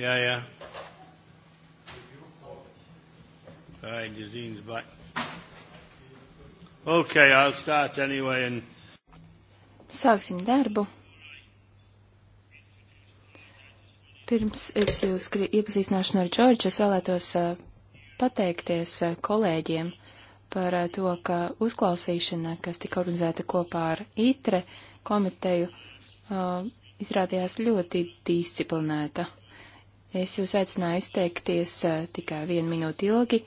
Yeah, yeah. Right, Yazine's back. Okay, I'll start anyway and... Sāksim darbu. Pirms es jūs iepazīstināšu ar Džordžu, es vēlētos uh, pateikties uh, kolēģiem par uh, to, ka uzklausīšana, kas tika organizēta kopā ar ITRE komiteju, izrādījās ļoti disciplinēta. Es jūs aicināju izteikties eh, tikai vienu minūti ilgi,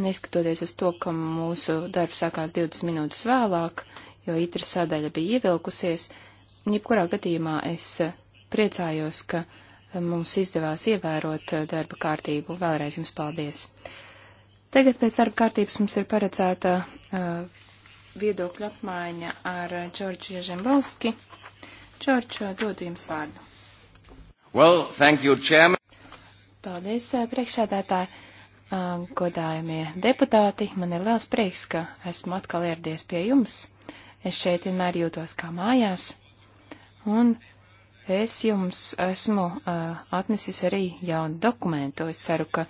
neskatoties uz to, ka mūsu darbs sākās 20 minūtes vēlāk, jo itra sadaļa bija ievilkusies. Jebkurā gadījumā es eh, priecājos, ka eh, mums izdevās ievērot darba kārtību. Vēlreiz jums paldies! Tagad pēc darba kārtības mums ir paredzēta uh, viedokļa apmaiņa ar Čorču Ježembalski. Čorču, dodu jums vārdu. Well, thank you, Chairman. Paldies, eh, priekšsēdētāji, eh, godājumie deputāti. Man ir liels prieks, ka esmu atkal ieradies pie jums. Es šeit vienmēr jūtos kā mājās. Un es jums esmu uh, atnesis arī jaunu dokumentu. Es ceru, ka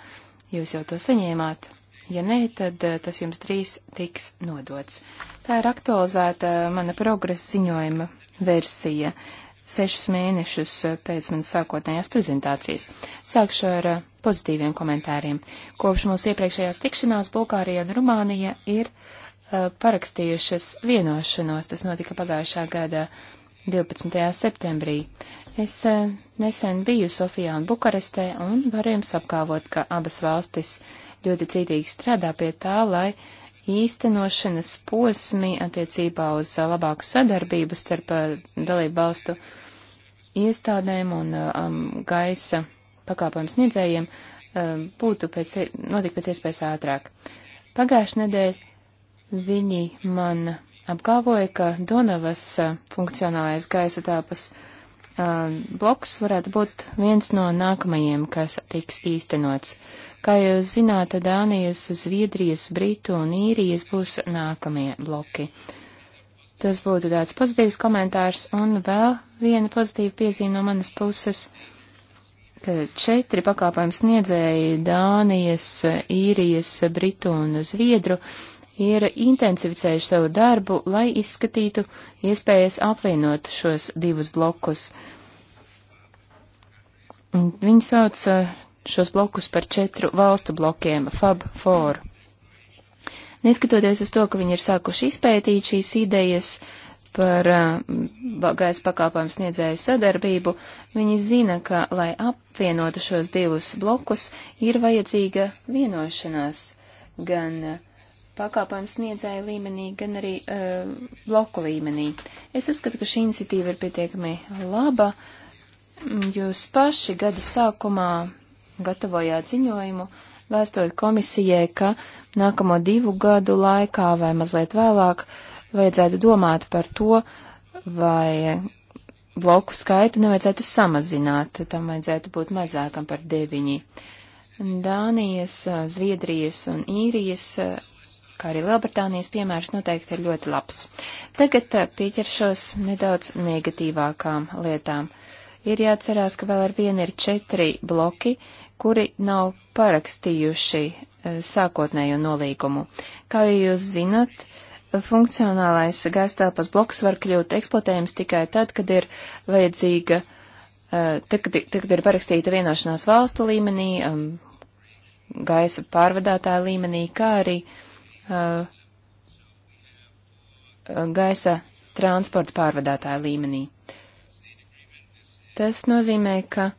jūs jau to saņēmāt. Ja nē, tad tas jums drīz tiks nodots. Tā ir aktualizēta mana progresa ziņojuma versija. Uh, sešus mēnešus eh, pēc manas sākotnējās prezentācijas. Sākšu ar eh, pozitīviem komentāriem. Kopš mūsu iepriekšējās tikšanās Bulgārija un Rumānija ir eh, parakstījušas vienošanos. Tas notika pagājušā gada 12. septembrī. Es nesen biju Sofijā un Bukarestē un varu jums apgalvot, ka abas valstis ļoti cītīgi strādā pie tā, lai īstenošanas posmi attiecībā uz labāku sadarbību starp dalību valstu iestādēm un uh, um, gaisa pakāpojumu sniedzējiem um, būtu pēc, notikt pēc iespējas ātrāk. Pagājušajā nedēļā viņi man apgalvoja, ka Donavas uh, funkcionālais gaisa tāpas uh, um, bloks varētu būt viens no nākamajiem, kas tiks īstenots. Kā jūs zināt, Dānijas, Zviedrijas, Britu un Īrijas būs nākamie bloki. Tas būtu tāds pozitīvs komentārs, un vēl viena pozitīva piezīme no manas puses, ka četri pakāpojumi sniedzēji Dānijas, Īrijas, Britu un Zviedru ir intensificējuši savu darbu, lai izskatītu iespējas apvienot šos divus blokus. Viņi sauc eh, šos blokus par četru valstu blokiem - FAB 4. Neskatoties uz to, ka viņi ir sākuši izpētīt šīs idejas, uh, par eh, gaisa pakāpojumu sniedzēju sadarbību, viņi zina, ka, lai apvienotu šos divus blokus, ir vajadzīga vienošanās gan eh, pakāpojumu sniedzēju līmenī, gan arī uh, bloku līmenī. Es uzskatu, ka šī iniciatīva ir pietiekami laba. Jūs paši gada sākumā gatavojāt ziņojumu, vēstot komisijai, ka nākamo divu gadu laikā vai mazliet vēlāk uh, vajadzētu domāt par to, vai bloku skaitu nevajadzētu samazināt, tam vajadzētu būt mazākam par deviņi. Dānijas, Zviedrijas un Īrijas, kā arī Lielbritānijas piemērs noteikti ir ļoti labs. Tagad eh, pieķeršos nedaudz negatīvākām lietām. Ir jāatcerās, ka vēl ar vienu ir četri bloki, kuri nav parakstījuši eh, sākotnējo nolīgumu. Kā jūs zinat, uh, funkcionālais gāztelpas bloks var kļūt eksploatējams tikai tad, kad ir vajadzīga, eh, tad, kad, tad, kad ir parakstīta vienošanās valstu līmenī, um, gaisa pārvadātāja līmenī, kā arī eh, gaisa transporta pārvadātāja līmenī. Tas nozīmē, ka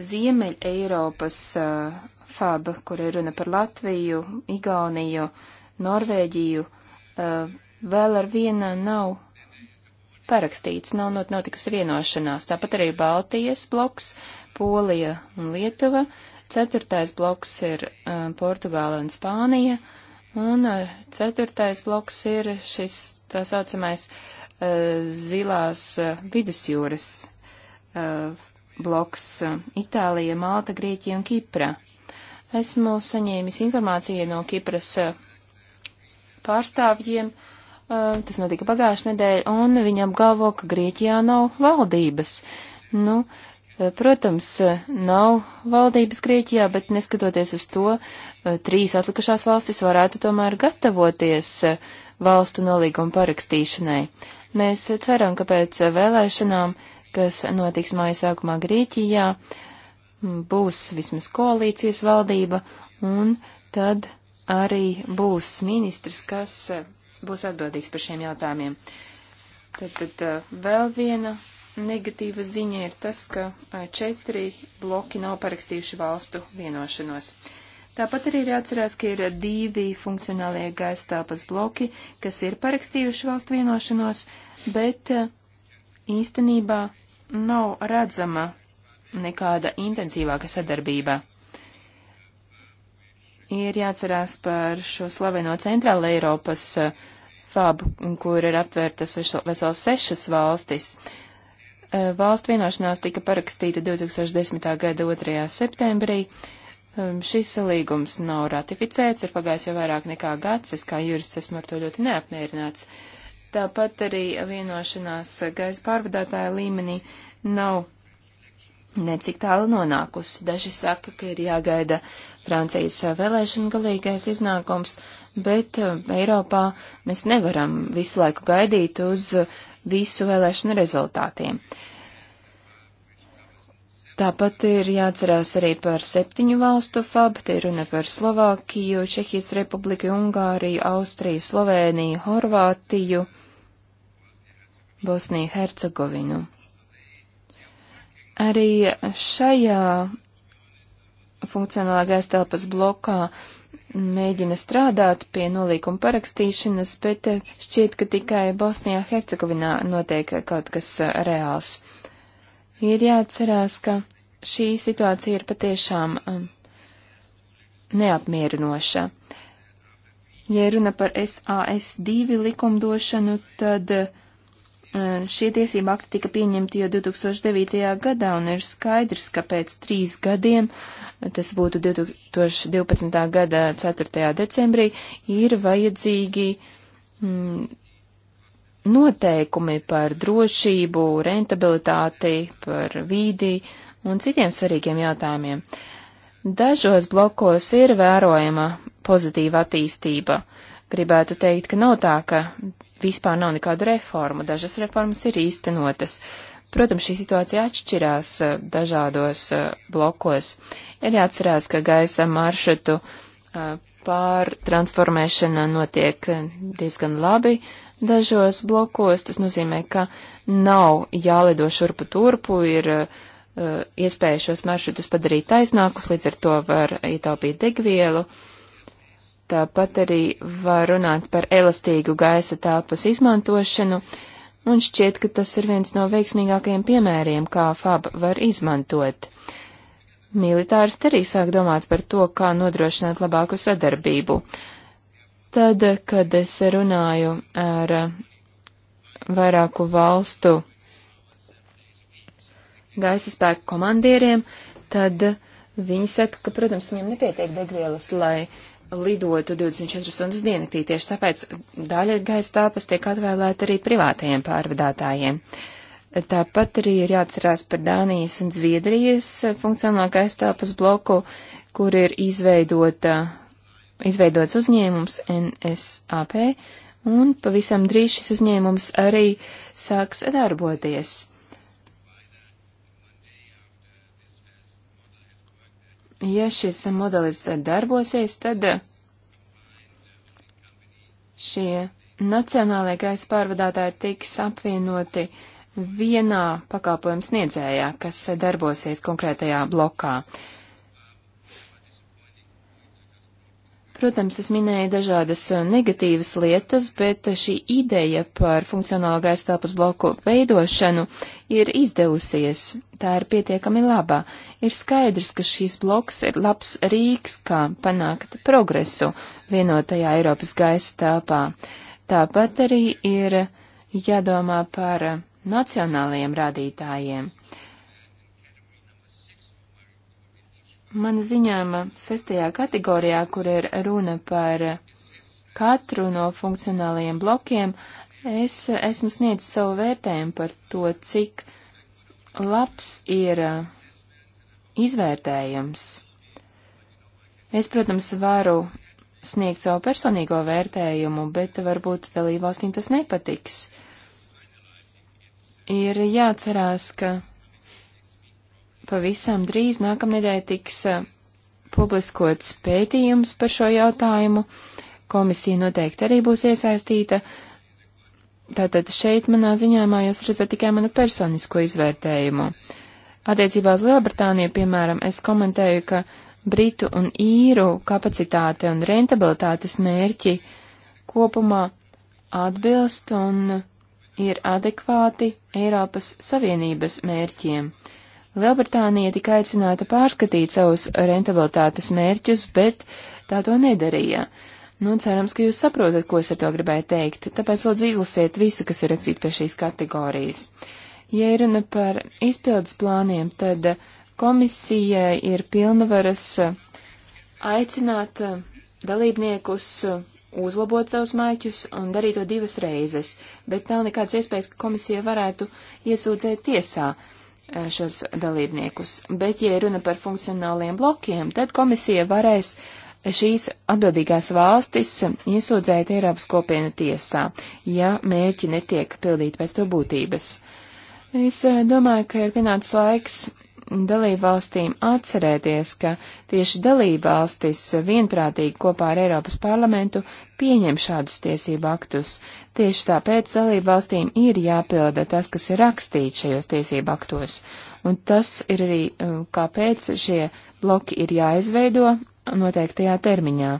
Ziemeļ Eiropas uh, FAB, kur ir runa par Latviju, Igauniju, Norvēģiju, vēl ar vienu nav parakstīts, nav notikusi vienošanās. Tāpat arī Baltijas bloks, Polija un Lietuva, ceturtais bloks ir um, Portugāla un Spānija, un uh, ceturtais bloks ir šis tā saucamais uh, zilās uh, vidusjūras uh, bloks uh, Itālija, Malta, Grieķija un Kipra. Uh, Esmu saņēmis informāciju no Kipras eh, pārstāvjiem, eh, tas notika pagājušajā nedēļā, un viņi apgalvo, ka Grieķijā nav valdības. Nu, eh, Protams, nav valdības Grieķijā, bet neskatoties uz to, trīs atlikušās valstis varētu tomēr gatavoties valstu nolīgumu parakstīšanai. Mēs ceram, ka pēc vēlēšanām, kas notiks māja sākumā Grieķijā, uh, būs vismaz koalīcijas valdība, un tad arī būs ministrs, kas eh, būs atbildīgs par šiem jautājumiem. Tad, tad eh, vēl viena negatīva ziņa ir tas, ka eh, četri bloki nav parakstījuši valstu vienošanos. Tāpat arī ir jāatcerās, ka ir divi funkcionālie gaisa telpas bloki, kas ir parakstījuši valstu vienošanos, bet īstenībā nav redzama nekāda intensīvāka sadarbība. Ir jāatcerās par šo slaveno Centrāla Eiropas eh, fabu, kur ir aptvērtas vesels sešas valstis. Eh, valstu vienošanās tika parakstīta 2010. gada 2. septembrī. Um, šis līgums nav ratificēts, ir pagājis jau vairāk nekā gads, es kā jurists esmu ar to ļoti neapmierināts. Tāpat arī vienošanās gaisa pārvadātāja līmenī nav necik tālu nonākusi. Daži saka, ka ir jāgaida Francijas vēlēšana galīgais iznākums, bet uh, Eiropā mēs nevaram visu laiku gaidīt uz visu vēlēšanu rezultātiem. Tāpat ir jāatcerās arī par septiņu valstu FAB, te runa par Slovākiju, Čehijas republiku, Ungāriju, Austriju, Slovēniju, Horvātiju, Bosniju, Hercegovinu. Arī šajā funkcionālā gaisa telpas blokā mēģina strādāt pie nolīkuma parakstīšanas, bet šķiet, ka tikai Bosnijā Hercegovinā notiek kaut kas reāls. Ir jāatcerās, ka šī situācija ir patiešām um, neapmierinoša. Ja runa par SAS2 likumdošanu, tad uh, Eh, šie tiesība akti tika pieņemti jau 2009. gadā un ir skaidrs, ka pēc trīs gadiem, tas būtu 2012. gada 4. decembrī, ir vajadzīgi mm, noteikumi par drošību, rentabilitāti, par vīdi un citiem svarīgiem jautājumiem. Dažos blokos ir vērojama pozitīva attīstība. Gribētu teikt, ka nav tā, ka vispār nav nekādu reformu, dažas reformas ir īstenotas. Protams, šī situācija atšķirās eh, dažādos eh, blokos. Ir jāatcerās, ka gaisa maršrutu eh, pārtransformēšana notiek diezgan labi dažos blokos. Tas nozīmē, ka nav jālido šurpu turpu, ir iespēja šos maršrutus padarīt taisnākus, līdz ar to var ietaupīt degvielu. Uh, Tāpat arī var runāt par elastīgu gaisa telpas izmantošanu, un šķiet, ka tas ir viens no veiksmīgākajiem piemēriem, kā FAB var izmantot. Militārs arī sāk domāt par to, kā nodrošināt labāku sadarbību. Tad, kad es runāju ar vairāku valstu gaisa spēku komandieriem, tad viņi saka, ka, protams, viņiem nepietiek degvielas, lai uh, lidotu 24 stundas diennaktī, tieši tāpēc daļa gaisa telpas tiek atvēlēta arī privātajiem pārvadātājiem. Tāpat arī ir jāatcerās par Dānijas un Zviedrijas funkcionālā gaisa telpas bloku, kur ir izveidota, izveidots uzņēmums NSAP, un pavisam drīz šis uzņēmums arī sāks darboties. ja šis modelis darbosies, tad šie nacionālajie gaisa pārvadātāji tiks apvienoti vienā pakalpojums sniedzējā, kas darbosies konkrētajā blokā. Uh, Protams, es minēju dažādas eh, negatīvas lietas, bet šī ideja par funkcionālā gaisa telpas bloku veidošanu ir izdevusies. Tā ir pietiekami labā. Ir skaidrs, ka šīs bloks ir labs rīks, kā panākt progresu vienotajā Eiropas gaisa telpā. Tāpat arī ir jādomā par nacionālajiem rādītājiem. Mana ziņāma sestajā kategorijā, kur ir runa par katru no funkcionālajiem blokiem, es esmu sniedzis savu vērtējumu par to, cik labs ir uh, izvērtējums. Es, protams, varu sniegt savu personīgo vērtējumu, bet varbūt dalībvalstīm tas nepatiks. Ir jāatcerās, ka pavisam drīz nākamnedēļ tiks publiskots pētījums par šo jautājumu. Komisija noteikti arī būs iesaistīta. Tātad šeit manā ziņojumā jūs redzat tikai manu personisko izvērtējumu. Attiecībā uz Lielbritāniju, piemēram, es komentēju, ka Britu un īru kapacitāte un rentabilitātes mērķi kopumā atbilst un ir adekvāti Eiropas Savienības mērķiem. Uh, Lielbritānija tika aicināta pārskatīt savus rentabilitātes mērķus, bet tā to nedarīja. Nu, cerams, ka jūs saprotat, ko es ar to gribēju teikt, tāpēc lūdzu izlasiet visu, kas ir rakstīts pie šīs kategorijas. Ja ir runa par izpildes plāniem, tad komisijai ir pilnvaras aicināt dalībniekus uzlabot savus maiķus un darīt to divas reizes, bet nav nekādas iespējas, ka komisija varētu iesūdzēt tiesā. Uh, Eh, šos dalībniekus. Bet, ja runa par funkcionāliem blokiem, tad komisija varēs šīs atbildīgās valstis iesūdzēt Eiropas kopienu tiesā, ja mērķi netiek pildīti pēc to būtības. Es eh, domāju, ka ir pienācis laiks dalībvalstīm atcerēties, ka tieši dalībvalstis vienprātīgi kopā ar Eiropas parlamentu pieņem šādus tiesību aktus. Tieši tāpēc dalībvalstīm ir jāpilda tas, kas ir rakstīts šajos tiesību aktos. Un tas ir arī, um, kāpēc šie bloki ir jāizveido noteiktajā termiņā.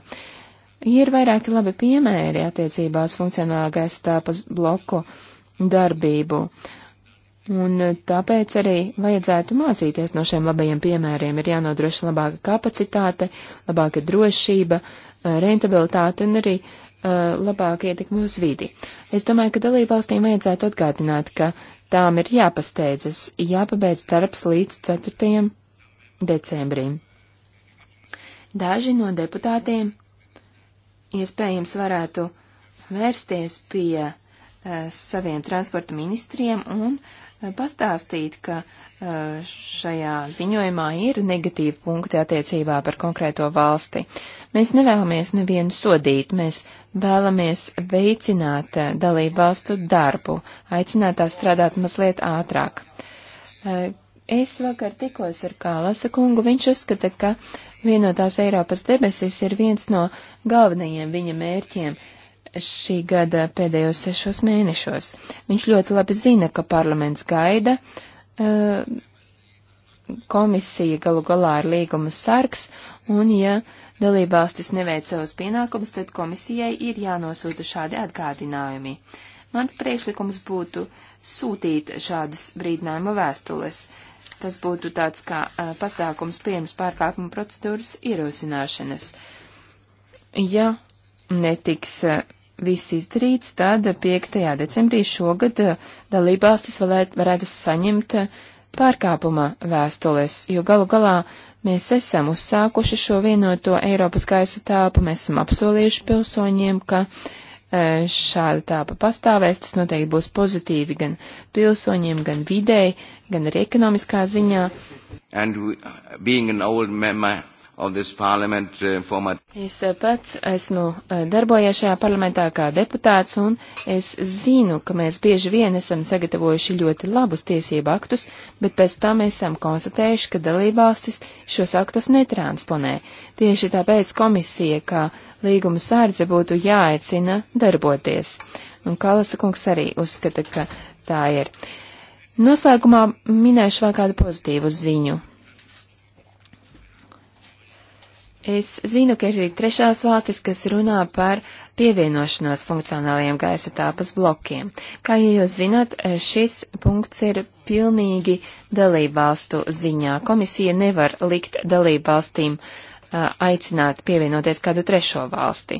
Ir vairāki labi piemēri attiecībās funkcionālā gaisa telpas bloku darbību. Uh, Un eh, tāpēc arī vajadzētu mācīties no šiem labajiem piemēriem. Ir jānodrošina labāka kapacitāte, labāka drošība, eh, rentabilitāte un arī uh, labāka ietekme uz vidi. Es domāju, ka dalībvalstīm vajadzētu atgādināt, ka tām ir jāpasteidzas, jāpabeidz darbs līdz 4. decembrim. Daži no deputātiem iespējams varētu vērsties pie uh, saviem transporta ministriem un uh, pastāstīt, ka uh, šajā ziņojumā ir negatīvi punkti attiecībā par konkrēto valsti. Mēs nevēlamies nevienu sodīt, mēs vēlamies veicināt uh, dalību valstu darbu, aicināt tā strādāt mazliet ātrāk. Uh, es vakar tikos ar Kālasa kungu, viņš uzskata, ka vienotās Eiropas debesis ir viens no galvenajiem viņa mērķiem šī gada pēdējos sešos mēnešos. Viņš ļoti labi zina, ka parlaments gaida, e, komisija galu galā ir līguma sargs, un ja dalībvalstis neveic savus pienākumus, tad komisijai ir jānosūta šādi atgādinājumi. Mans priekšlikums būtu sūtīt šādas brīdinājuma vēstules. Tas būtu tāds kā e, pasākums pirms pārkāpuma procedūras ierosināšanas. Ja netiks e, viss izdarīts, tad 5. decembrī šogad eh, dalībvalstis varētu saņemt eh, pārkāpuma vēstules, jo galu galā mēs esam uzsākuši šo vienoto Eiropas gaisa telpu, mēs esam apsolījuši pilsoņiem, ka eh, šāda tāpa pastāvēs, tas noteikti būs pozitīvi gan pilsoņiem, gan videi, gan arī ekonomiskā ziņā. And uh, being an old man, Uh, es eh, pats esmu eh, darbojies šajā parlamentā kā deputāts, un es zinu, ka mēs bieži vien esam sagatavojuši ļoti labus tiesību aktus, bet pēc tam esam konstatējuši, ka dalībvalstis šos aktus netransponē. Tieši tāpēc komisija, kā līguma sārdze, būtu jāaicina darboties. Un Kalasa kungs arī uzskata, ka tā ir. Noslēgumā minēšu vēl kādu pozitīvu ziņu. Es zinu, ka ir arī trešās valstis, kas runā par pievienošanos funkcionālajiem gaisa tāpas blokiem. Kā ja jūs zināt, eh, šis punkts ir pilnīgi dalībvalstu ziņā. Komisija nevar likt dalībvalstīm eh, aicināt pievienoties kādu trešo valsti.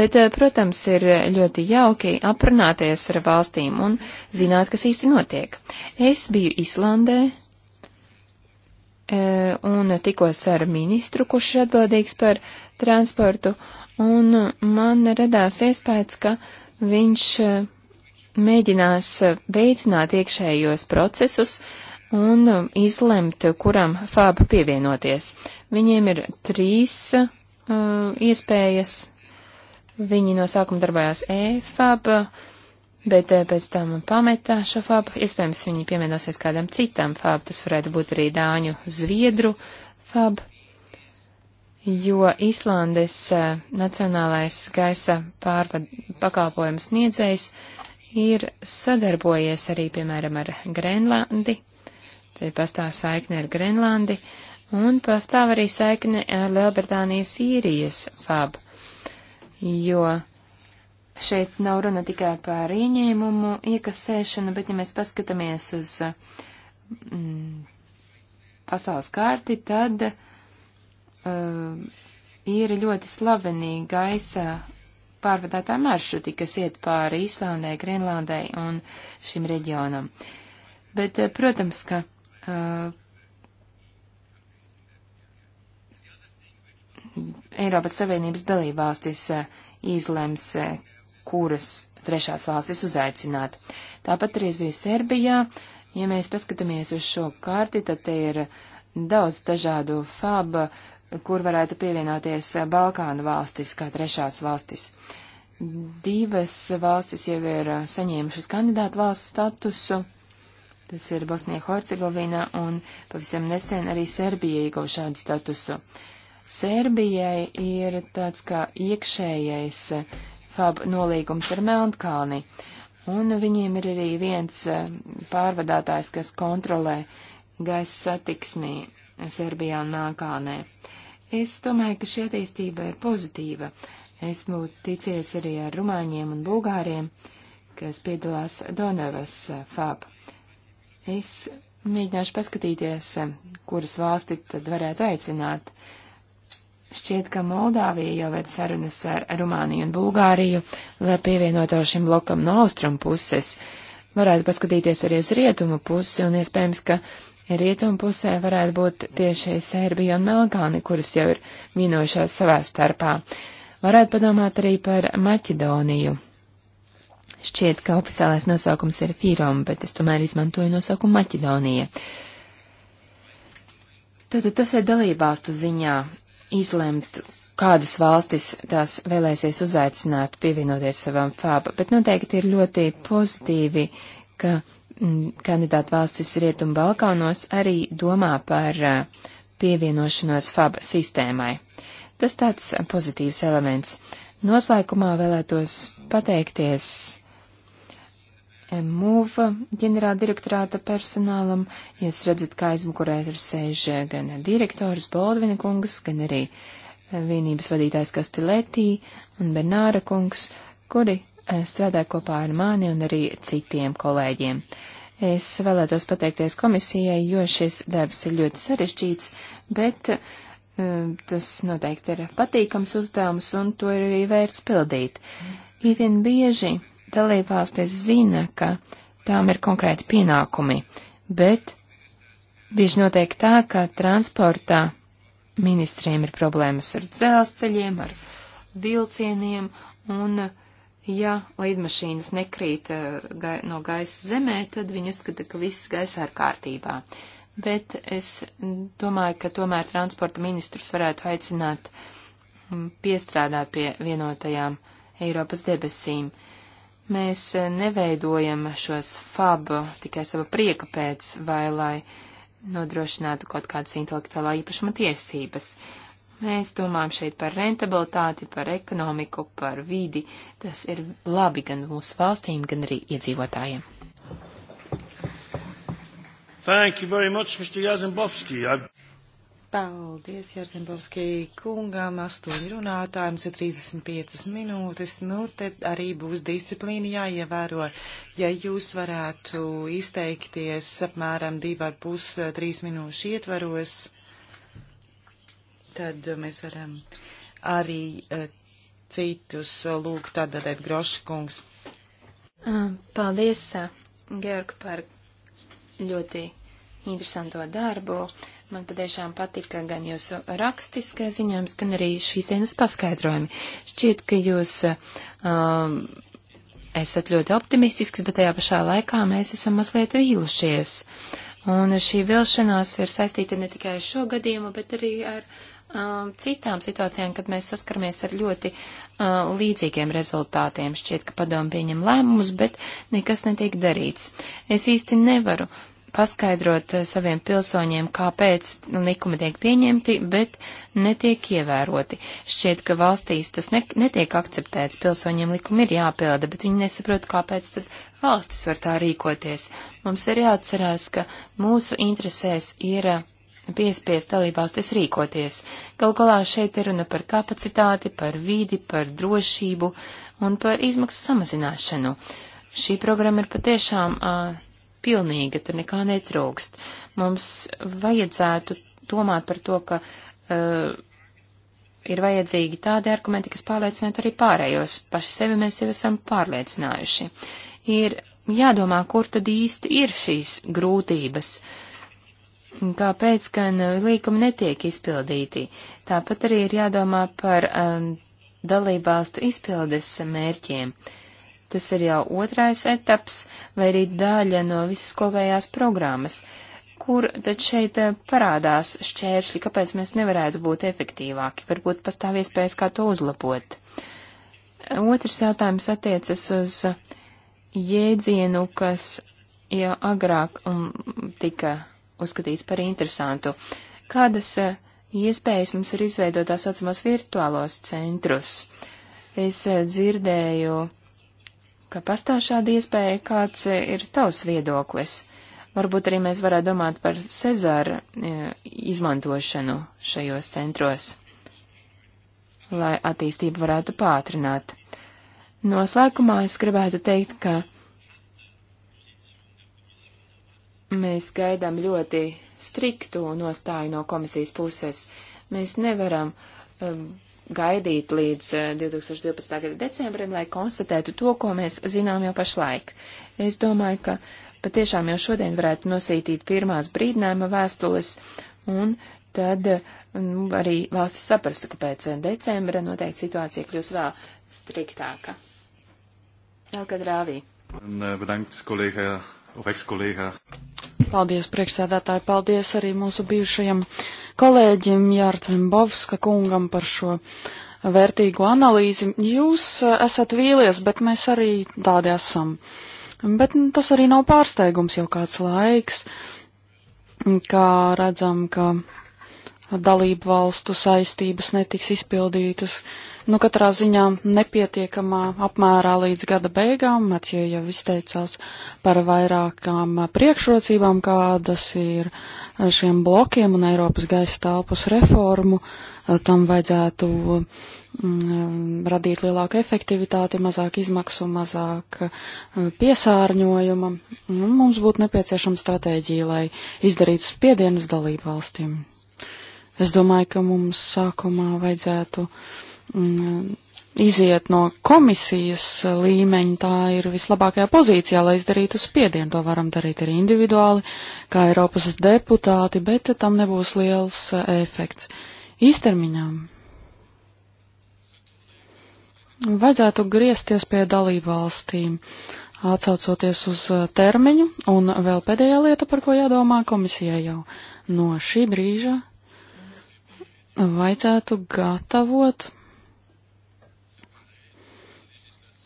Bet, eh, protams, ir ļoti jauki aprunāties ar valstīm un zināt, kas īsti notiek. Es biju Islandē E, un tikos ar ministru, kurš ir atbildīgs par transportu, un man radās iespējas, ka viņš e, mēģinās veicināt iekšējos procesus un izlemt, kuram fābu pievienoties. Viņiem ir trīs uh, iespējas. Viņi no sākuma darbojās EFAB, bet eh, pēc tam pametā šo fābu. Iespējams, viņi pievienosies kādam citam fābu. Tas varētu būt arī Dāņu Zviedru fābu, jo Islandes eh, Nacionālais gaisa pārvad pakalpojums sniedzējs ir sadarbojies arī, piemēram, ar Grenlandi. Te pastāv saikne ar Grenlandi un pastāv arī saikne ar Lielbritānijas īrijas fābu, jo šeit nav runa tikai par ieņēmumu iekasēšanu, bet ja mēs paskatāmies uz mm, pasaules kārti, tad uh, ir ļoti slaveni gaisa pārvadātā maršruti, kas iet pāri Īslandai, Grenlandai un šim reģionam. Bet, eh, protams, ka uh, Eiropas Savienības dalībvalstis uh, izlems, uh, kuras trešās valstis uzaicināt. Tāpat arī es biju Serbijā. Ja mēs paskatāmies uz šo karti, tad te ir daudz dažādu fab, kur varētu pievienoties Balkānu valstis kā trešās valstis. Divas valstis jau ir saņēmušas kandidātu valsts statusu. Tas ir Bosnija Hercegovina un pavisam nesen arī Serbija ieguva šādu statusu. Serbijai ir tāds kā iekšējais FAB nolīgums ar Melnkalni. Un viņiem ir arī viens eh, pārvadātājs, kas kontrolē gaisa satiksmī Serbijā un Melnkalnē. Es domāju, ka šī attīstība ir pozitīva. Esmu ticies arī ar rumāņiem un bulgāriem, kas piedalās Donavas eh, FAB. Es mēģināšu paskatīties, eh, kuras valsti tad varētu aicināt. Uh, Šķiet, ka Moldāvija jau veic sarunas ar Rumāniju un Bulgāriju, lai pievienoto šim blokam no austrumu puses. Varētu paskatīties arī uz rietumu pusi, un iespējams, ka rietumu pusē varētu būt tieši Sērbija un Melkāni, kuras jau ir vienojušās savā starpā. Varētu padomāt arī par Maķedoniju. Šķiet, ka oficiālais nosaukums ir Fīrom, bet es tomēr izmantoju nosaukumu Maķedonija. Tātad tas ir dalībvalstu ziņā izlemt, kādas valstis tās vēlēsies uzaicināt pievienoties savam FAB, bet noteikti ir ļoti pozitīvi, ka mm, kandidāta valstis Rietumu Balkānos arī domā par pievienošanos FAB sistēmai. Tas tāds pozitīvs elements. Noslēgumā vēlētos pateikties MUV ģenerāla direktorāta personālam. Jūs redzat, kā aizmukurē tur sēž eh, gan direktors Boldvina kungs, gan arī eh, vienības vadītājs Kastiletī un Bernāra kungs, kuri eh, strādā kopā ar mani un arī citiem kolēģiem. Es vēlētos pateikties komisijai, jo šis darbs ir ļoti sarežģīts, bet um, tas noteikti ir patīkams uzdevums un to ir arī vērts pildīt. Itin bieži dalībvalstis zina, ka tām ir konkrēti pienākumi, bet bieži notiek tā, ka transportā ministriem ir problēmas ar dzelzceļiem, ar vilcieniem, un ja lidmašīnas nekrīt eh, gai, no gaisa zemē, tad viņi uzskata, ka viss gaisa ir kārtībā. Bet es domāju, ka tomēr transporta ministrus varētu aicināt mm, piestrādāt pie vienotajām Eiropas debesīm. Uh, Mēs eh, neveidojam šos fab tikai sava prieka pēc vai lai nodrošinātu kaut kādas intelektuālā īpašuma tiesības. Mēs domājam šeit par rentabilitāti, par ekonomiku, par vidi. Tas ir labi gan mūsu valstīm, gan arī iedzīvotājiem. Thank you very much, Mr. Jazenbovski. I've... Paldies, Jārzembovskij kungam, astoņi runātāji, mums ir 35 minūtes, nu, te arī būs disciplīna jāievēro. Ja jūs varētu izteikties apmēram divi ar pus trīs minūšu ietvaros, tad mēs varam arī eh, citus lūgt atbildēt Groša kungs. Paldies, Georg, par ļoti interesanto darbu. Man patiešām patika gan jūsu rakstiskais ziņojums, gan arī šīs dienas paskaidrojumi. Šķiet, ka jūs um, esat ļoti optimistisks, bet tajā pašā laikā mēs esam mazliet vīlušies. Un šī vilšanās ir saistīta ne tikai ar šo gadījumu, bet arī ar um, citām situācijām, kad mēs saskaramies ar ļoti uh, līdzīgiem rezultātiem. Šķiet, ka padomu pieņem lēmumus, bet nekas netiek darīts. Es īsti nevaru uh, paskaidrot eh, saviem pilsoņiem, kāpēc likumi tiek pieņemti, bet netiek ievēroti. Šķiet, ka valstīs tas ne, netiek akceptēts, pilsoņiem likumi ir jāpilda, bet viņi nesaprot, kāpēc tad valstis var tā rīkoties. Mums ir jāatcerās, ka mūsu interesēs ir eh, piespiest dalībvalstis rīkoties. Galu galā šeit ir runa par kapacitāti, par vīdi, par drošību un par izmaksu samazināšanu. Šī programma ir patiešām uh, pilnīga, tur nekā netrūkst. Mums vajadzētu domāt par to, ka uh, ir vajadzīgi tādi argumenti, kas pārliecinātu arī pārējos. Paši sevi mēs jau esam pārliecinājuši. Ir jādomā, kur tad īsti ir šīs grūtības. Kāpēc gan līkumi netiek izpildīti? Tāpat arī ir jādomā par um, dalībvalstu izpildes mērķiem. Uh, Tas ir jau otrais etaps vai arī daļa no visas kopējās programmas. Kur tad šeit eh, parādās šķēršļi, kāpēc mēs nevarētu būt efektīvāki? Varbūt pastāv iespējas, kā to uzlabot. Otrs jautājums attiecas uz jēdzienu, kas jau agrāk um, tika uzskatīts par interesantu. Kādas eh, iespējas mums ir izveidot tā saucamos virtuālos centrus? Es eh, dzirdēju ka pastāv šāda iespēja, kāds ir tavs viedoklis. Varbūt arī mēs varētu domāt par Cezāra e, izmantošanu šajos centros, lai attīstību varētu pātrināt. Noslēgumā es gribētu teikt, ka mēs gaidām ļoti striktu nostāju no komisijas puses. Mēs nevaram um, gaidīt līdz 2012. Eh, gada decembrim, lai konstatētu to, ko mēs zinām jau pašlaik. Es domāju, ka patiešām jau šodien varētu nosītīt pirmās brīdinājuma vēstules, un tad nu, arī valstis saprastu, ka pēc eh, decembra noteikti situācija kļūs vēl striktāka. Elka Drāvī. Un, bedankt, kolēģa, Oveks kolēģa. Paldies, priekšsēdētāji, paldies arī mūsu bijušajam kolēģim Jārcem Bovska kungam par šo vērtīgu analīzi. Jūs e, esat vīlies, bet mēs arī tādi esam. Bet tas arī nav pārsteigums jau kāds laiks, kā redzam, ka dalību valstu saistības netiks izpildītas. Uh, Nu, katrā ziņā nepietiekamā apmērā līdz gada beigām Matija jau izteicās par vairākām priekšrocībām, kādas ir šiem blokiem un Eiropas gaisa telpas reformu. Tam vajadzētu mm, radīt lielāku efektivitāti, mazāk izmaksu, mazāk mm, piesārņojuma. Nu, mums būtu nepieciešama stratēģija, lai izdarītu spiedienu uz dalību valstīm. Es domāju, ka mums sākumā vajadzētu uh, Eh, iziet no komisijas līmeņa, tā ir vislabākajā pozīcijā, lai izdarītu spiedienu. To varam darīt arī individuāli, kā Eiropas deputāti, bet tam nebūs liels eh, efekts. Īstermiņā vajadzētu griezties pie dalību valstīm, atsaucoties uz eh, termiņu, un vēl pēdējā lieta, par ko jādomā komisijai jau no šī brīža, vajadzētu gatavot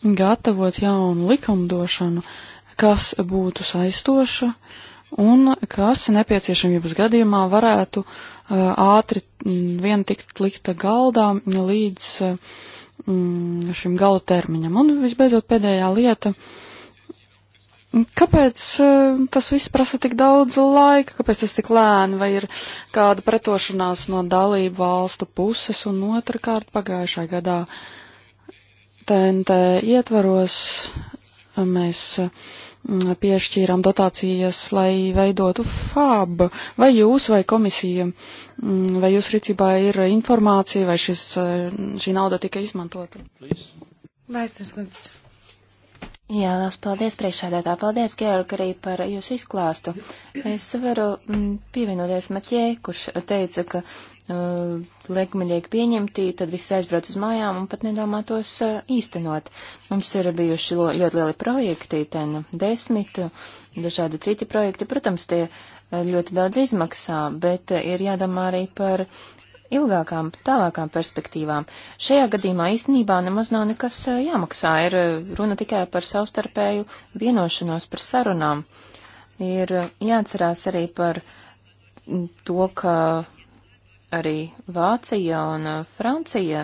gatavot jaunu likumdošanu, kas būtu saistoša un kas nepieciešamības gadījumā varētu uh, ātri mm, vien tikt likta galdā līdz uh, mm, šim gala termiņam. Un visbeidzot pēdējā lieta. Kāpēc uh, tas viss prasa tik daudz laika, kāpēc tas tik lēni, vai ir kāda pretošanās no dalību valstu puses, un otrkārt pagājušā gadā uh, TNT ietvaros mēs mm, piešķīrām dotācijas, lai veidotu fābu. Vai jūs vai komisija, mm, vai jūs rīcībā ir informācija, vai šis, mm, šī nauda tika izmantota? Vaistars Lundis. Jā, liels paldies priekšādētā. Paldies, Georg, arī par jūsu izklāstu. Es varu pievienoties Matjē, kurš teica, ka uh, liekumi tiek pieņemti, tad viss aizbrauc uz mājām un pat nedomā tos uh, īstenot. Mums ir bijuši ļoti lieli projekti, ten desmit, uh, dažādi citi projekti. Protams, tie uh, ļoti daudz izmaksā, bet uh, ir jādomā arī par ilgākām, tālākām perspektīvām. Šajā gadījumā īstenībā nemaz nav nekas jāmaksā, ir runa tikai par savstarpēju vienošanos par sarunām. Ir jāatcerās arī par mm, to, ka arī Vācija un uh, Francija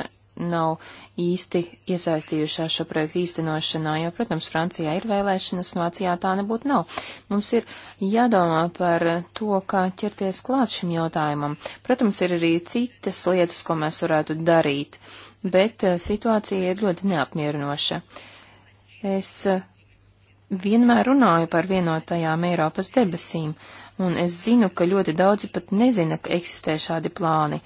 nav īsti iesaistījušās šo projektu īstenošanā, jo, protams, Francijā ir vēlēšanas, Vācijā tā nebūtu nav. Mums ir jādomā par to, kā ķerties klāt šim jautājumam. Protams, ir arī citas lietas, ko mēs varētu darīt, bet uh, situācija ir ļoti neapmierinoša. Es uh, vienmēr runāju par vienotajām Eiropas debesīm, un es zinu, ka ļoti daudzi pat nezina, ka eksistē šādi plāni.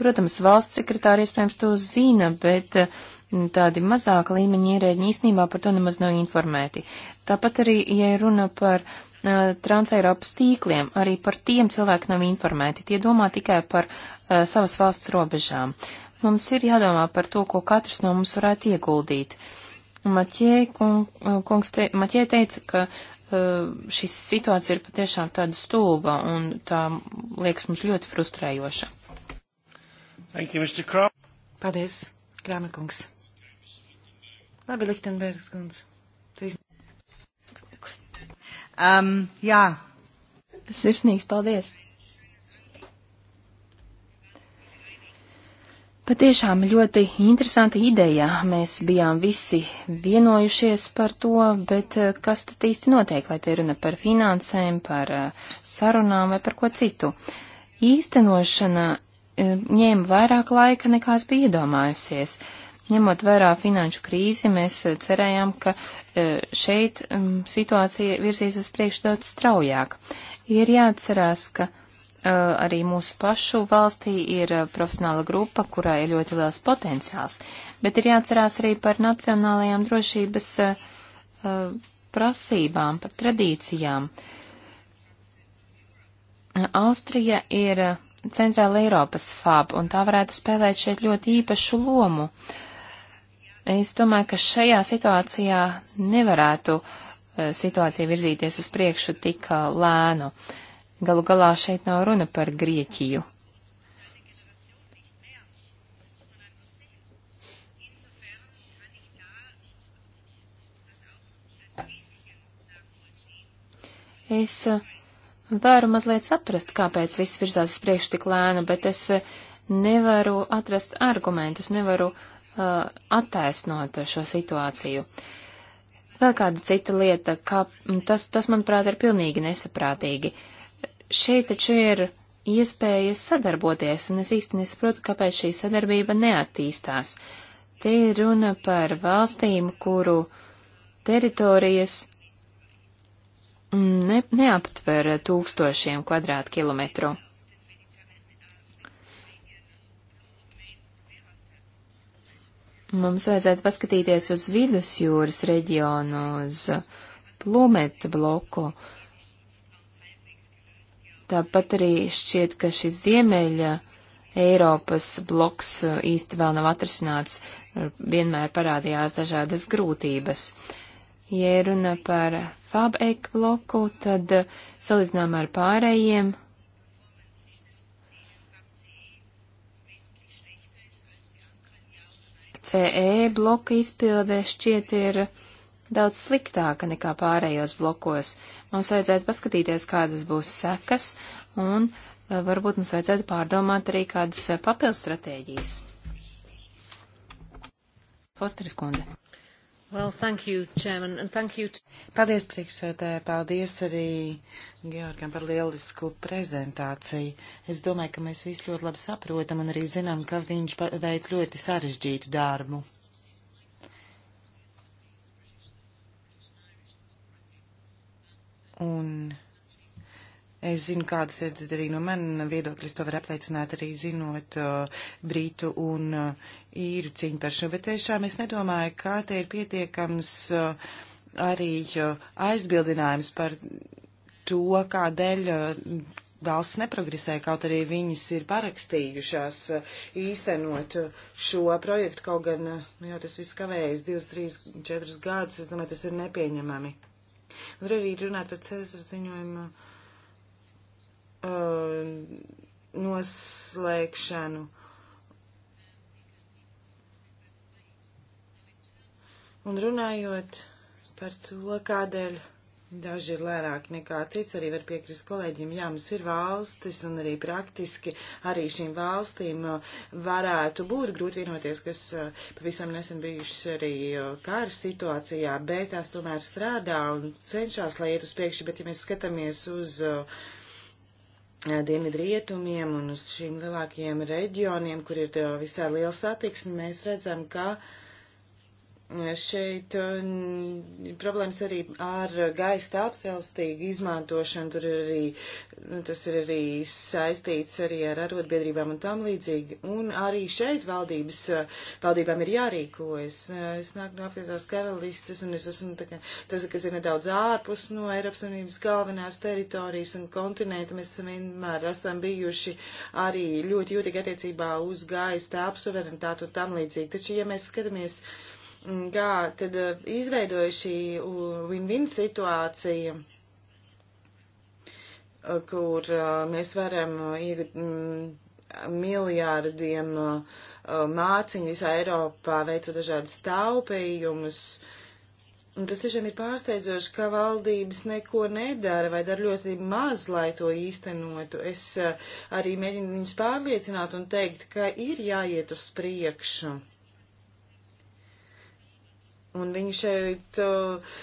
Protams, valsts sekretāri iespējams to zina, bet mm, tādi mazāk līmeņi ierēģi īstenībā par to nemaz nav informēti. Tāpat arī, ja runa par uh, Transeiropas tīkliem, arī par tiem cilvēki nav informēti. Tie domā tikai par uh, savas valsts robežām. Mums ir jādomā par to, ko katrs no mums varētu ieguldīt. Maķē, kung, kungs te, Maķē teica, ka Eh, šī situācija ir patiešām tāda stulba un tā liekas mums ļoti frustrējoša. Thank you, Mr. Krop. Paldies, Krāmekungs. Labi, Lichtenbergs kundz. Um, jā. Sirsnīgs paldies. Patiešām ļoti interesanta ideja. Mēs bijām visi vienojušies par to, bet eh, kas tad īsti notiek? Vai te runa par finansēm, par eh, sarunām vai par ko citu? Īstenošana eh, ņēma vairāk laika, nekā es biju iedomājusies. Ņemot vērā finanšu krīzi, mēs cerējām, ka šeit mm, situācija virzīs uz priekšu daudz straujāk. Ir jāatcerās, ka Eh, arī mūsu pašu valstī ir eh, profesionāla grupa, kurā ir ļoti liels potenciāls, bet ir jāatcerās arī par nacionālajām drošības eh, prasībām, par tradīcijām. Austrija ir Centrāla Eiropas fab, un tā varētu spēlēt šeit ļoti īpašu lomu. Es domāju, ka šajā situācijā nevarētu situācija virzīties uz priekšu tik lēnu. Uh, Galu galā šeit nav runa par Grieķiju. Es uh, varu mazliet saprast, kāpēc viss virzās uz priekšu tik lēnu, bet es uh, nevaru atrast argumentus, nevaru uh, attaisnot šo situāciju. Vēl kāda cita lieta, kā tas, tas, manuprāt, ir pilnīgi nesaprātīgi. Uh, šeit taču ir iespējas sadarboties, un es īsti nesaprotu, kāpēc šī sadarbība neattīstās. Te ir runa par valstīm, kuru teritorijas ne, neaptver tūkstošiem kvadrātkilometru. Mums vajadzētu paskatīties uz vidusjūras reģionu, uz plumeta bloku. Uh, Tāpat arī šķiet, ka šis ziemeļa Eiropas bloks uh, īsti vēl nav atrisināts, uh, vienmēr parādījās dažādas grūtības. Ja runa par FabEk bloku, tad uh, salīdzinām ar pārējiem. CE bloka izpilde šķiet ir daudz sliktāka nekā pārējos blokos. Uh, Mums vajadzētu paskatīties, kādas būs sekas, un e, varbūt mums vajadzētu pārdomāt arī kādas e, papildus stratēģijas. Fosteris kundze. Well, thank you, Chairman, and thank you. Paldies, priekšsēdē, paldies arī Georgam par lielisku prezentāciju. Es domāju, ka mēs visi ļoti labi saprotam un arī zinām, ka viņš veic ļoti sarežģītu darbu. Un es zinu, kādas ir arī no manas viedokļas, to var apliecināt arī zinot uh, Brītu un uh, īru cīņu par šo, bet tiešām es nedomāju, kā te ir pietiekams uh, arī uh, aizbildinājums par to, kādēļ uh, valsts neprogresē, kaut arī viņas ir parakstījušās uh, īstenot uh, šo projektu, kaut gan, uh, nu jau tas viss kavējas 2, 3, 4 gadus, es domāju, tas ir nepieņemami. Var arī runāt par Cēzara ziņojumu uh, noslēgšanu. Un runājot par to, kādēļ Daži ir lērāk nekā cits, arī var piekrist kolēģiem, jā, mums ir valstis un arī praktiski arī šīm valstīm uh, varētu būt grūti vienoties, kas uh, pavisam nesen bijušas arī uh, kara situācijā, bet tās tomēr strādā un cenšas, lai iet uz priekšu, bet ja mēs skatāmies uz dienvidrietumiem un uz šīm lielākajiem reģioniem, kur ir visai liela satiksme, mēs redzam, ka. Uh, Šeit eh, problēmas arī ar gaisa apselstīgu izmantošanu, tur ir arī, nu, tas ir arī saistīts arī ar arotbiedrībām un tam līdzīgi. Un arī šeit valdības, eh, valdībām ir jārīkojas. Eh, es nāku no apvienotās karalistes un es esmu tā, ka, tas, kas ir nedaudz ārpus no Eiropas Unības galvenās teritorijas un kontinenta. Mēs vienmēr esam bijuši arī ļoti jūtīgi attiecībā uz gaisa apsuverenitātu un tam līdzīgi. Taču, ja mēs skatāmies, uh, kā tad eh, izveidoja šī win-win situācija, eh, kur eh, mēs varam iegūt mm, miljārdiem māciņu visā Eiropā, veicot dažādas taupījumus. Un tas tiešām ir pārsteidzoši, ka valdības neko nedara vai dara ļoti maz, lai to īstenotu. Es arī mēģinu viņus pārliecināt un teikt, ka ir jāiet uz priekšu. Un viņi šeit uh,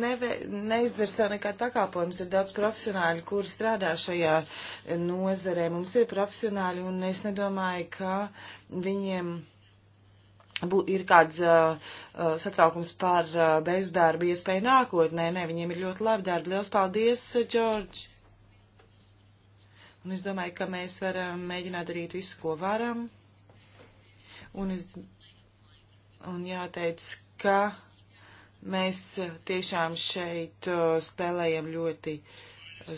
neve, neizdara nekādu pakalpojumus. Ir daudz profesionāļu, kuri strādā šajā nozarē. Mums ir profesionāļi, un es nedomāju, ka viņiem bū, ir kāds uh, uh satraukums par uh, bezdarbu iespēju nākotnē. Nē, viņiem ir ļoti labi darbi. Lielas paldies, Džordž! Un es domāju, ka mēs varam mēģināt darīt visu, ko varam. Un, es, un jāteic, ka mēs tiešām šeit uh, spēlējam ļoti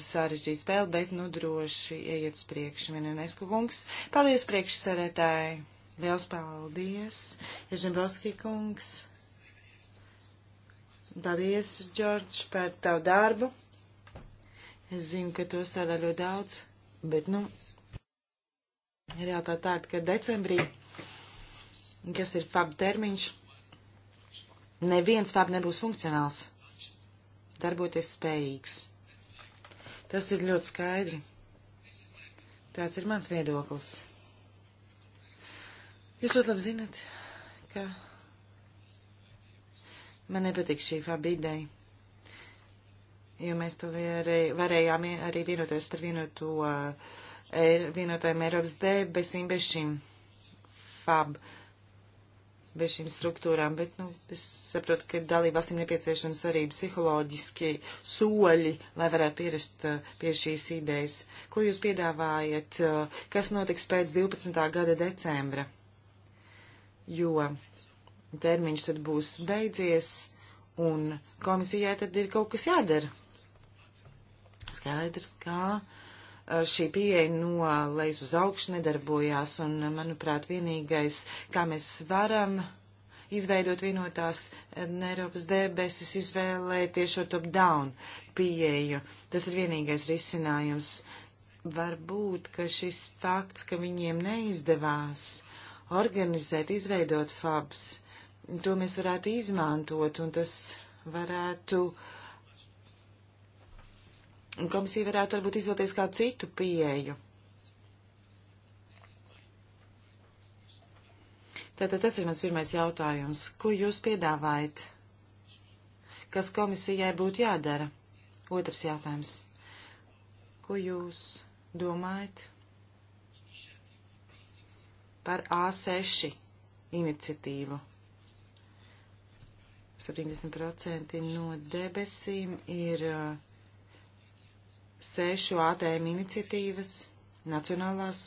sarežģītu spēli, bet nu droši ejiet uz priekšu, Vienenesku kungs. Paldies priekšsarētāji! Liels paldies, Ježembrovski kungs! Paldies, Džordž, par tavu darbu! Es zinu, ka to strādā ļoti daudz, bet, nu, ir jātā tāda, ka decembrī, kas ir fab termiņš, neviens fab nebūs funkcionāls, darboties spējīgs. Tas ir ļoti skaidri. Tāds ir mans viedoklis. Jūs ļoti labi zinat, ka man nepatīk šī fab ideja, jo mēs to arī varējām arī vienoties par vienotu uh, eh, vienotajiem Eiropas debesīm bez šīm fab. Uh, bez šīm struktūrām, bet nu, es saprotu, ka dalībvalstīm nepieciešams arī psiholoģiski soļi, lai varētu pierast eh, pie šīs idejas. Ko jūs piedāvājat, eh, kas notiks pēc 12. gada decembra? Jo termiņš tad būs beidzies, un komisijai tad ir kaut kas jādara. Skaidrs, kā. Ka Eh, šī pieeja no lejas uz augšu nedarbojās, un, eh, manuprāt, vienīgais, kā mēs varam izveidot vienotās eh, Eiropas debesis, izvēlēties šo top-down pieeju. Tas ir vienīgais risinājums. Varbūt, ka šis fakts, ka viņiem neizdevās organizēt, izveidot fabs, to mēs varētu izmantot, un tas varētu uh, Komisija varētu varbūt izvēlēties kā citu pieeju. Tātad tas ir mans pirmais jautājums. Ko jūs piedāvājat? Kas komisijai būtu jādara? Otrs jautājums. Ko jūs domājat par A6 iniciatīvu? 70% no debesīm ir uh, sešu ATM iniciatīvas, nacionālās,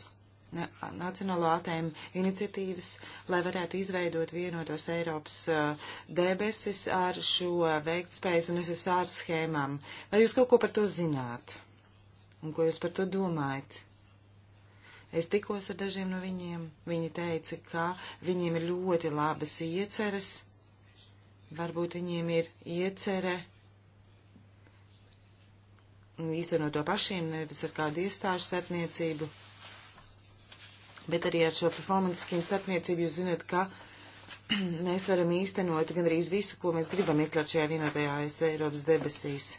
ne, nacionālo ATM iniciatīvas, lai varētu izveidot vienotos Eiropas uh, debesis ar šo veiktspējas un SSR schēmām. Vai jūs kaut ko par to zināt? Un ko jūs par to domājat? Es tikos ar dažiem no viņiem. Viņi teica, ka viņiem ir ļoti labas ieceres. Varbūt viņiem ir iecerē īstenot to pašiem, nevis ar kādu iestāžu starpniecību. Bet arī ar šo performance schēmu starpniecību jūs zinat, ka mēs varam īstenot gandrīz visu, ko mēs gribam iekļaut šajā vienotajā AS e Eiropas debesīs.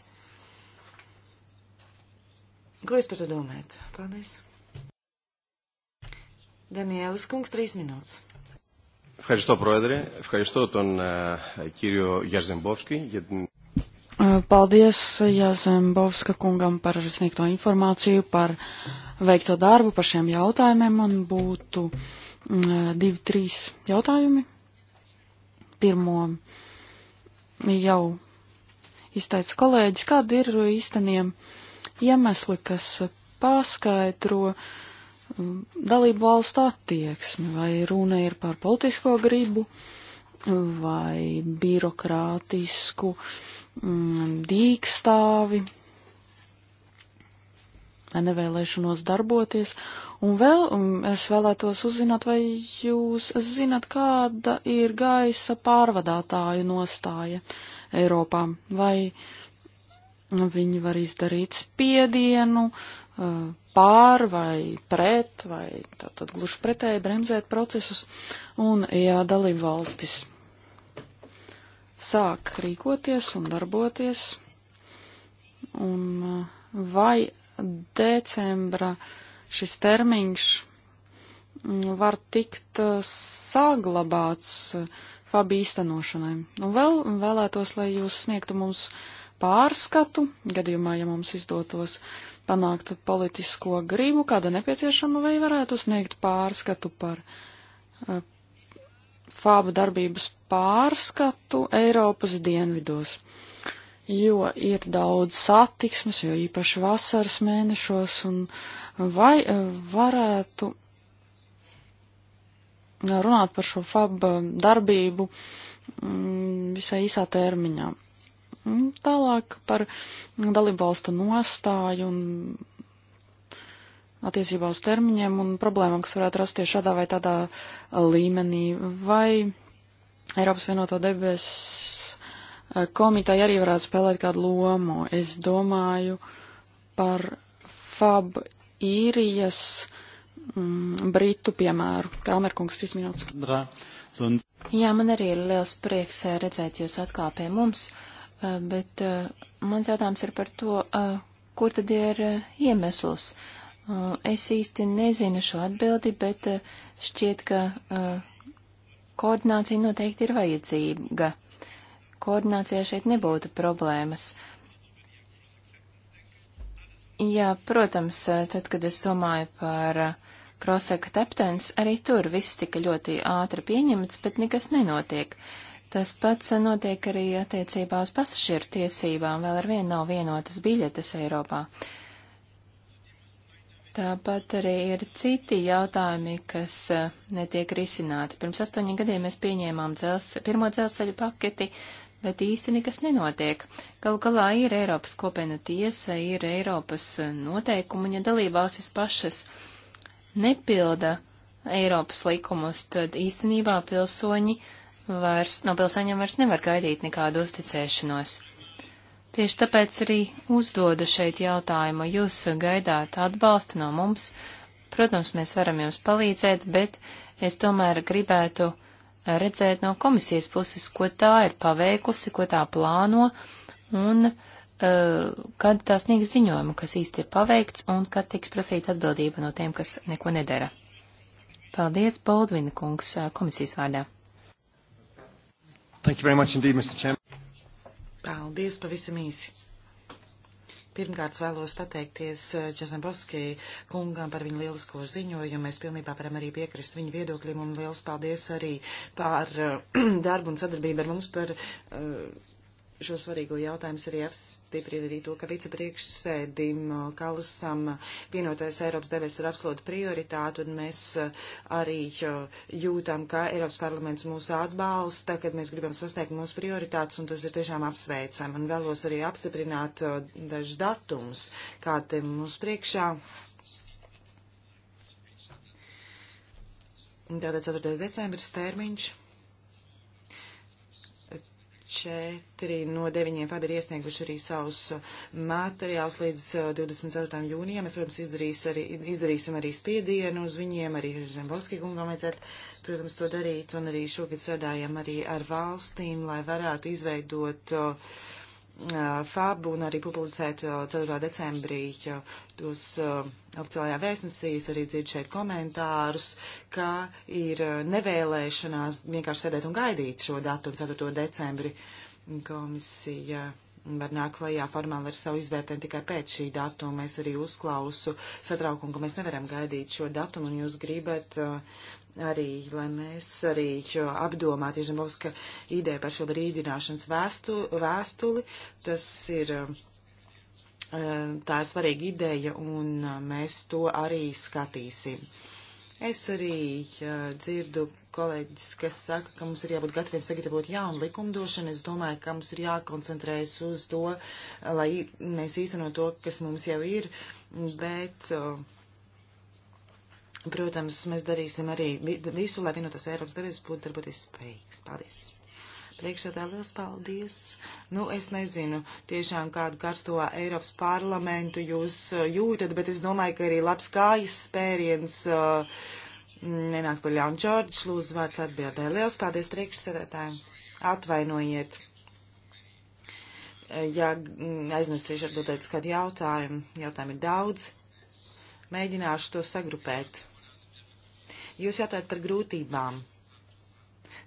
Ko jūs par to domājat? Paldies. Danielis Kungs, trīs minūtes. Ευχαριστώ, Πρόεδρε. Ευχαριστώ τον uh, κύριο Γιαρζεμπόφσκι για την Uh, paldies Jāzembovska kungam par sniegto informāciju, par veikto darbu, par šiem jautājumiem. Man būtu mm, uh, divi, trīs jautājumi. Pirmo jau izteica kolēģis, kādi ir īsteniem iemesli, kas paskaidro mm, dalību valstu attieksmi, vai runa ir par politisko gribu, vai birokrātisku Mm, dīkstāvi, nevēlēšanos darboties. Un vēl es vēlētos uzzināt, vai jūs zināt, kāda ir gaisa pārvadātāju nostāja Eiropā, vai viņi var izdarīt spiedienu eh, pār vai pret, vai tātad gluži pretēji bremzēt procesus, un ja dalību valstis sāk rīkoties un darboties, un eh, vai decembra šis termiņš mm, var tikt eh, saglabāts eh, FAB īstenošanai. Un vēl vēlētos, lai jūs sniegtu mums pārskatu, gadījumā, ja mums izdotos panākt politisko gribu, kāda nepieciešama, vai varētu sniegt pārskatu par fāba darbības pārskatu Eiropas dienvidos, jo ir daudz satiksmes, jo īpaši vasaras mēnešos, un vai e, varētu runāt par šo fāba darbību mm, visai īsā termiņā. Mm, tālāk par dalībvalstu nostāju un attiecībā uz termiņiem un problēmām, kas varētu rasties šādā vai tādā uh, līmenī. Vai Eiropas vienoto debesu uh, komiteja arī varētu spēlēt kādu lomu? Es domāju par FAB īrijas mm, britu piemēru. Kramerkungs, trīs minūtes. Jā, man arī ir liels prieks uh, redzēt jūs atkal pie mums, bet mans jautājums ir par to, kur tad ir iemesls. Uh, Uh, es īsti nezinu šo atbildi, bet uh, šķiet, ka uh, koordinācija noteikti ir vajadzīga. Koordinācijā šeit nebūtu problēmas. Jā, protams, tad, kad es domāju par Kroseka teptens, arī tur viss tika ļoti ātri pieņemts, bet nekas nenotiek. Tas pats notiek arī attiecībā uz pasažieru tiesībām, vēl ar vienu nav vienotas biļetes Eiropā. Uh, Tāpat arī ir citi jautājumi, kas eh, netiek risināti. Pirms astoņiem gadiem mēs pieņēmām dzels, pirmo dzelzceļu paketi, bet īsti nekas nenotiek. Galu galā ir Eiropas kopiena tiesa, ir Eiropas eh, noteikumi, ja dalībvalstis pašas nepilda Eiropas likumus, tad īstenībā pilsoņi vairs, no pilsoņiem vairs nevar gaidīt nekādu uzticēšanos. Tieši tāpēc arī uzdodu šeit jautājumu. Jūs gaidāt atbalstu no mums. Protams, mēs varam jums palīdzēt, bet es tomēr gribētu redzēt no komisijas puses, ko tā ir paveikusi, ko tā plāno un uh, kad tā sniegs ziņojumu, kas īsti ir paveikts un kad tiks prasīta atbildība no tiem, kas neko nedara. Paldies, Boldvina kungs, eh, komisijas vārdā. Thank you very much indeed, Mr. Chairman. Paldies pavisam īsi. Pirmkārt, vēlos pateikties eh, Česnabovskī kungam par viņu lielisko ziņojumu. Mēs pilnībā varam arī piekrist viņa viedokļiem un liels paldies arī par eh, darbu un sadarbību ar mums par uh, šo svarīgo jautājumu arī apstiprina arī to, ka vicepriekšsēdim uh, Kalasam vienotais Eiropas devēs ir absolūta prioritāte, un mēs uh, arī uh, jūtam, ka Eiropas parlaments mūs atbalsta, kad mēs gribam sasniegt mūsu prioritātes, un tas ir tiešām apsveicam. Un vēlos arī apstiprināt dažus datumus, kā te mums priekšā. Tātad 4. decembris termiņš. Četri no deviņiem fabi ir iesnieguši arī savus uh, materiālus līdz 24. Uh, jūnijam. Mēs, protams, izdarīs arī, izdarīsim arī spiedienu uz viņiem, arī Zembalski kungam vajadzētu, protams, to darīt. Un arī šogad strādājam arī ar valstīm, lai varētu izveidot uh, FAB un arī publicēt 4. decembrī tos oficiālajā vēstnesīs, arī dzird šeit komentārus, ka ir nevēlēšanās vienkārši sēdēt un gaidīt šo datumu 4. decembri. Komisija var nākt klajā formāli ar savu izvērtējumu tikai pēc šī datuma. Es arī uzklausu satraukumu, ka mēs nevaram gaidīt šo datumu, un jūs gribat uh, arī, lai mēs arī apdomātu Žemovska ideju par šo brīdināšanas vēstu, vēstuli. Tas ir, um, um, tā ir svarīga ideja, un um, mēs to arī skatīsim. Es arī uh, dzirdu kolēģis, kas saka, ka mums ir jābūt gataviem sagatavot jaunu likumdošanu. Es domāju, ka mums ir jākoncentrējas uz to, lai mēs īstenot to, kas mums jau ir, bet uh, Protams, mēs darīsim arī visu, lai vienotas Eiropas devies būtu darboties spējīgs. Paldies! Priekšā tā liels paldies. Nu, es nezinu tiešām kādu karsto Eiropas parlamentu jūs uh, jūtat, bet es domāju, ka arī labs kājas spēriens uh, nenāk par ļaunu. Čorģis, lūdzu, vārds atbildē. Liels paldies priekšsēdētājiem. Atvainojiet, ja mm, aizmirsīšu atbildēt uz kādu jautājumu. Jautājumu ir daudz. Mēģināšu to sagrupēt. Jūs jautājat par grūtībām.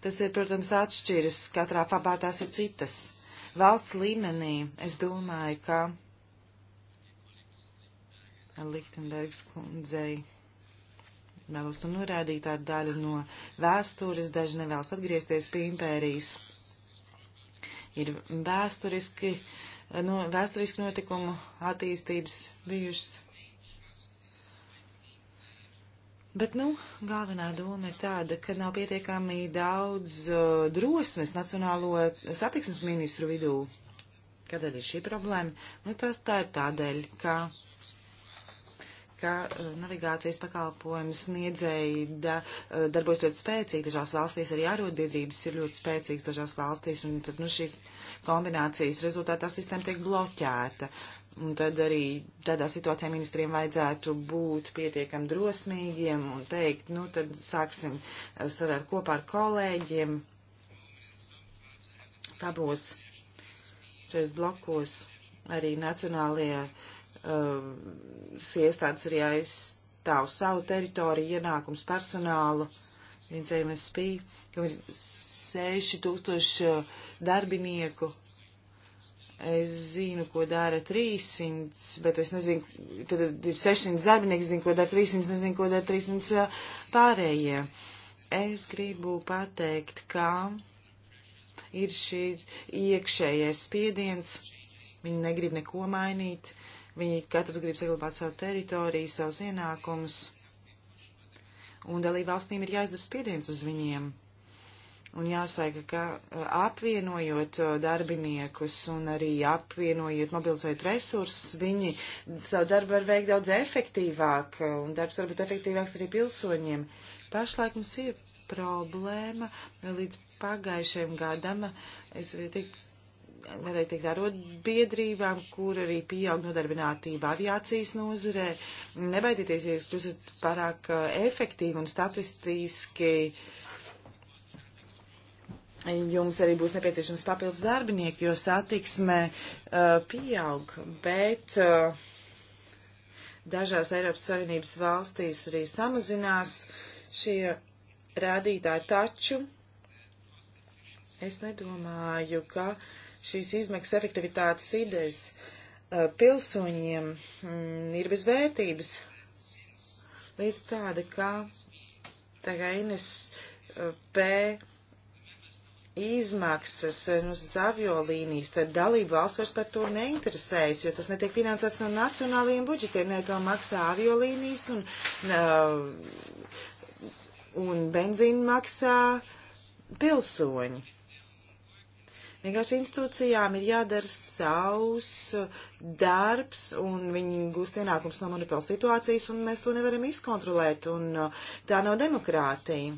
Tas ir, protams, atšķiras, katrā fabā tās ir citas. Valsts līmenī es domāju, ka Lichtenbergs kundzei vēlos to norādīt ar daļu no vēstures, daži nevēlas atgriezties pie impērijas. Ir vēsturiski, no, vēsturiski notikumu attīstības bijušas. Bet, nu, galvenā doma ir tāda, ka nav pietiekami daudz uh, drosmes nacionālo satiksmes ministru vidū. Kādēļ ir šī problēma? Nu, tas tā ir tādēļ, ka, ka uh, navigācijas pakalpojums sniedzēji da, uh, darbojas ļoti spēcīgi. Dažās valstīs arī arotbiedrības ir ļoti spēcīgas dažās valstīs, un tad, nu, šīs kombinācijas rezultātā sistēma tiek bloķēta. Uh, Un tad arī tādā situācijā ministriem vajadzētu būt pietiekami drosmīgiem un teikt, nu tad sāksim eh, strādāt kopā ar kolēģiem. Tabos šajos blokos arī nacionālajie uh, eh, iestādes arī aizstāv savu teritoriju, ienākums personālu. Viens MSP, kam ir 6000 eh, darbinieku Es zinu, ko dara 300, bet es nezinu, tad ir 600 darbinieki, zinu, ko dara 300, nezinu, ko dara 300 pārējie. Es gribu pateikt, ka ir šī iekšējais spiediens, viņi negrib neko mainīt, viņi katrs grib saglabāt savu teritoriju, savus ienākumus, un dalībvalstīm ir jāizdara spiediens uz viņiem Un jāsaka, ka eh, apvienojot eh, darbiniekus un arī apvienojot mobilizēt resursus, viņi savu darbu var veikt daudz efektīvāk, eh, un darbs var būt efektīvāks arī pilsoņiem. Pašlaik mums ir problēma, līdz pagājušajam gadam es tik, varēju tikt arotbiedrībām, kur arī pieaug nodarbinātība aviācijas nozarē. Nebaidieties, ja jūs esat pārāk efektīvi un statistiski. Uh, jums arī būs nepieciešams papildus darbinieki, jo satiksme uh, pieaug, bet uh, dažās Eiropas Savienības valstīs arī samazinās šie rādītāji. Taču es nedomāju, ka šīs izmaksas efektivitātes idejas uh, pilsoņiem mm, ir bez vērtības. Līdz tāda, kā tā kā Ines P izmaksas eh, uz nu, aviolīnijas, tad dalību valsts vairs par to neinteresējas, jo tas netiek finansēts no nacionālajiem budžetiem, ne to maksā aviolīnijas un, eh, un benzīnu maksā pilsoņi. Vienkārši institūcijām ir jādara savs eh, darbs, un viņi gūst ienākums no monopola situācijas, un mēs to nevaram izkontrolēt, un tā nav demokrātija.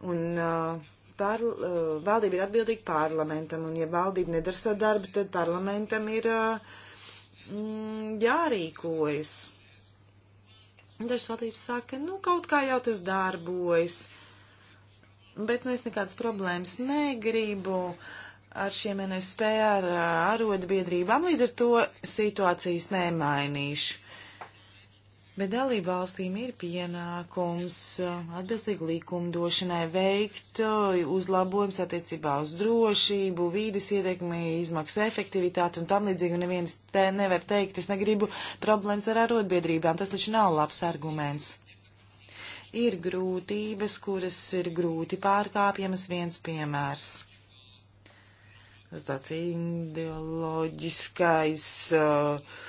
Un uh, par, eh, valdība ir atbildīga parlamentam, un ja valdība nedara savu darbu, tad parlamentam ir eh, mm, jārīkojas. Dažas valdības saka, nu kaut kā jau tas darbojas, bet nu es nekādas problēmas negribu ar šiem NSP, ar eh, arotbiedrībām, līdz ar to situācijas nemainīšu bet dalību valstīm ir pienākums uh, atbilstīgi likumdošanai veikt uh, uzlabojums attiecībā uz drošību, vīdes ietekmi, izmaksu efektivitāti un tam līdzīgi. Un neviens te nevar teikt, es negribu problēmas ar arotbiedrībām. Tas taču nav labs arguments ir grūtības, kuras ir grūti pārkāpjamas viens piemērs. Tas tāds ideoloģiskais uh,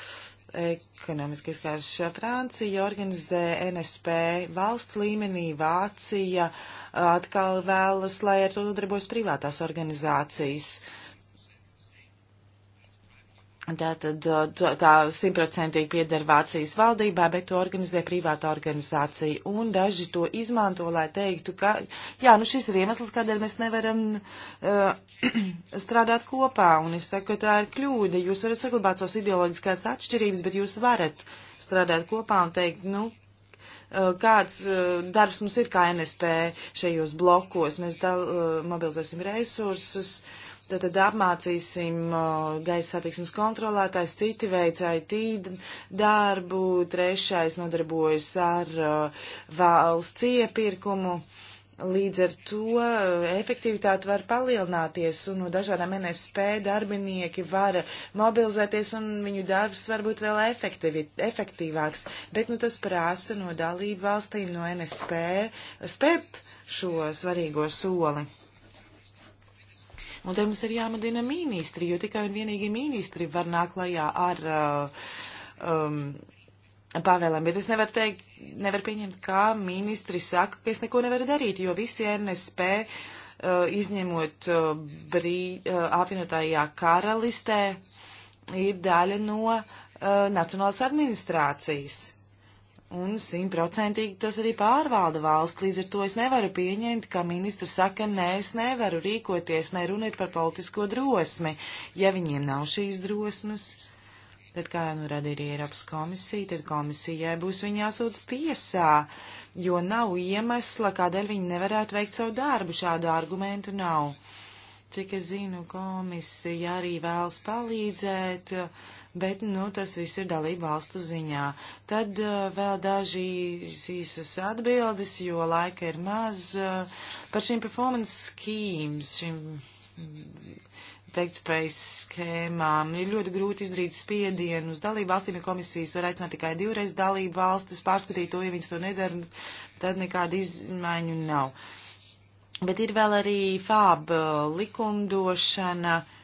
ekonomiskais karš. Francija organizē NSP valsts līmenī, Vācija atkal vēlas, lai ar to nodarbojas privātās organizācijas. Uh, Tātad tā simtprocentīgi pieder Vācijas valdībā, bet to organizē privāta organizācija. Un daži to izmanto, lai teiktu, ka jā, nu šis ir iemesls, kādēļ mēs nevaram uh, strādāt kopā. Un es saku, ka tā ir kļūda. Jūs varat saglabāt savas ideoloģiskās atšķirības, bet jūs varat strādāt kopā un teikt, nu, kāds uh, darbs mums ir kā NSP šajos blokos. Mēs dal, uh, mobilizēsim resursus, Tad apmācīsim gaisa satiksmes kontrolētājs, citi veic IT darbu, trešais nodarbojas ar valsts iepirkumu. Līdz ar to efektivitāte var palielināties un no dažādām NSP darbinieki var mobilizēties un viņu darbs var būt vēl efektīvāks. Bet nu, tas prasa no dalību valstīm, no NSP spēt šo svarīgo soli. Un te mums ir jāmadina ministri, jo tikai un vienīgi ministri var nākt klajā ar uh, um, pavēlēm. Bet es nevaru teikt, nevaru pieņemt, kā ministri saka, ka es neko nevaru darīt, jo visi NSP uh, izņemot uh, brī, uh, apvienotājā karalistē ir daļa no uh, Nacionālas administrācijas. Un simtprocentīgi tos arī pārvalda valsts. Līdz ar to es nevaru pieņemt, ka ministrs saka, nē, ne, es nevaru rīkoties, ne runiet par politisko drosmi. Ja viņiem nav šīs drosmes, tad kā jau nu rada ir Eiropas komisija, tad komisijai būs viņāsūdz tiesā, jo nav iemesla, kādēļ viņi nevarētu veikt savu darbu. Šādu argumentu nav. Cik es zinu, komisija arī vēlas palīdzēt. Uh, bet, nu, tas viss ir dalība valstu ziņā. Tad uh, vēl daži īsas atbildes, jo laika ir maz uh, par šīm performance schemes, šīm veiktspējas mm, schēmām. Ir ļoti grūti izdarīt spiedienu uz dalību valstīm, ja komisijas var aicināt tikai divreiz dalību valstis, pārskatīt to, ja viņas to nedara, tad nekāda izmaiņu nav. Bet ir vēl arī FAB likumdošana. Uh,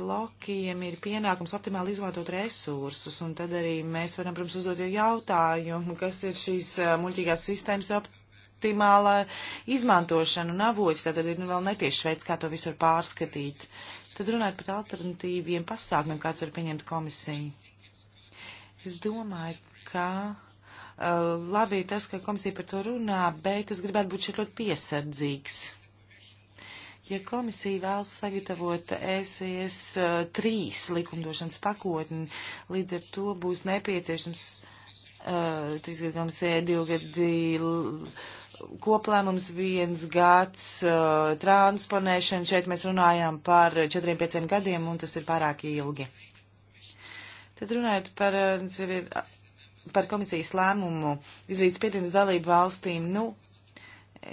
blokiem ir pienākums optimāli izmantot resursus, un tad arī mēs varam, protams, uzdot jautājumu, kas ir šīs muļķīgās sistēmas optimāla izmantošana un avots, tātad ir nu, vēl netieši veids, kā to visu var pārskatīt. Tad runājot par alternatīviem pasākumiem, kāds var pieņemt komisiju. Es domāju, ka uh, labi ir tas, ka komisija par to runā, bet es gribētu būt šeit ļoti piesardzīgs Ja komisija vēlas sagatavot SES e uh, trīs likumdošanas pakotni, līdz ar to būs nepieciešams uh, trīs gadu komisija, e, divi gadi koplēmums viens gads uh, transponēšana. Šeit mēs runājam par 4-5 gadiem, un tas ir pārāk ilgi. Tad runājot par, uh, par komisijas lēmumu izrīt spiediens dalību valstīm, nu,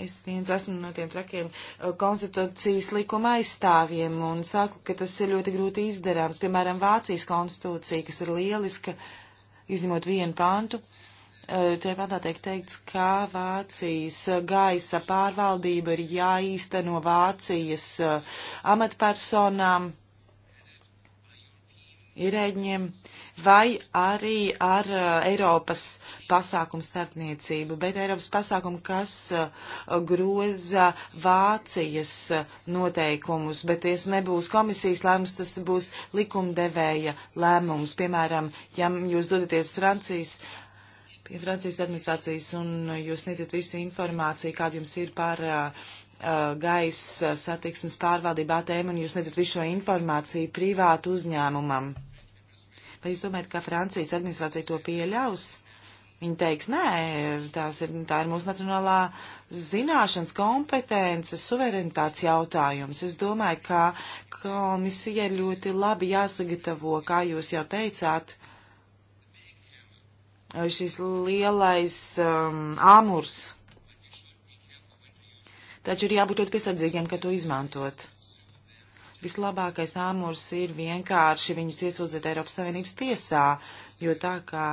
Es viens esmu no tiem trakiem eh, konstitūcijas likuma aizstāvjiem un saku, ka tas ir ļoti grūti izdarāms. Piemēram, Vācijas konstitūcija, kas ir lieliska, izņemot vienu pantu, eh, tiek pateikt, teikts, ka Vācijas gaisa pārvaldība ir jāīsteno Vācijas eh, amatpersonām, ierēģiem vai arī ar uh, Eiropas pasākumu starpniecību, bet Eiropas pasākumu, kas uh, groza Vācijas uh, noteikumus, bet tas nebūs komisijas lēmums, tas būs likumdevēja lēmums. Piemēram, ja jūs dodaties Francijas pie Francijas administrācijas un jūs sniedzat visu informāciju, kāda jums ir par uh, gaisa satiksmes pārvaldībā tēmu, un jūs sniedzat visu šo informāciju privātu uzņēmumam. Vai jūs domājat, ka Francijas administrācija to pieļaus? Viņi teiks, nē, tās ir, tā ir mūsu nacionālā zināšanas, kompetences, suverenitātes jautājums. Es domāju, ka komisija ļoti labi jāsagatavo, kā jūs jau teicāt, šis lielais um, āmurs. Taču ir jābūt ļoti piesardzīgiem, kad to izmantot vislabākais āmurs ir vienkārši viņus iesūdzēt Eiropas Savienības tiesā, jo tā kā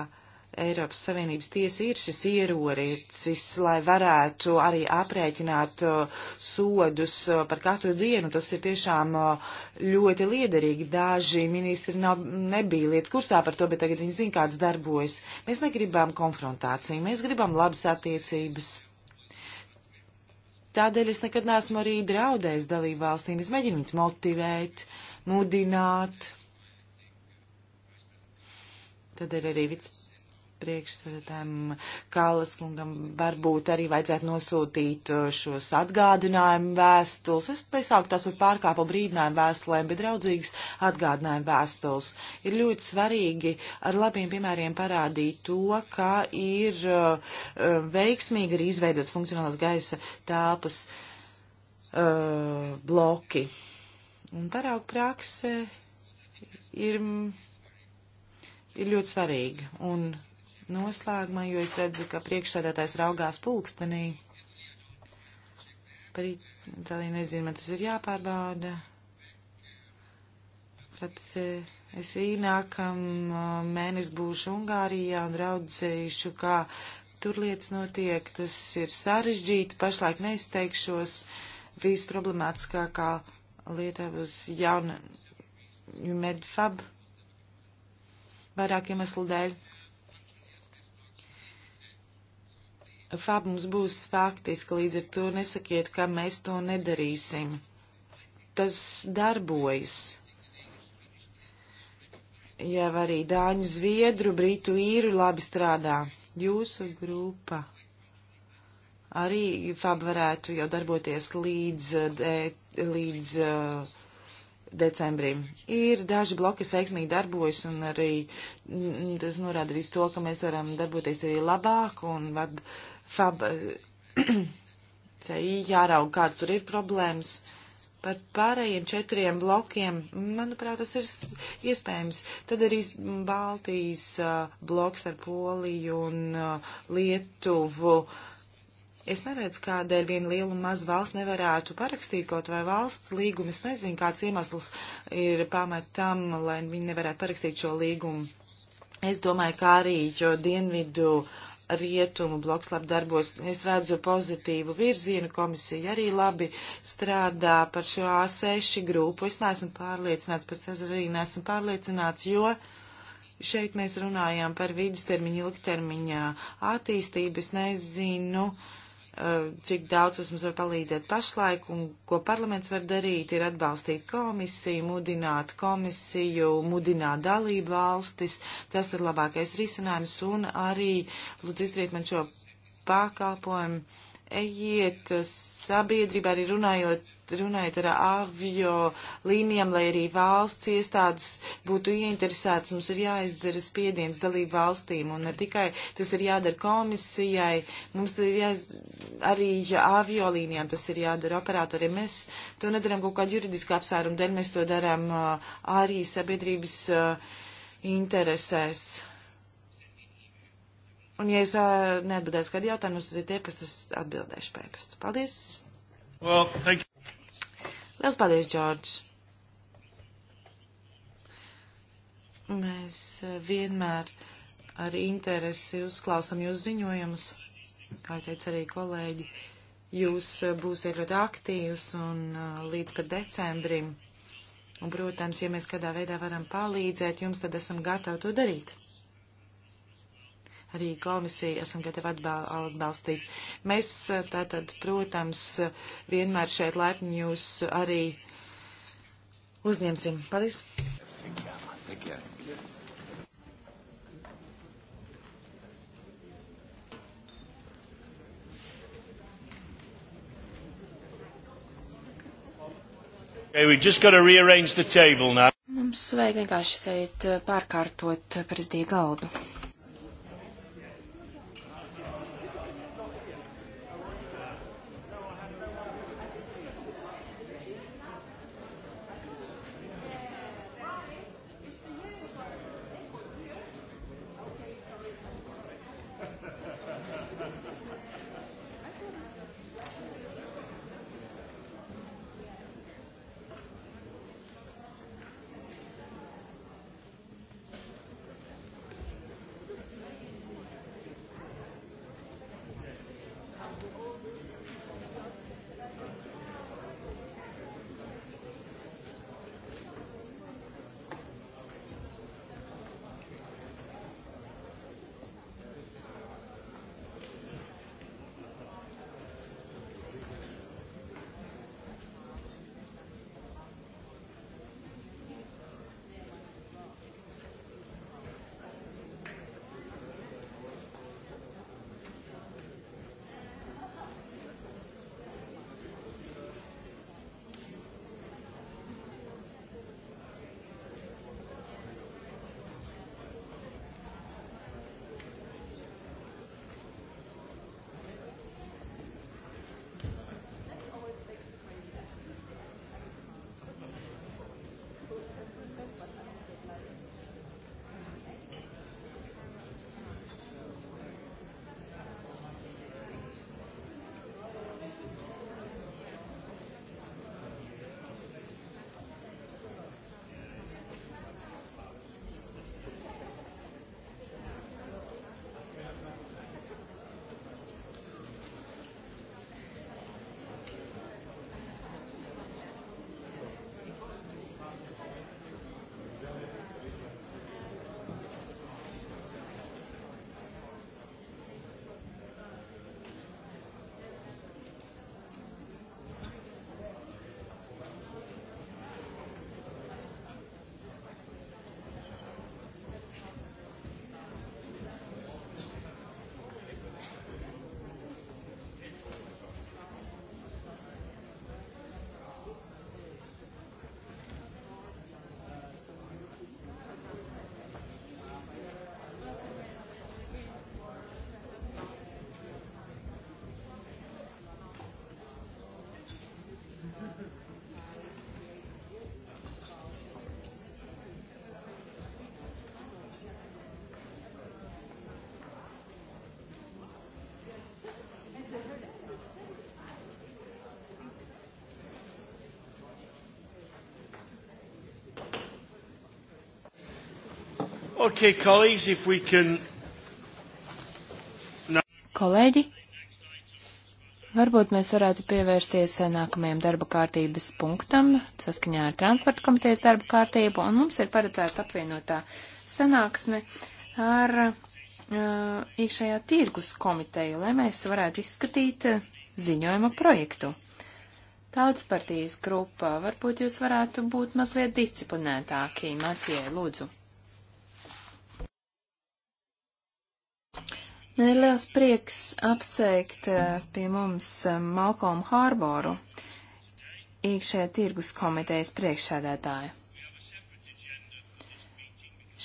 Eiropas Savienības tiesa ir šis ierocis, lai varētu arī aprēķināt uh, sodus uh, par katru dienu. Tas ir tiešām uh, ļoti liederīgi. Daži ministri nav, nebija lietas kursā par to, bet tagad viņi zina, kāds darbojas. Mēs negribam konfrontāciju, mēs gribam labas attiecības Tādēļ es nekad neesmu arī draudējis dalību valstīm. Es mēģinu viņus motivēt, mudināt. Tad ir arī vice priekšsēdētājiem Kālas kungam varbūt arī vajadzētu nosūtīt uh, šos atgādinājumu vēstules. Es nesāku tās ar pārkāpu brīdinājumu vēstulēm, bet draudzīgas atgādinājumu vēstules. Ir ļoti svarīgi ar labiem piemēriem parādīt to, ka ir uh, uh veiksmīgi arī izveidots funkcionālās gaisa telpas uh, bloki. Un paraugu prakse ir ir ļoti svarīga. Un noslēgumā, jo es redzu, ka priekšsēdētājs raugās pulkstenī. Par Itāliju nezinu, man tas ir jāpārbauda. Tāpēc es īnākam mēnesi būšu Ungārijā un raudzējušu, kā tur lietas notiek. Tas ir sarežģīti, pašlaik neizteikšos. Viss problemātiskākā lietā būs jauna medfab vairāk iemeslu dēļ. FAB mums būs faktiski, līdz ar to nesakiet, ka mēs to nedarīsim. Tas darbojas. Jau arī Dāņu, Zviedru, Britu, Īru labi strādā. Jūsu grupa. Arī FAB varētu jau darboties līdz, de, līdz uh, decembrim. Ir daži bloki, kas veiksmīgi darbojas, un arī tas norāda arī to, ka mēs varam darboties arī labāk, un vab, uh, FAB CI jāraug, kāds tur ir problēmas. Par pārējiem četriem blokiem, manuprāt, tas ir iespējams. Tad arī Baltijas uh, bloks ar Poliju un uh, Lietuvu. Es neredzu, kādēļ viena liela un maza valsts nevarētu parakstīt kaut vai valsts līgumu. Es nezinu, kāds iemesls ir pamatam, lai viņi nevarētu parakstīt šo līgumu. Es domāju, kā arī Dienvidu uh, rietumu bloks labi darbos. Es redzu pozitīvu virzienu, komisija arī labi strādā par šo A6 grupu. Es neesmu pārliecināts, par Cezarī neesmu pārliecināts, jo šeit mēs runājām par vidustermiņa, ilgtermiņa attīstību. Es nezinu, uh, Eh, cik daudz tas mums var palīdzēt pašlaik un ko parlaments var darīt, ir atbalstīt komisiju, mudināt komisiju, mudināt dalību valstis. Tas ir labākais risinājums un arī, lūdzu, izdariet man šo pakalpojumu. Ejiet eh, sabiedrībā arī runājot runājot ar avio līnijām, lai arī valsts iestādes būtu ieinteresētas, mums ir jāizdara spiediens dalību valstīm, un ne tikai tas ir jādara komisijai, mums ir jāiz... arī avio līnijām tas ir jādara operatoriem. Mēs to nedaram kaut kādu juridisku apsvērumu dēļ, mēs to darām uh, arī sabiedrības uh, interesēs. Un, ja es uh, neatbildēšu kādu jautājumu, tad tie, kas tas atbildēšu pēkstu. Paldies! Well, thank you. Liels paldies, Džordž! Mēs eh, vienmēr ar interesi uzklausam jūs ziņojumus, kā teica arī kolēģi. Jūs eh, būsiet ļoti aktīvs un eh, līdz pat decembrim. Un, protams, ja mēs kādā veidā varam palīdzēt jums, tad esam gatavi to darīt arī komisija esam gatavi atbal atbalstīt. Mēs eh, tātad, protams, vienmēr šeit laipni jūs arī uzņemsim. Paldies! Thank you. Okay, we just got to rearrange the table now. Mums vajag vienkārši šeit eh, pārkārtot eh, prezidija galdu. Okay, colleagues, if we can... No. Kolēģi, varbūt mēs varētu pievērsties nākamajam darba kārtības punktam saskaņā ar transporta komitejas darba kārtību, un mums ir paredzēta apvienotā sanāksme ar uh, iekšējā tirgus komiteju, lai mēs varētu izskatīt uh, ziņojuma projektu. Tautspartijas grupa, varbūt jūs varētu būt mazliet disciplinētāki, Matijai, lūdzu. Man ir liels prieks apsveikt eh, pie mums eh, Malcolmu Hārboru, iekšējā tirgus komitejas priekšsēdētāju.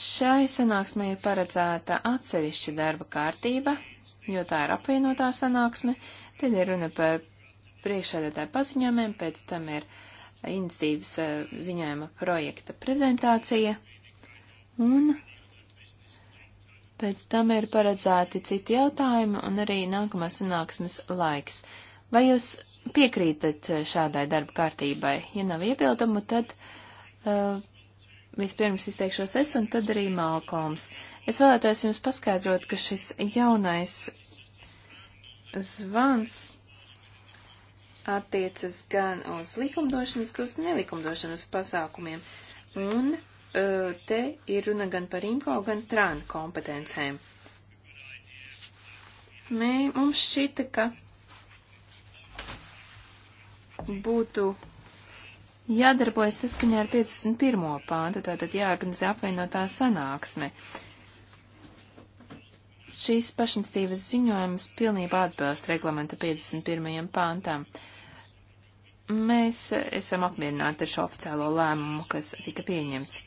Šai sanāksmē ir paredzēta atsevišķa darba kārtība, jo tā ir apvienotā sanāksme, tad ir runa par priekšsēdētāju paziņojumiem, pēc tam ir inicitīvas eh, ziņojuma projekta prezentācija, un Pēc tam ir paredzēti citi jautājumi un arī nākamās sanāksmes laiks. Vai jūs piekrītat šādai darba kārtībai? Ja nav iebildumu, tad uh, vispirms izteikšos es un tad arī Malkoms. Es vēlētos jums paskaidrot, ka šis jaunais zvans attiecas gan uz likumdošanas, gan uz nelikumdošanas pasākumiem. Un uh, te ir runa gan par INKO, gan TRAN kompetencēm. Mē, mums šķita, ka būtu jādarbojas saskaņā ar 51. pāntu, tātad jāorganizē apvienotā sanāksme. Šīs pašinstīvas ziņojums pilnībā atbilst reglamenta 51. pāntam. Mēs esam apmierināti ar šo oficiālo lēmumu, kas tika pieņemts.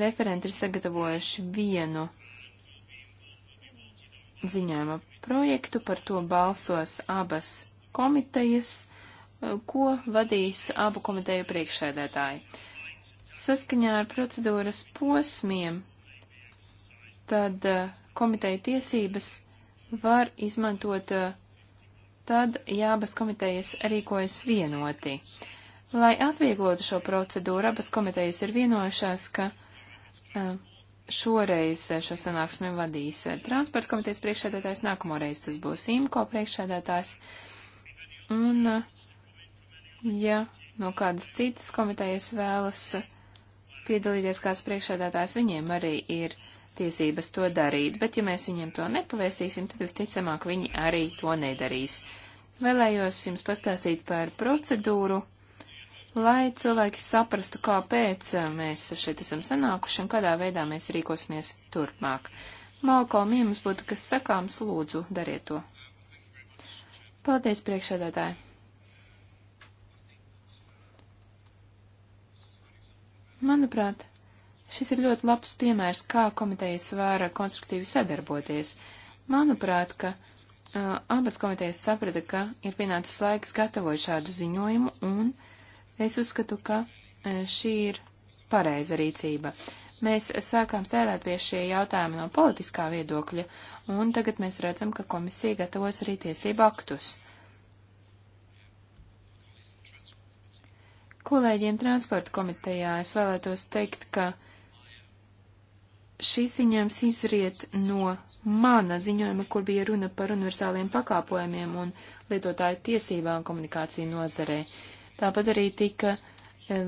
Referenti ir sagatavojuši vienu ziņojuma projektu, par to balsos abas komitejas, eh, ko vadīs abu komiteju priekšsēdētāji. Saskaņā ar procedūras posmiem, tad eh, komiteja tiesības var izmantot eh, tad, ja abas komitejas rīkojas vienoti. Lai atvieglotu šo procedūru, abas komitejas ir vienojušās, ka uh, Šoreiz eh, šo sanāksmi vadīs eh, transporta komitejas priekšsēdētājs, nākamoreiz tas būs IMCO priekšsēdētājs. Un, eh, ja no kādas citas komitejas vēlas piedalīties kāds priekšsēdētājs, viņiem arī ir tiesības to darīt, bet ja mēs viņiem to nepavēstīsim, tad visticamāk viņi arī to nedarīs. Vēlējos jums pastāstīt par procedūru lai cilvēki saprastu, kāpēc eh, mēs šeit esam sanākuši un kādā veidā mēs rīkosimies turpmāk. Malkolm, ja jums būtu kas sakāms, lūdzu, dariet to. Paldies, priekšādātāji! Manuprāt, šis ir ļoti labs piemērs, kā komitejas var konstruktīvi sadarboties. Manuprāt, ka uh, abas komitejas saprata, ka ir pienācis laiks gatavot šādu ziņojumu un uh, Es uzskatu, ka e, šī ir pareiza rīcība. Mēs sākām strādāt pie šie jautājumi no politiskā viedokļa, un tagad mēs redzam, ka komisija gatavos arī tiesību aktus. Kolēģiem transporta komitejā es vēlētos teikt, ka šīs ziņojums izriet no mana ziņojuma, kur bija runa par universāliem pakāpojumiem un lietotāju tiesībām komunikāciju nozarei. Uh, Tāpat arī tika e,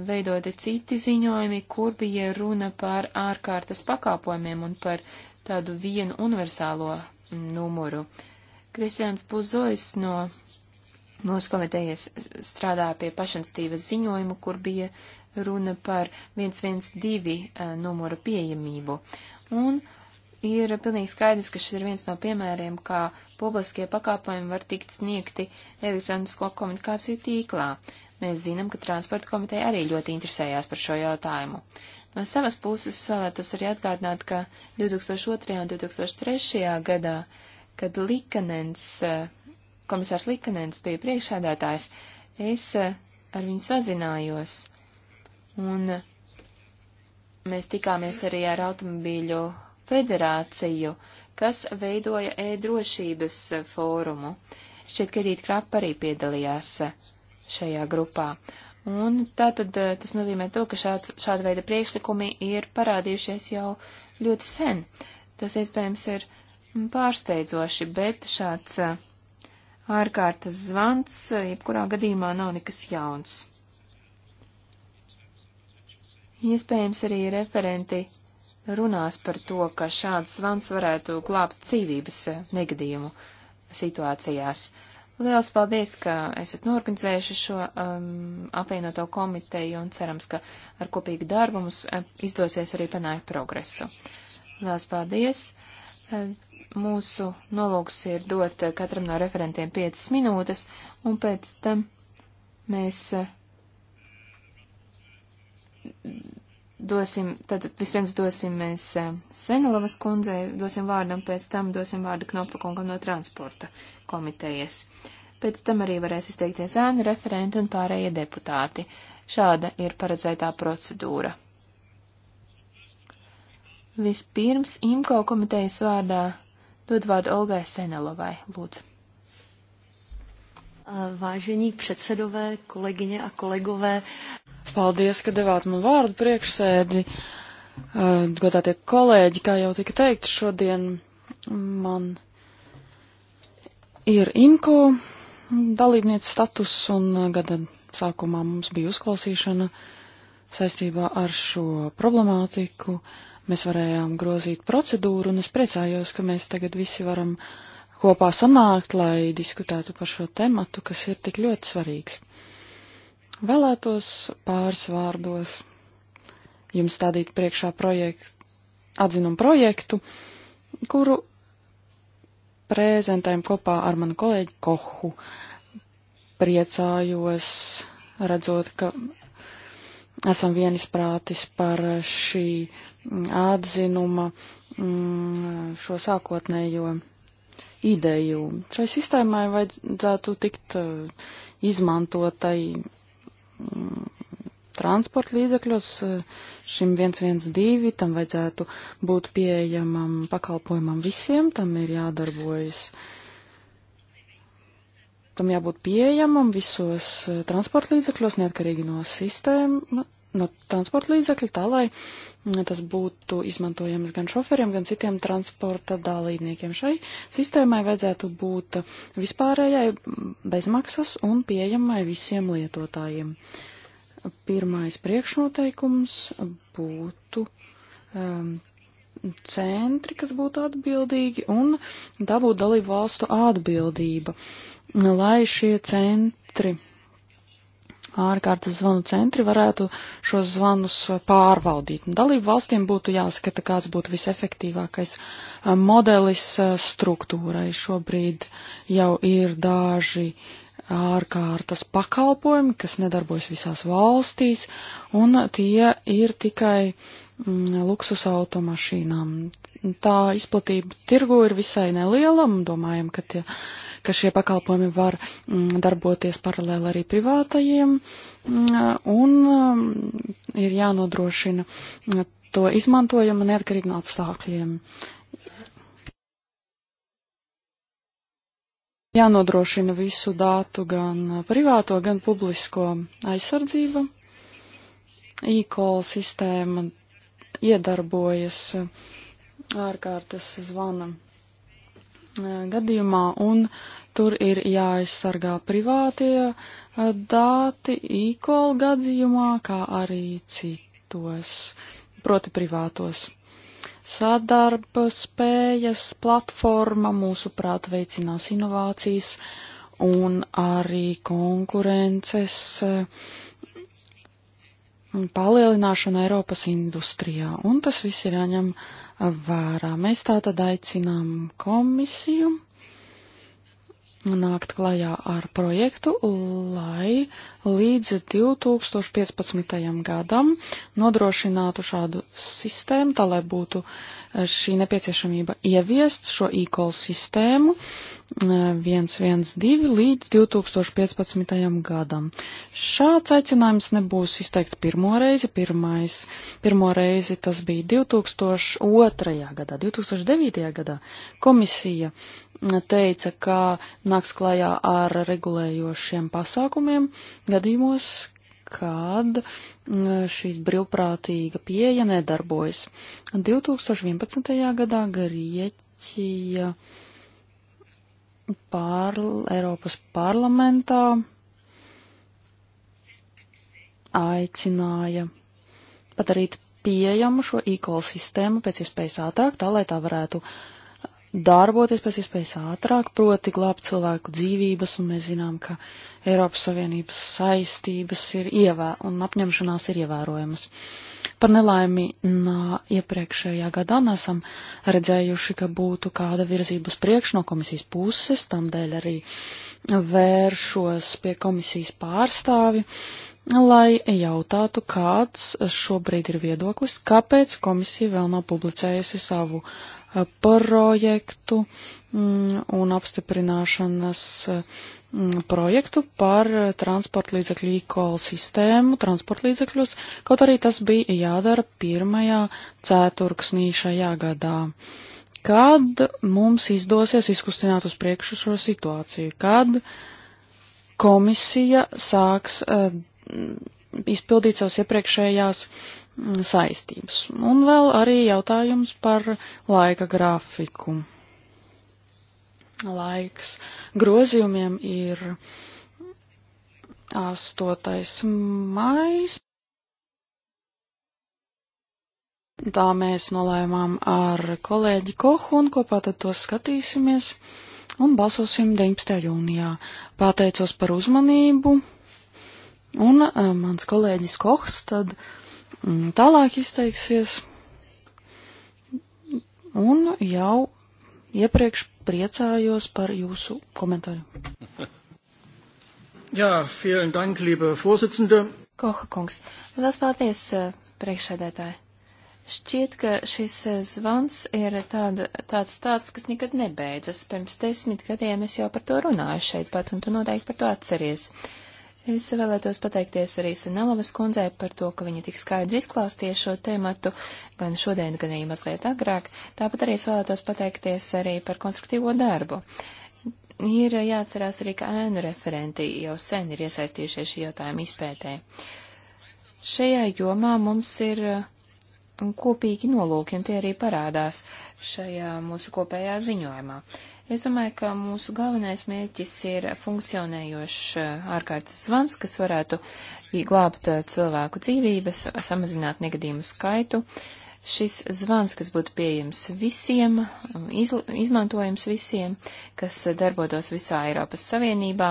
veidoti citi ziņojumi, kur bija runa par ārkārtas pakāpojumiem un par tādu vienu universālo numuru. Kristians Buzojs no mūsu komitejas strādāja pie pašanstības ziņojumu, kur bija runa par 112 e, numuru pieejamību. Un ir pilnīgi skaidrs, ka šis ir viens no piemēriem, kā publiskie pakāpojumi var tikt sniegti elektronisko komunikāciju tīklā. Mēs zinām, ka transporta komiteja arī ļoti interesējās par šo jautājumu. No savas puses vēlētos arī atgādināt, ka 2002. un 2003. gadā, kad Likanens, komisārs Likanens bija priekšādātājs, es ar viņu sazinājos. Un mēs tikāmies arī ar automobīļu federāciju, kas veidoja e-drošības fórumu. Šķiet, ka Rīt Krapa arī piedalījās šajā grupā. Un tātad eh, tas nozīmē to, ka šāds, šāda veida priekšlikumi ir parādījušies jau ļoti sen. Tas iespējams ir mm, pārsteidzoši, bet šāds eh, ārkārtas zvans eh, jebkurā gadījumā nav nekas jauns. Iespējams arī referenti runās par to, ka šāds zvans varētu glābt dzīvības negadījumu situācijās. Uh, Liels paldies, ka esat norganizējuši šo um, apvienoto komiteju un cerams, ka ar kopīgu darbu mums eh, izdosies arī panākt progresu. Liels paldies! Eh, mūsu nolūks ir dot eh, katram no referentiem 5 minūtes, un pēc tam mēs dosim, tad vispirms dosim mēs eh, Senelovas kundzei, dosim vārdam, pēc tam dosim vārdu Knopa kungam no transporta komitejas. Pēc tam arī varēs izteikties ēnu referenti un pārējie deputāti. Šāda ir paredzētā procedūra. Vispirms IMKO komitejas vārdā dod vārdu Olgai Senelovai, lūdzu. Vážení předsedové, kolegyně a kolegové. Paldies, ka devāt man vārdu priekšsēdi. Uh, godātie kolēģi, kā jau tika teikt, šodien man ir IMCO dalībniece status un uh, gada sākumā mums bija uzklausīšana saistībā ar šo problemātiku. Mēs varējām grozīt procedūru un es priecājos, ka mēs tagad visi varam kopā sanākt, lai diskutētu par šo tematu, kas ir tik ļoti svarīgs. Vēlētos pāris vārdos jums stādīt priekšā projektu, atzinumu projektu, kuru prezentējam kopā ar manu kolēģi Kohu. Priecājos redzot, ka esam vienisprātis par šī atzinuma mm, šo sākotnējo ideju. Šai sistēmai vajadzētu tikt eh, izmantotai transporta līdzekļos. Eh, šim 112 tam vajadzētu būt pieejamam pakalpojumam visiem, tam ir jādarbojas. Tam jābūt pieejamam visos eh, transporta līdzekļos, neatkarīgi no sistēma, no transporta līdzekļa, tā lai mm, tas būtu izmantojams gan šoferiem, gan citiem transporta dalībniekiem. Šai sistēmai vajadzētu būt vispārējai, mm, bezmaksas un pieejamai visiem lietotājiem. Pirmais priekšnoteikums būtu um, centri, kas būtu atbildīgi, un tā būtu dalību valstu atbildība, lai šie centri ārkārtas zvanu centri varētu šos zvanus uh, pārvaldīt. Dalību valstīm būtu jāskata, kāds būtu visefektīvākais uh, modelis uh, struktūrai. Šobrīd jau ir daži ārkārtas pakalpojumi, kas nedarbojas visās valstīs, un tie ir tikai mm, luksus automašīnām. Tā izplatība tirgu ir visai neliela, un domājam, ka tie. Ja ka šie pakalpojumi var mm, darboties paralēli arī privātajiem, mm, un mm, ir jānodrošina to izmantojuma neatkarīgi no apstākļiem. Jānodrošina visu dātu gan privāto, gan publisko aizsardzību. E-call sistēma iedarbojas ārkārtas zvana gadījumā, un Tur ir jāaizsargā privātie dati e-call gadījumā, kā arī citos, proti privātos. Sadarba spējas platforma mūsuprāt veicinās inovācijas un arī konkurences palielināšanu Eiropas industrijā, un tas viss ir jāņem vērā. Mēs tātad aicinām komisiju nākt klajā ar projektu, lai līdz 2015. gadam nodrošinātu šādu sistēmu, tā lai būtu eh, šī nepieciešamība ieviest šo e-call sistēmu 112 eh, līdz 2015. gadam. Šāds aicinājums nebūs izteikts pirmo reizi, pirmais, pirmo reizi tas bija 2002. gadā, 2009. gadā komisija teica, ka nāks klajā ar regulējošiem pasākumiem gadījumos, kad mm, šīs brīvprātīga pieeja nedarbojas. 2011. gadā Grieķija pār, Eiropas parlamentā aicināja padarīt pieejamu šo e-call sistēmu pēc iespējas ātrāk, tā lai tā varētu uh, darboties pēc iespējas ātrāk, proti glābt cilvēku dzīvības, un mēs zinām, ka Eiropas Savienības saistības ir ievē, un apņemšanās ir ievērojamas. Par nelaimi nā, iepriekšējā gadā nesam redzējuši, ka būtu kāda virzība uz priekšu no komisijas puses, tamdēļ arī vēršos pie komisijas pārstāvi, lai jautātu, kāds šobrīd ir viedoklis, kāpēc komisija vēl nav publicējusi savu uh, projektu mm, un apstiprināšanas mm, projektu par transporta līdzekļu ekosistēmu transportlīdzekļos, kaut arī tas bija jādara pirmajā ceturksnī šajā gadā. Kad mums izdosies izkustināt uz priekšu šo situāciju? Kad komisija sāks uh, izpildīt savas iepriekšējās uh, Mm, saistības. Un vēl arī jautājums par laika grafiku. Laiks grozījumiem ir 8. maijs. Tā mēs nolēmām ar kolēģi Kohu un kopā tad to skatīsimies un balsosim 19. jūnijā. Pateicos par uzmanību un uh, mans kolēģis Kohs tad uh, Mm, tālāk izteiksies. Un jau iepriekš priecājos par jūsu komentāru. Jā, vielen dank, liebe Vorsitzende. Koha kungs, liels paldies eh, priekšsēdētāji. Šķiet, ka šis eh, zvans ir tāda, tāds tāds, kas nekad nebeidzas. Pirms desmit gadiem es jau par to runāju šeit pat, un tu noteikti par to atceries. Uh, Es vēlētos pateikties arī Senelovas kundzei par to, ka viņa tik skaidri izklāstīja šo tēmatu gan šodien, gan arī mazliet agrāk. Tāpat arī es vēlētos pateikties arī par konstruktīvo darbu. Ir jāatcerās arī, ka ēnu referenti jau sen ir iesaistījušies šī jautājuma izpētē. Šajā jomā mums ir uh, kopīgi nolūki, un tie arī parādās šajā mūsu kopējā ziņojumā. Es domāju, ka mūsu galvenais mērķis ir funkcionējošs uh, ārkārtas zvans, kas varētu glābt uh, cilvēku dzīvības, samazināt negadījumu skaitu. Šis zvans, kas būtu pieejams visiem, um, iz, izmantojams visiem, kas uh, darbotos visā Eiropas Savienībā,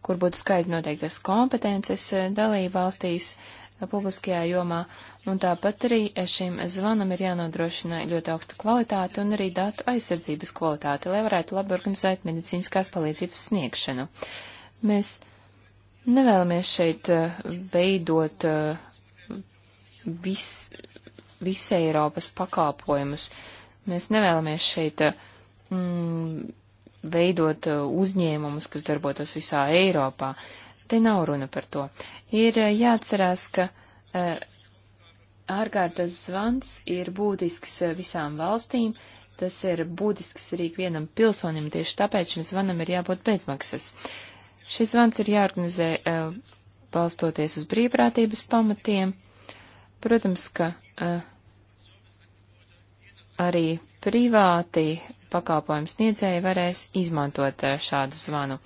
kur būtu skaidri noteiktas kompetences dalība valstīs publiskajā jomā Un tāpat arī šim zvanam ir jānodrošina ļoti augsta kvalitāte un arī datu aizsardzības kvalitāte, lai varētu labi organizēt medicīniskās palīdzības sniegšanu. Mēs nevēlamies šeit eh, veidot eh, vis, visai Eiropas pakāpojumus. Mēs nevēlamies šeit eh, mm, veidot uzņēmumus, kas darbotos visā Eiropā. Te nav runa par to. Ir jāatcerās, ka uh, ārkārtas zvans ir būtisks visām valstīm, tas ir būtisks arī vienam pilsonim, tieši tāpēc šim zvanam ir jābūt bezmaksas. Šis zvans ir jāorganizē e, balstoties uz brīvprātības pamatiem. Protams, ka e, arī privāti pakalpojums sniedzēji varēs izmantot e, šādu zvanu.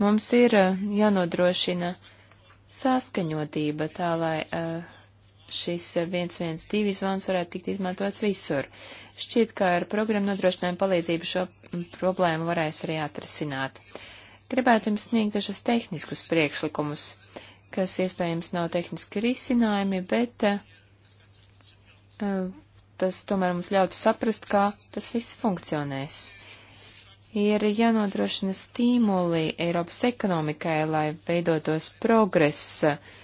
Mums ir jānodrošina saskaņotība tā, lai uh, šis 112 zvans varētu tikt izmantots visur. Šķiet, ka ar programmu nodrošinājumu palīdzību šo problēmu varēs arī atrasināt. Gribētu jums sniegt dažus tehniskus priekšlikumus, kas iespējams nav tehniski risinājumi, bet uh, tas tomēr mums ļautu saprast, kā tas viss funkcionēs. Ir jānodrošina stīmuli Eiropas ekonomikai, lai veidotos progresa uh, eh,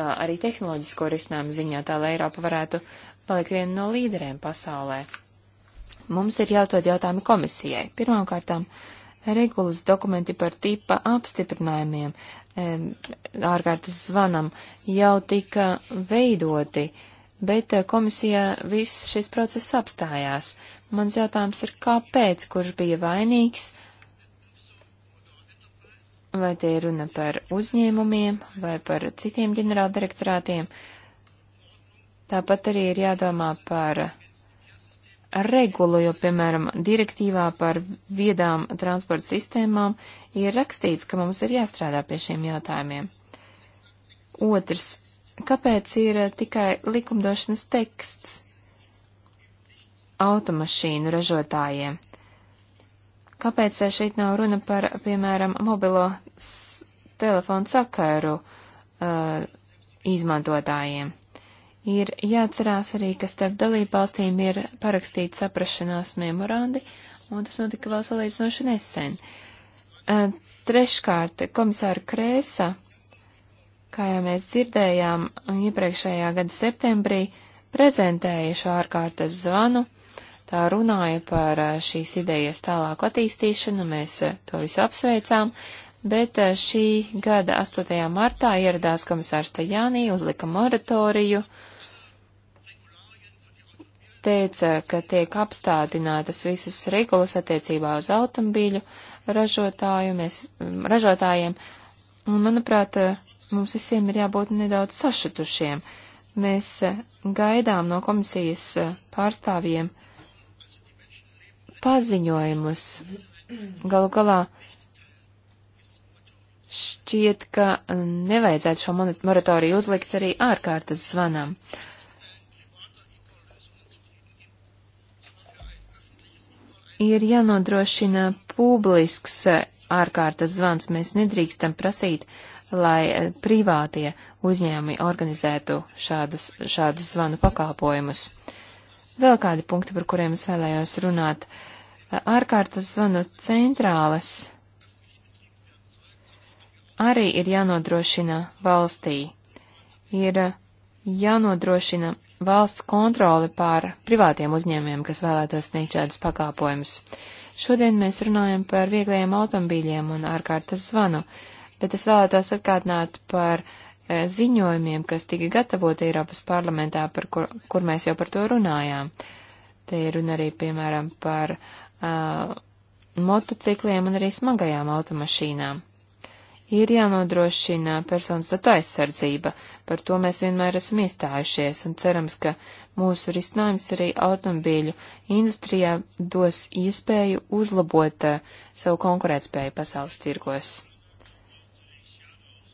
arī tehnoloģisko risinājumu ziņā, tā lai Eiropa varētu palikt viena no līderiem pasaulē. Mums ir jāuzdod jautājumi komisijai. Pirmkārtām, regulas dokumenti par tipa apstiprinājumiem ārkārtas zvanam jau tika veidoti, bet komisijā viss šis process apstājās. Mans jautājums ir, kāpēc, kurš bija vainīgs vai tie ir runa par uzņēmumiem vai par citiem ģenerāldirektorātiem. Tāpat arī ir jādomā par regulu, jo, piemēram, direktīvā par viedām transporta sistēmām ir rakstīts, ka mums ir jāstrādā pie šiem jautājumiem. Otrs, kāpēc ir tikai likumdošanas teksts automašīnu ražotājiem? Kāpēc eh, šeit nav runa par, piemēram, mobilo telefonu sakaru uh, izmantotājiem? Ir jāatcerās arī, ka starp dalībvalstīm ir parakstīti saprašanās memorandi, un tas notika vēl salīdzinoši nesen. Uh, treškārt, komisāra Krēsa, kā jau mēs dzirdējām iepriekšējā gada septembrī, prezentēja šo ārkārtas zvanu, uh, tā runāja par eh, šīs idejas tālāku attīstīšanu, mēs eh, to visu apsveicām, bet eh, šī gada 8. martā ieradās komisārs Tajānī, uzlika moratoriju, teica, ka tiek apstādinātas visas regulas attiecībā uz automobīļu mm, ražotājiem, un, manuprāt, mums visiem ir jābūt nedaudz sašutušiem. Mēs gaidām no komisijas pārstāvjiem paziņojumus. Galu galā šķiet, ka nevajadzētu šo moratoriju uzlikt arī ārkārtas zvanam. Ir jānodrošina publisks ārkārtas zvans. Mēs nedrīkstam prasīt, lai privātie uzņēmumi organizētu šādus, šādus zvanu pakāpojumus. Vēl kādi punkti, par kuriem es vēlējos runāt. Uh, ārkārtas zvanu centrāles arī ir jānodrošina valstī. Ir jānodrošina valsts kontroli pār privātiem uzņēmiem, kas vēlētos sniegt šādus pakāpojumus. Šodien mēs runājam par vieglajiem automobīļiem un ārkārtas zvanu, bet es vēlētos atkārtināt par e, ziņojumiem, kas tika gatavoti Eiropas parlamentā, par kur, kur mēs jau par to runājām. Te ir runa arī, piemēram, par uh, uh, motocikliem un arī smagajām automašīnām. Ir jānodrošina personas datu aizsardzība, par to mēs vienmēr esam iestājušies un cerams, ka mūsu risinājums arī automobīļu industrijā dos iespēju uzlabot uh, savu konkurētspēju pasaules tirgos.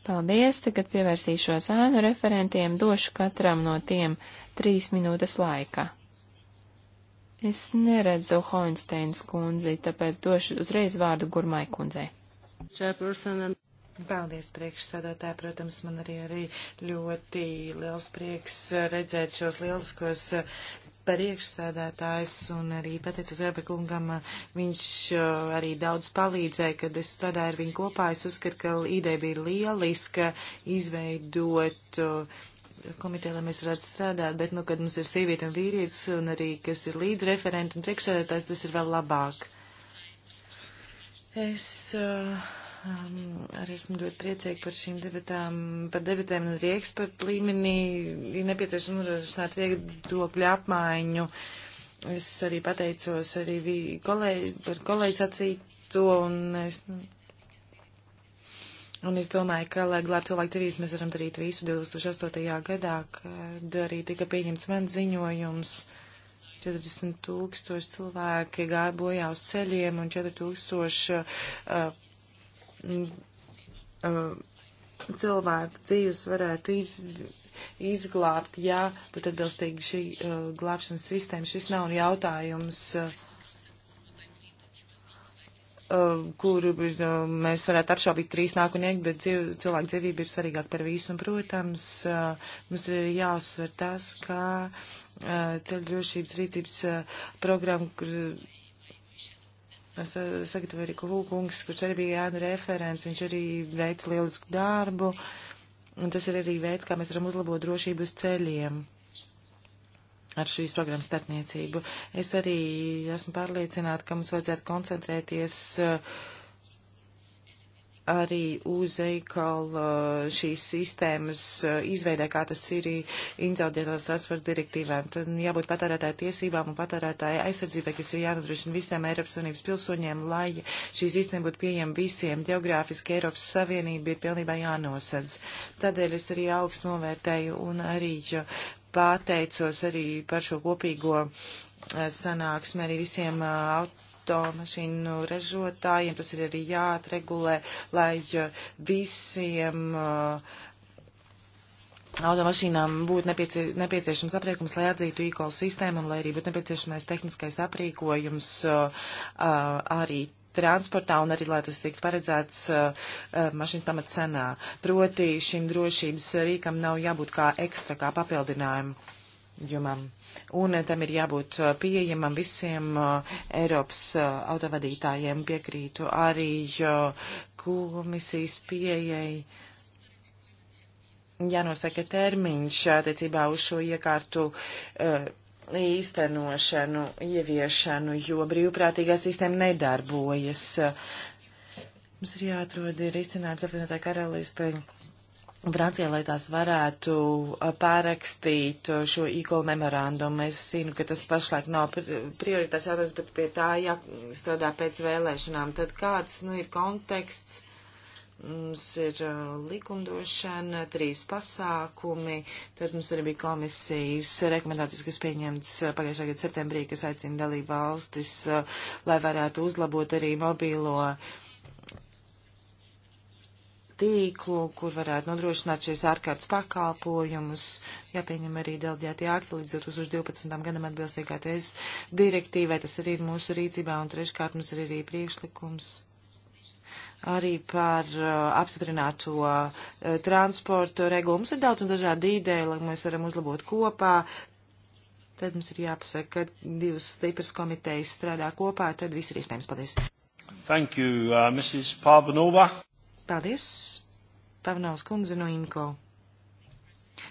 Paldies, tagad pievērsīšos ēnu referentiem, došu katram no tiem trīs minūtes laika. Es neredzu Hoinsteins kundzi, tāpēc došu uzreiz vārdu Gurmai kundzei. Paldies, priekšsēdētāji. Protams, man arī, arī ļoti liels prieks redzēt šos lieliskos priekšsēdētājs un arī pateicos Rebekungam, viņš uh, arī daudz palīdzēja, kad es strādāju ar viņu kopā. Es uzskatu, ka ideja bija lieliska izveidot uh, komiteja, lai mēs varētu strādāt, bet, nu, kad mums ir sieviete un vīrietis un arī, kas ir līdzreferenti un priekšsēdētājs, tas ir vēl labāk. Es uh, um, arī esmu ļoti priecīgi par šīm debatām, par debatēm un arī ekspertu līmenī ir nepieciešams nodrošināt viedokļu apmaiņu. Es arī pateicos arī kolēģi, par kolēģi sacīto un es. Nu, Un es domāju, ka, lai glābtu cilvēku dzīvības, mēs varam darīt visu 2008. gadā, kad arī tika pieņemts man ziņojums. 40 tūkstoši cilvēki gāja bojā uz ceļiem un 4 tūkstoši uh, uh, cilvēku dzīves varētu iz, izglābt, ja būtu atbilstīgi šī uh, glābšanas sistēma. Šis nav jautājums. Uh, Um, kuru um, mēs varētu apšaubīt par īsnāku nieku, bet dzīv, cilvēku dzīvība ir svarīgāka par visu. Un, protams, uh, mums ir jāuzsver tas, ka uh, ceļu drošības rīcības uh, programma, kur es sagatavoju arī Kuhūkungs, kurš arī bija Jānu referents, viņš arī veic lielisku darbu. Un tas ir arī veids, kā mēs varam uzlabot drošību uz ceļiem ar šīs programmas starpniecību. Es arī esmu pārliecināta, ka mums vajadzētu koncentrēties uh, arī uz EIKAL uh, šīs sistēmas uh, izveidē, kā tas ir intelģētās transporta direktīvēm. Tad jābūt patērētāja tiesībām un patērētāja aizsardzībai, kas ir jānodrošina visiem Eiropas Savienības pilsoņiem, lai šī sistēma būtu pieejama visiem. Geogrāfiski Eiropas Savienība ir pilnībā jānosedz. Tādēļ es arī augstu novērtēju un arī pateicos arī par šo kopīgo eh, sanāksmi arī visiem eh, automašīnu ražotājiem. Tas ir arī jāatregulē, lai eh, visiem automašīnām būtu nepiecie, nepieciešams aprīkojums, lai atzītu e-call sistēmu un lai arī būtu nepieciešamais tehniskais aprīkojums arī transportā un arī, lai tas tiktu paredzēts uh, uh mašīnu pamatcenā. Proti šim drošības rīkam nav jābūt kā ekstra, kā papildinājumu jumam. Un uh, tam ir jābūt uh, pieejamam visiem uh, Eiropas uh, autovadītājiem, piekrītu arī uh, komisijas pieejai. Jānosaka termiņš attiecībā uz šo iekārtu uh, īstenošanu, ieviešanu, jo brīvprātīgā sistēma nedarbojas. Mums ir jāatrod ir izcinājums apvienotā karalistē. Francijā, lai tās varētu pārakstīt šo īkolu memorandumu, es zinu, ka tas pašlaik nav prioritārs jautājums, bet pie tā jāstrādā pēc vēlēšanām. Tad kāds, nu, ir konteksts? Mums ir uh, likumdošana, trīs pasākumi, tad mums arī bija komisijas rekomendācijas, kas pieņemts uh, pagājušā gada septembrī, kas aicina dalību valstis, uh, lai varētu uzlabot arī mobīlo tīklu, kur varētu nodrošināt šīs ārkārtas pakalpojumus, jāpieņem arī delģētie akti līdz 2012. gadam atbilstīgā tiesas direktīvai, tas arī ir mūsu rīcībā, un treškārt mums ir arī priekšlikums arī par uh, apstiprināto uh, transportu regulu. Mums ir daudz un dažādi ideja, lai mēs varam uzlabot kopā. Tad mums ir jāpasaka, ka divas stipras komitejas strādā kopā, tad viss ir iespējams. Paldies. Thank you, uh, Mrs. Pavanova. Paldies, Pavanovas kundze no IMCO.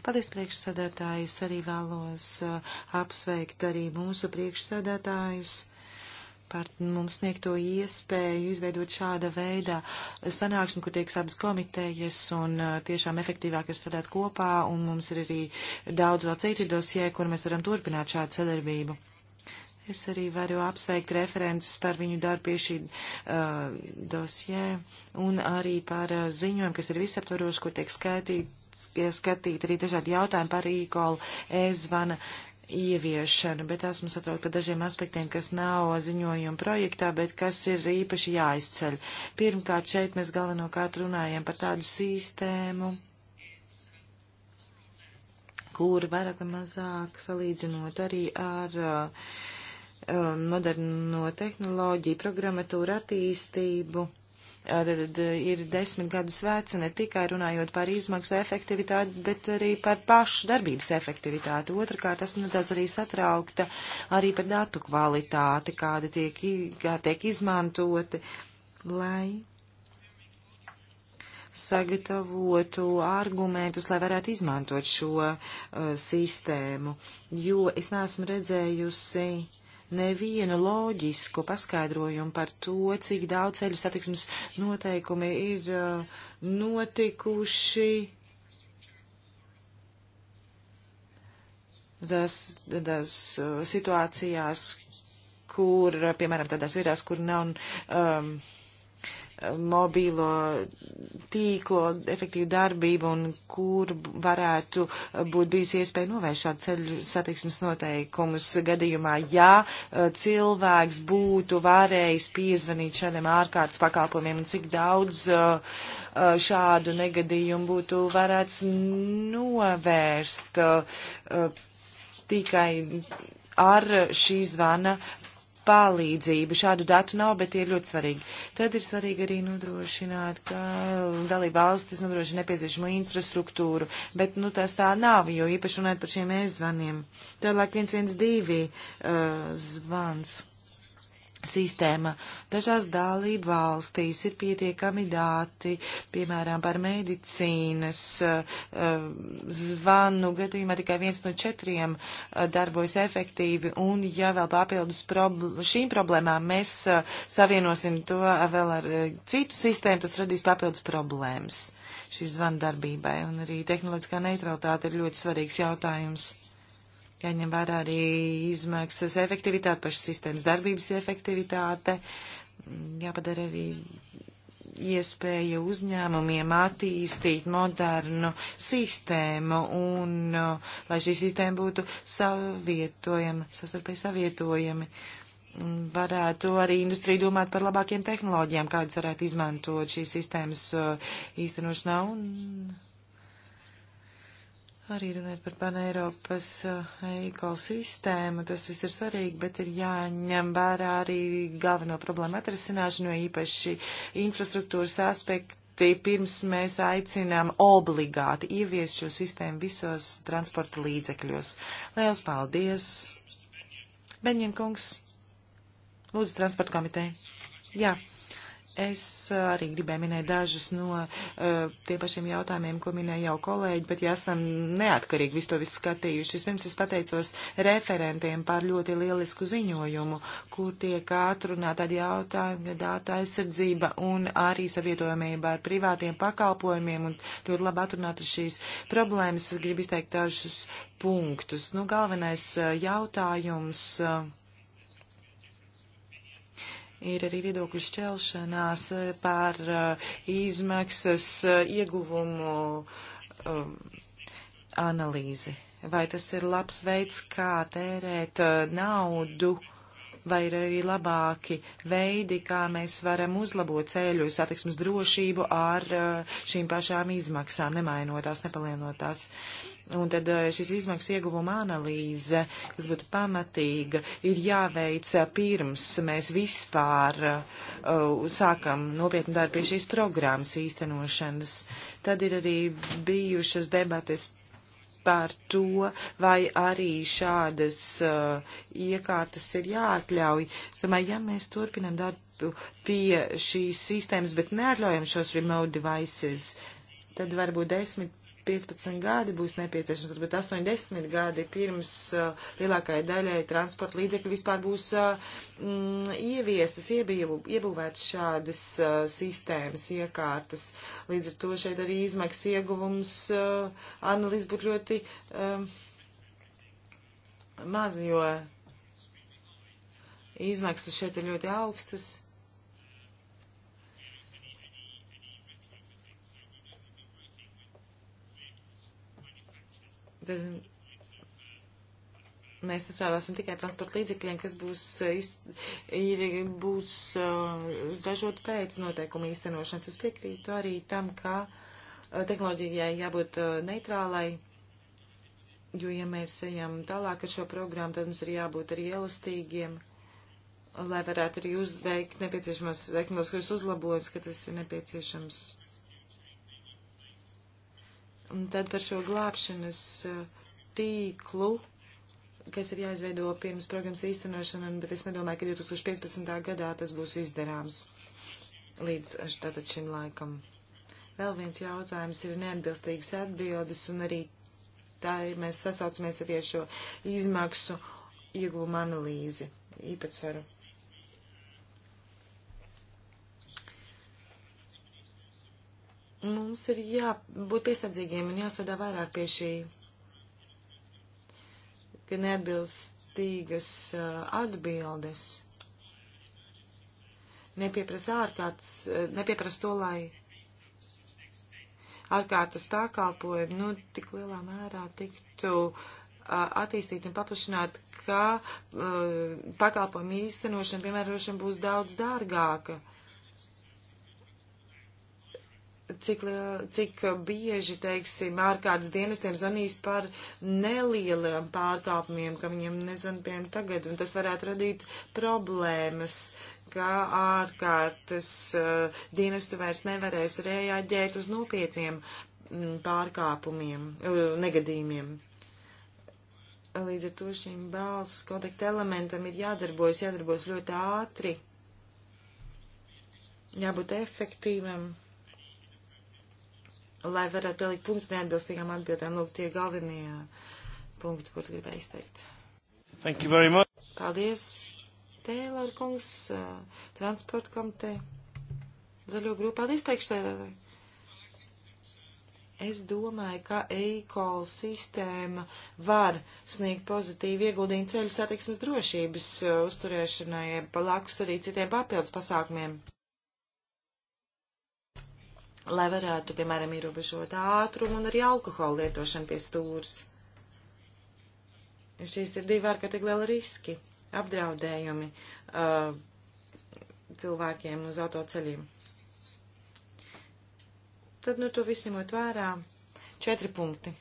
Paldies, priekšsēdētājs. Arī vēlos uh, apsveikt arī mūsu priekšsēdētājus. Uh, par mums sniegto iespēju izveidot šāda veida sanāksmi, kur tieks abas komitejas un uh, tiešām efektīvāk ir strādāt kopā, un mums ir arī daudz vēl citu dosie, kur mēs varam turpināt šādu sadarbību. Es arī varu apsveikt references par viņu darbu pie šī uh, dosjē un arī par uh, ziņojumu, kas ir visaptvaroši, kur tiek skatīti skatīt arī dažādi jautājumi par īkolu, e-zvana uh, ieviešanu, bet esmu saprotu, ka dažiem aspektiem, kas nav ziņojuma projektā, bet kas ir īpaši jāizceļ. Pirmkārt, šeit mēs galvenokārt runājam par tādu sistēmu, kur vairāk vai mazāk salīdzinot arī ar uh, moderno tehnoloģiju, programmatūru attīstību tad ir desmit gadus veca ne tikai runājot par izmaksu efektivitāti, bet arī par pašu darbības efektivitāti. Otrakārt, esmu nedaudz arī satraukta arī par datu kvalitāti, kāda tiek, kā tiek izmantoti, lai sagatavotu argumentus, lai varētu izmantot šo uh, sistēmu, jo es neesmu redzējusi uh, nevienu loģisku paskaidrojumu par to, cik daudz ceļu satiksmes noteikumi ir uh, notikuši. Tas, tas uh, situācijās, kur, piemēram, tādās vietās, kur nav um, mobīlo tīklo efektīvu darbību un kur varētu būt bijusi iespēja novērst šādu ceļu satiksmes noteikumus gadījumā, ja eh, cilvēks būtu varējis piezvanīt šādiem ārkārtas pakalpojumiem un cik daudz eh, eh, šādu negadījumu būtu varēts novērst tikai ar šī zvana palīdzību. Šādu datu nav, bet tie ir ļoti svarīgi. Tad ir svarīgi arī nodrošināt, ka dalība valstis nodrošina nepieciešamo infrastruktūru, bet nu, tas tā nav, jo īpaši runājot par šiem e-zvaniem. Tālāk 112 uh, zvans. Sistēma dažās dalību valstīs ir pietiekami dāti, piemēram, par medicīnas eh, zvanu gadījumā tikai viens no četriem eh, darbojas efektīvi, un ja vēl papildus probl šīm problēmām mēs eh, savienosim to vēl ar citu sistēmu, tas radīs papildus problēmas šīs zvanu darbībai, un arī tehnoloģiskā neutralitāte ir ļoti svarīgs jautājums. Jāņem vērā arī izmaksas efektivitāte, pašas sistēmas darbības efektivitāte. Jāpadara arī iespēja uzņēmumiem attīstīt modernu sistēmu un, lai šī sistēma būtu savietojama, sastarpēji savietojama varētu arī industrija domāt par labākiem tehnoloģijām, kādas varētu izmantot šīs sistēmas īstenošanā. Un Arī runājot par Paneiropas ekosistēmu, eh, tas viss ir svarīgi, bet ir jāņem vērā arī galveno problēmu atrisināšanu, jo īpaši infrastruktūras aspekti pirms mēs aicinām obligāti ieviest šo sistēmu visos transporta līdzekļos. Liels paldies! Beņņem kungs, lūdzu transporta komiteja. Jā. Es eh, arī gribēju minēt dažus no uh, tiem pašiem jautājumiem, ko minēja jau kolēģi, bet ja esam neatkarīgi visu to visu skatījušies, pirms es pateicos referentiem par ļoti lielisku ziņojumu, kur tiek atrunā tādi jautājumi, dāta aizsardzība un arī savietojamība ar privātiem pakalpojumiem un ļoti labi atrunāt šīs problēmas. Es gribu izteikt dažus punktus. Nu, galvenais uh, jautājums. Uh, Ir arī viedokļu šķelšanās eh, par eh, izmaksas eh, ieguvumu um, analīzi. Vai tas ir labs veids, kā tērēt naudu? vai ir arī labāki veidi, kā mēs varam uzlabot ceļu satiksmes drošību ar šīm pašām izmaksām, nemainot tās, nepalienot tās. Uh, Un tad eh, šis izmaksu ieguvuma analīze, kas būtu pamatīga, ir jāveic eh, pirms mēs vispār uh, sākam nopietni darbu pie šīs programmas īstenošanas. Tad ir arī bijušas debates par to, vai arī šādas uh, iekārtas ir jāatļauj. Es domāju, ja mēs turpinam darbu pie šīs sistēmas, bet neatļaujam šos remote devices, tad varbūt 10, 15 gadi būs nepieciešams, varbūt 80 gadi pirms uh, lielākajai daļai transporta līdzekļu vispār būs uh, mm, ieviestas, iebīvu, iebūvētas šādas uh, sistēmas, iekārtas. Līdz ar to šeit arī izmaksas ieguvums uh, analīzes būtu ļoti uh, um, maz, jo izmaksas šeit ir ļoti augstas. Eh, mēs strādāsim tikai transporta līdzekļiem, kas būs, eh, ir, būs uzražot eh, pēc noteikuma īstenošanas. Es piekrītu arī tam, ka tehnoloģijai jābūt neitrālai, jo, ja mēs ejam tālāk ar šo programmu, tad mums ir jābūt arī elastīgiem, lai varētu arī uzveikt nepieciešamos tehnoloģiskos uzlabojumus, ka tas ir nepieciešams. Un tad par šo glābšanas eh, tīklu, kas ir jāizveido pirms programmas īstenošana, bet es nedomāju, ka 2015. gadā tas būs izdarāms līdz tātad šim laikam. Vēl viens jautājums ir neatbilstīgas atbildes, un arī tā ir, mēs sasaucamies arī ar šo izmaksu ieglumu analīzi īpatsvaru. Mums ir jābūt piesardzīgiem un jāsadā vairāk pie šī, ka neatbilstīgas atbildes nepieprasa ārkārtas, nepieprasa to, lai ārkārtas pakalpojumi, nu, tik lielā mērā tiktu uh, attīstīt un paplašināt, ka uh, pakalpojumu īstenošana, piemērošana būs daudz dārgāka. Uh, cik, cik bieži, teiksim, ārkārtas dienestiem zvanīs par nelieliem pārkāpumiem, ka viņiem nezvan, piemēram, tagad, un tas varētu radīt problēmas, ka ārkārtas uh, dienestu vairs nevarēs reaģēt uz nopietniem mm, pārkāpumiem, uh, negadījumiem. Līdz ar to šim balss kodekta elementam ir jādarbojas, jādarbojas ļoti ātri, jābūt efektīvam lai varētu pielikt punktus neatbilstīgām atbildēm. Lūk, tie galvenie punkti, kurus gribēju izteikt. Thank you very much. Paldies, Tēlor kungs, uh, transporta komiteja, zaļo grupu. Paldies, priekšsēdētāji. Es domāju, ka e-call sistēma var sniegt pozitīvu ieguldījumu ceļu satiksmes drošības eh, uzturēšanai, palākus arī citiem papildus pasākumiem lai varētu, piemēram, ierobežot ātrumu un arī alkoholu lietošanu pie stūras. Šīs ir divi ārkārtīgi lieli riski, apdraudējumi uh, cilvēkiem uz autoceļiem. Tad, nu, to visu ņemot vērā, četri punkti.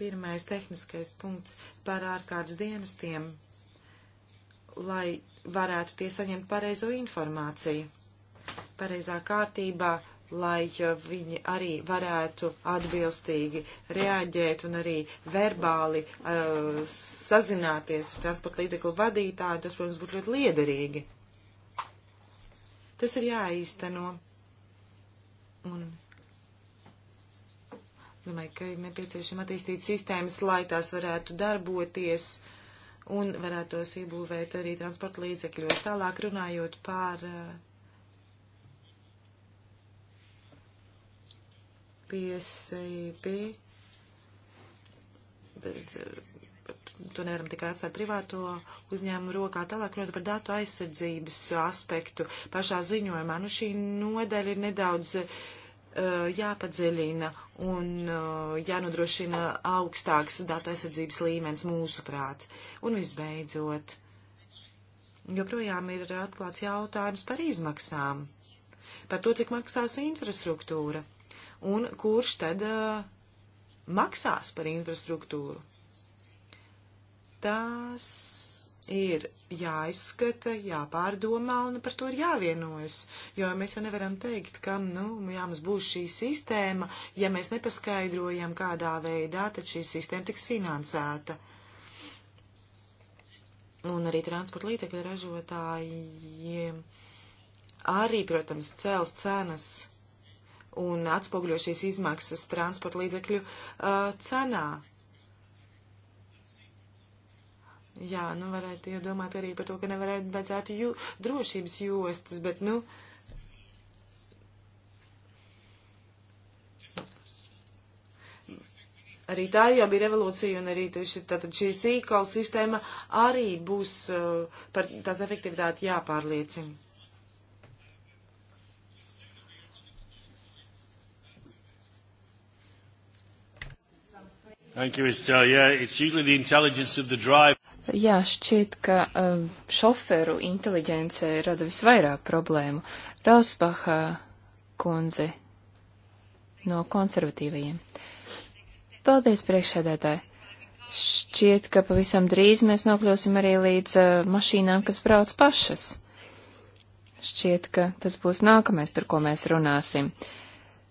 Pirmais tehniskais punkts par ārkārtas dienestiem, lai varētu tie saņemt pareizo informāciju pareizā kārtībā lai viņi arī varētu atbilstīgi reaģēt un arī verbāli uh, sazināties ar transporta līdzeklu vadītāju. Tas, protams, būtu ļoti liederīgi. Tas ir jāīsteno. Un domāju, ka ir nepieciešama attīstīt sistēmas, lai tās varētu darboties un varētu tos iebūvēt arī transporta līdzekļos. Tālāk runājot par uh, tiesībi. Eh, to nevaram tikai atstāt privāto uzņēmumu rokā. Tālāk runāt par datu aizsardzības aspektu pašā ziņojumā. Nu, šī nodaļa ir nedaudz uh, jāpadziļina un uh, jānodrošina augstāks datu aizsardzības līmenis mūsuprāt. Un visbeidzot, joprojām ir atklāts jautājums par izmaksām par to, cik maksās infrastruktūra un kurš tad uh, maksās par infrastruktūru. Tas ir jāizskata, jāpārdomā un par to ir jāvienojas, jo mēs jau nevaram teikt, ka, nu, jā, mums būs šī sistēma, ja mēs nepaskaidrojam, kādā veidā tad šī sistēma tiks finansēta. Un arī transporta līdzekļu ražotājiem arī, protams, cels cenas un atspoguļo šīs izmaksas transporta līdzekļu uh, cenā. Jā, nu varētu iedomāt arī par to, ka nevarētu vajadzētu jū, drošības jostas, bet, nu. Arī tā jau bija revolūcija, un arī tieši tātad šī sīkola sistēma arī būs uh, par tās efektivitāti jāpārliecina. Thank you, Estelle. Yeah, it's usually the intelligence of the drive. Jā, šķiet, ka uh, šoferu inteliģence rada visvairāk problēmu. Rausbaha kundze no konservatīvajiem. Paldies, priekšsēdētāji. Šķiet, ka pavisam drīz mēs nokļūsim arī līdz uh, mašīnām, kas brauc pašas. Šķiet, ka tas būs nākamais, par ko mēs runāsim. Uh,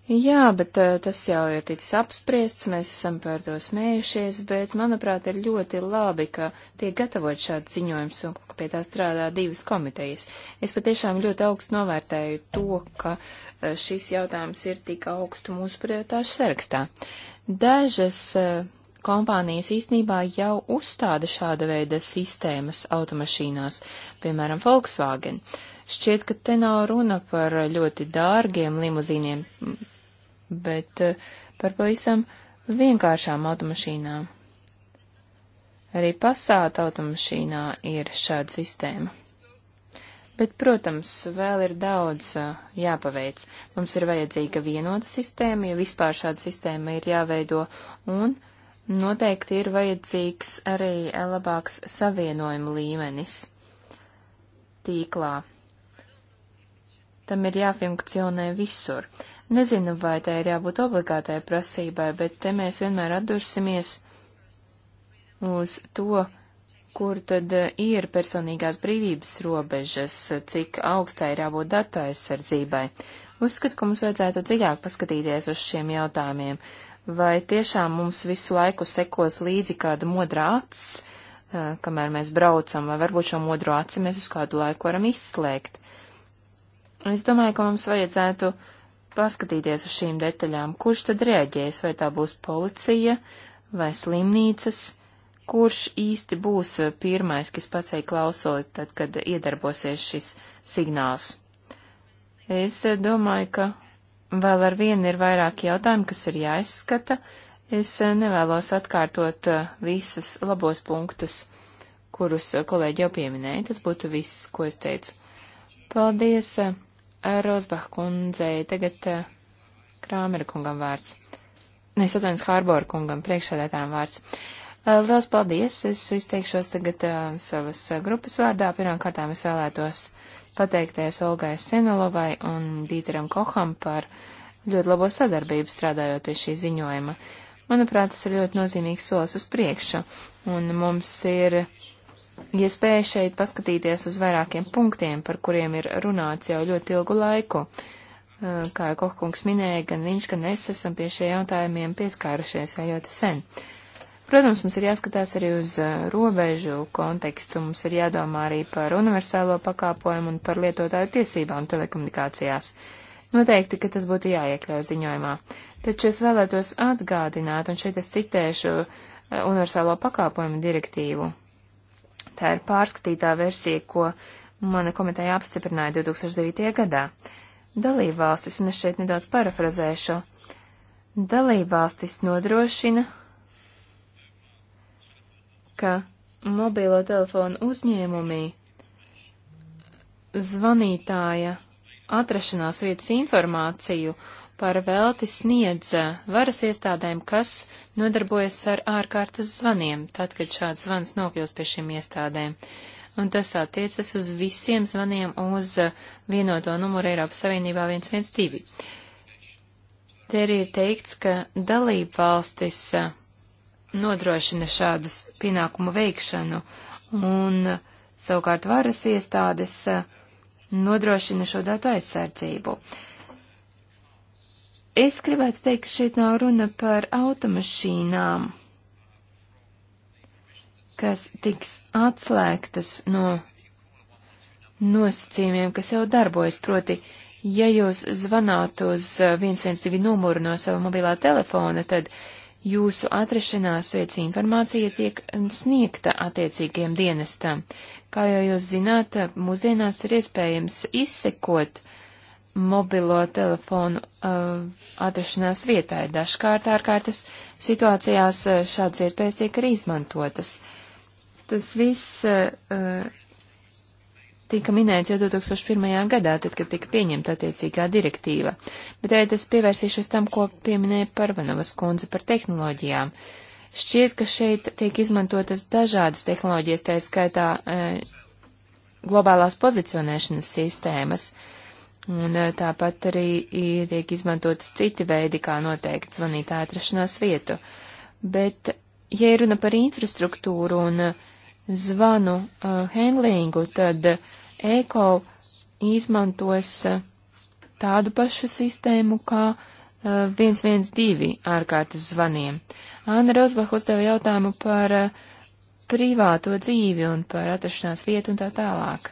Jā, bet eh, tas jau ir ticis apspriests, mēs esam par to smējušies, bet, manuprāt, ir ļoti labi, ka tiek gatavot šāds ziņojums un ka pie tā strādā divas komitejas. Es patiešām ļoti augstu novērtēju to, ka eh, šis jautājums ir tik augstu mūsu prioritāšu sarakstā. Dažas uh, kompānijas īstenībā jau uzstāda šāda veida sistēmas automašīnās, piemēram, Volkswagen. Šķiet, ka te nav runa par ļoti dārgiem limuzīniem, bet eh, par pavisam vienkāršām automašīnām. Arī pasāta automašīnā ir šāda sistēma. Bet, protams, vēl ir daudz eh, jāpaveic. Mums ir vajadzīga vienota sistēma, ja vispār šāda sistēma ir jāveido, un Noteikti ir vajadzīgs arī labāks savienojuma līmenis tīklā. Tam ir jāfunkcionē visur. Nezinu, vai tai ir jābūt obligātai prasībai, bet te mēs vienmēr atdursimies uz to, kur tad ir personīgās brīvības robežas, cik augstai ir jābūt datu aizsardzībai. Uzskatu, ka mums vajadzētu dziļāk paskatīties uz šiem jautājumiem vai tiešām mums visu laiku sekos līdzi kāda modrā acis, kamēr mēs braucam, vai varbūt šo modro aci mēs uz kādu laiku varam izslēgt. Es domāju, ka mums vajadzētu paskatīties uz šīm detaļām, kurš tad reaģēs, vai tā būs policija vai slimnīcas, kurš īsti būs pirmais, kas pasēja klausot, tad, kad iedarbosies šis signāls. Es domāju, ka Vēl ar vienu ir vairāki jautājumi, kas ir jāizskata. Es eh, nevēlos atkārtot eh, visas labos punktus, kurus eh, kolēģi jau pieminēja. Tas būtu viss, ko es teicu. Paldies, Rosbach kundzei. Tagad Krāmera kungam vārds. Nē, Satvēns Hārbora kungam, priekšsēdētājiem vārds. Liels paldies! Es izteikšos tagad savas grupas vārdā. Pirmkārtām es vēlētos pateikties Olgai Senelovai un Dīteram Koham par ļoti labo sadarbību strādājot pie šī ziņojuma. Manuprāt, tas ir ļoti nozīmīgs solis uz priekšu, un mums ir iespēja šeit paskatīties uz vairākiem punktiem, par kuriem ir runāts jau ļoti ilgu laiku. Uh, kā jau Kohkungs minēja, gan viņš, gan es esam pie šie jautājumiem pieskārušies jau ļoti sen. Uh, Protams, mums ir jāskatās arī uz uh, robežu kontekstu, mums ir jādomā arī par universālo pakāpojumu un par lietotāju tiesībām telekomunikācijās. Noteikti, ka tas būtu jāiekļauj ziņojumā. Taču es vēlētos atgādināt, un šeit es citēšu uh, universālo pakāpojumu direktīvu. Tā ir pārskatītā versija, ko mana komiteja apstiprināja 2009. gadā. Dalībvalstis, un es šeit nedaudz parafrazēšu, dalībvalstis nodrošina ka mobilo telefonu uzņēmumī zvanītāja atrašanās vietas informāciju par velti sniedz varas iestādēm, kas nodarbojas ar ārkārtas zvaniem, tad, kad šāds zvans nokļūst pie šīm iestādēm. Un tas attiecas uz visiem zvaniem uz vienoto numuru Eiropas Savienībā 112. Te arī ir teikts, ka dalība valstis nodrošina šādus pienākumu veikšanu, un savukārt varas iestādes eh, nodrošina šo datu aizsardzību. Es gribētu teikt, ka šeit nav runa par automašīnām, kas tiks atslēgtas no nosacījumiem, kas jau darbojas, proti, ja jūs zvanāt uz 112 eh, numuru no sava mobilā telefona, tad uh, jūsu atrašanās vietas informācija tiek sniegta attiecīgiem dienestam. Kā jau jūs zināt, mūsdienās ir iespējams izsekot mobilo telefonu uh, atrašanās vietā. Dažkārt ārkārtas situācijās uh, šādas iespējas tiek arī izmantotas. Tas viss uh, uh tika minēts jau 2001. gadā, tad, kad tika pieņemta attiecīgā direktīva, bet tagad es pievērsīšos tam, ko pieminēja Parvanovas kundze par tehnoloģijām. Šķiet, ka šeit tiek izmantotas dažādas tehnoloģijas, tā skaitā e, globālās pozicionēšanas sistēmas, un e, tāpat arī tiek izmantotas citi veidi, kā noteikt zvanītāja atrašanās vietu. Bet, ja runa par infrastruktūru un e, zvanu uh, handlingu, tad uh, ECOL izmantos eh, tādu pašu sistēmu kā 112 eh, ārkārtas zvaniem. Anna Rozbach uzdeva jautājumu par eh, privāto dzīvi un par atrašanās vietu un tā tālāk.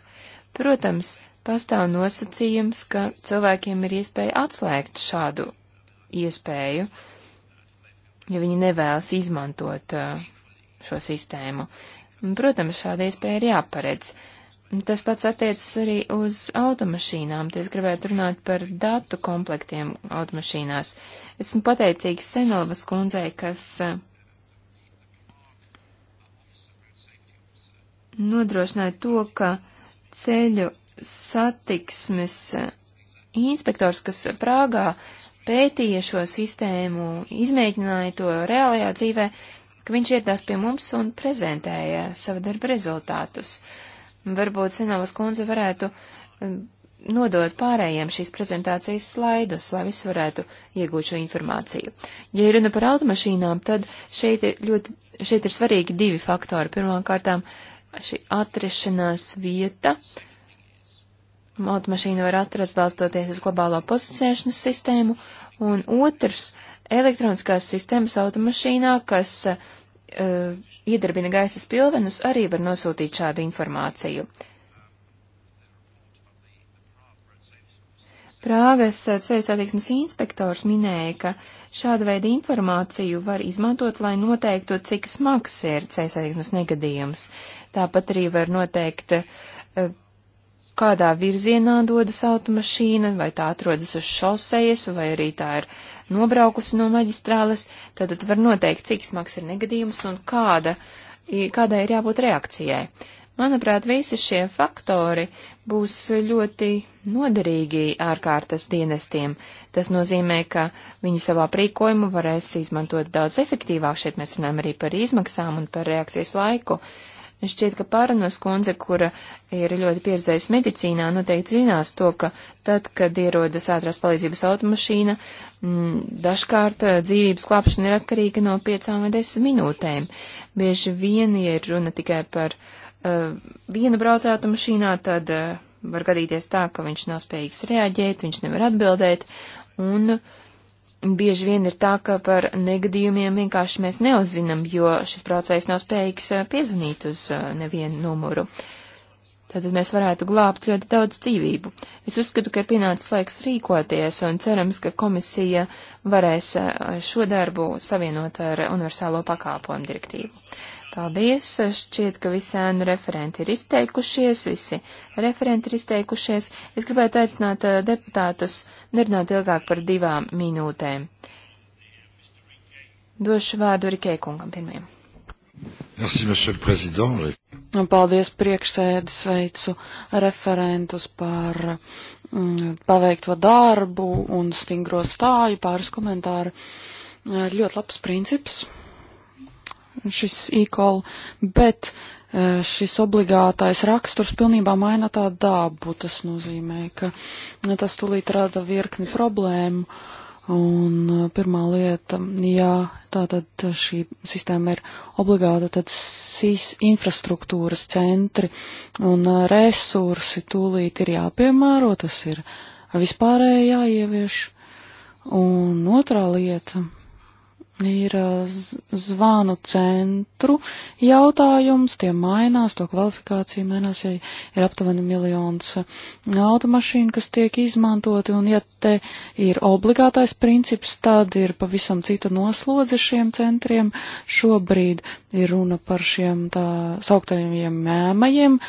Protams, pastāv nosacījums, ka cilvēkiem ir iespēja atslēgt šādu iespēju, ja viņi nevēlas izmantot šo sistēmu. Protams, šāda iespēja ir jāparedz. Tas pats attiecas arī uz automašīnām. Te es gribētu runāt par datu komplektiem automašīnās. Esmu pateicīgs Senelvas kundzei, kas eh, nodrošināja to, ka ceļu satiksmes eh, inspektors, kas Prāgā pētīja šo sistēmu, izmēģināja to reālajā dzīvē, ka viņš ieradās pie mums un prezentēja savu darbu rezultātus. Uh, Varbūt Sinovas kundze varētu um, nodot pārējiem šīs prezentācijas slaidus, lai visi varētu iegūt šo informāciju. Ja ir runa par automašīnām, tad šeit ir ļoti, šeit ir svarīgi divi faktori. Pirmkārtām šī atrašanās vieta. Automašīna var atrast balstoties uz globālo pozicionēšanas sistēmu, un otrs - elektroniskās sistēmas automašīnā, kas uh, uh, iedarbina gaisa spilvenus, arī var nosūtīt šādu informāciju. Prāgas uh, ceļu satiksmes inspektors minēja, ka šāda veida informāciju var izmantot, lai noteiktu, cik smags ir ceļu satiksmes negadījums. Tāpat arī var noteikt, uh, kādā virzienā dodas automašīna, vai tā atrodas uz šosejas, vai arī tā ir nobraukusi no maģistrāles, tad var noteikt, cik smags ir negadījums un kāda, kādai ir jābūt reakcijai. Manuprāt, visi šie faktori būs ļoti noderīgi ārkārtas dienestiem. Tas nozīmē, ka viņi savā prīkojumu varēs izmantot daudz efektīvāk. Šeit mēs runājam arī par izmaksām un par reakcijas laiku. Uh, Šķiet, ka Pāranas kundze, kura ir ļoti pieredzējusi medicīnā, noteikti zinās to, ka tad, kad ierodas ātrās palīdzības automašīna, m, mm, dažkārt eh, dzīvības klāpšana ir atkarīga no piecām vai desmit minūtēm. Bieži vien, ja runa tikai par uh, eh, vienu braucēju automašīnā, tad uh, var gadīties tā, ka viņš nav spējīgs reaģēt, viņš nevar atbildēt, un uh, bieži vien ir tā, ka par negadījumiem vienkārši mēs neuzzinām, jo šis braucējs nav spējīgs eh, piezvanīt uz eh, nevienu numuru. Tātad mēs varētu glābt ļoti daudz dzīvību. Es uzskatu, ka ir pienācis laiks rīkoties un cerams, ka komisija varēs eh, šo darbu savienot ar universālo pakāpojumu direktīvu. Paldies! Šķiet, ka visi ēnu referenti ir izteikušies, visi referenti ir izteikušies. Es gribētu aicināt eh, deputātus nerunāt ilgāk par divām minūtēm. Došu vārdu Rikē kungam pirmajam. Merci, monsieur le président. Paldies priekšsēdis veicu referentus par mm, paveikto darbu un stingro stāju, pāris komentāru. Ļoti labs princips šis e-call, bet e, šis obligātais raksturs pilnībā maina tā dabu. Tas nozīmē, ka tas tulīt rada virkni problēmu. Un e, pirmā lieta, ja tātad šī sistēma ir obligāta, tad SIS infrastruktūras centri un e, resursi tūlīt ir jāpiemēro, tas ir vispārēji jāievieš. Un otrā lieta ir zvanu centru jautājums, tie mainās, to kvalifikācija mainās, ja ir aptuveni miljons automašīnu, kas tiek izmantoti, un ja te ir obligātais princips, tad ir pavisam cita noslodze šiem centriem. Šobrīd ir runa par šiem tā sauktajiem mēmajiem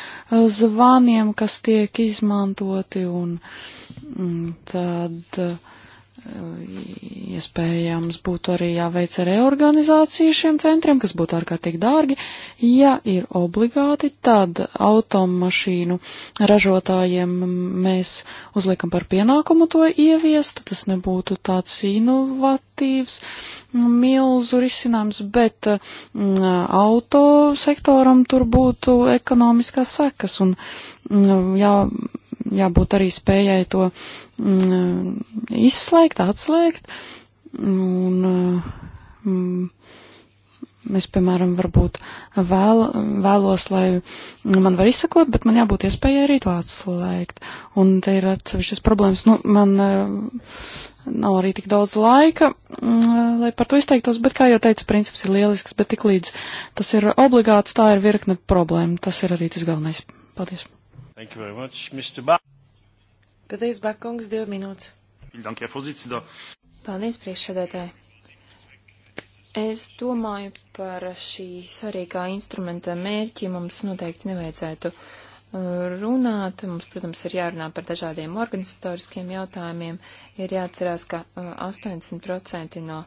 zvaniem, kas tiek izmantoti, un mm, tad. Uh, Iespējams, būtu arī jāveic reorganizācija šiem centriem, kas būtu ārkārtīgi dārgi. Ja ir obligāti, tad automašīnu ražotājiem mēs uzliekam par pienākumu to ieviest. Tas nebūtu tāds inovatīvs, milzu risinājums, bet mm, autosektoram tur būtu ekonomiskās sekas. Un, mm, jā, jābūt arī spējai to mm, izslēgt, atslēgt. Un, mm, es, piemēram, varbūt vēl, vēlos, lai man var izsakot, bet man jābūt iespējai arī to atslēgt. Un te ir atsevišķas problēmas. Nu, man eh, nav arī tik daudz laika, mm, lai par to izteiktos, bet, kā jau teicu, princips ir lielisks, bet tik līdz tas ir obligāts, tā ir virkne problēma. Tas ir arī tas galvenais. Paldies! Thank you very much, Mr. Ba. Paldies, Bakungs, divi minūtes. Paldies, priekšsēdētāji. Es domāju par šī svarīgā instrumenta mērķi mums noteikti nevajadzētu uh, runāt. Mums, protams, ir jārunā par dažādiem organizatoriskiem jautājumiem. Ir jāatcerās, ka 80% uh, no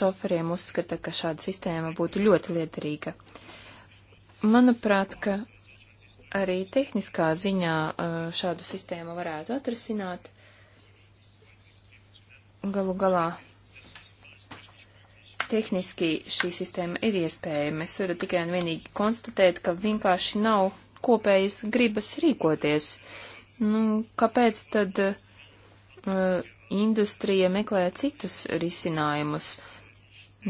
šoferiem uzskata, ka šāda sistēma būtu ļoti liederīga. Manuprāt, ka arī tehniskā ziņā uh, šādu sistēmu varētu atrisināt. Galu galā tehniski šī sistēma ir iespējama. Es varu tikai un vienīgi konstatēt, ka vienkārši nav kopējas gribas rīkoties. Nu, kāpēc tad uh, industrija meklē citus risinājumus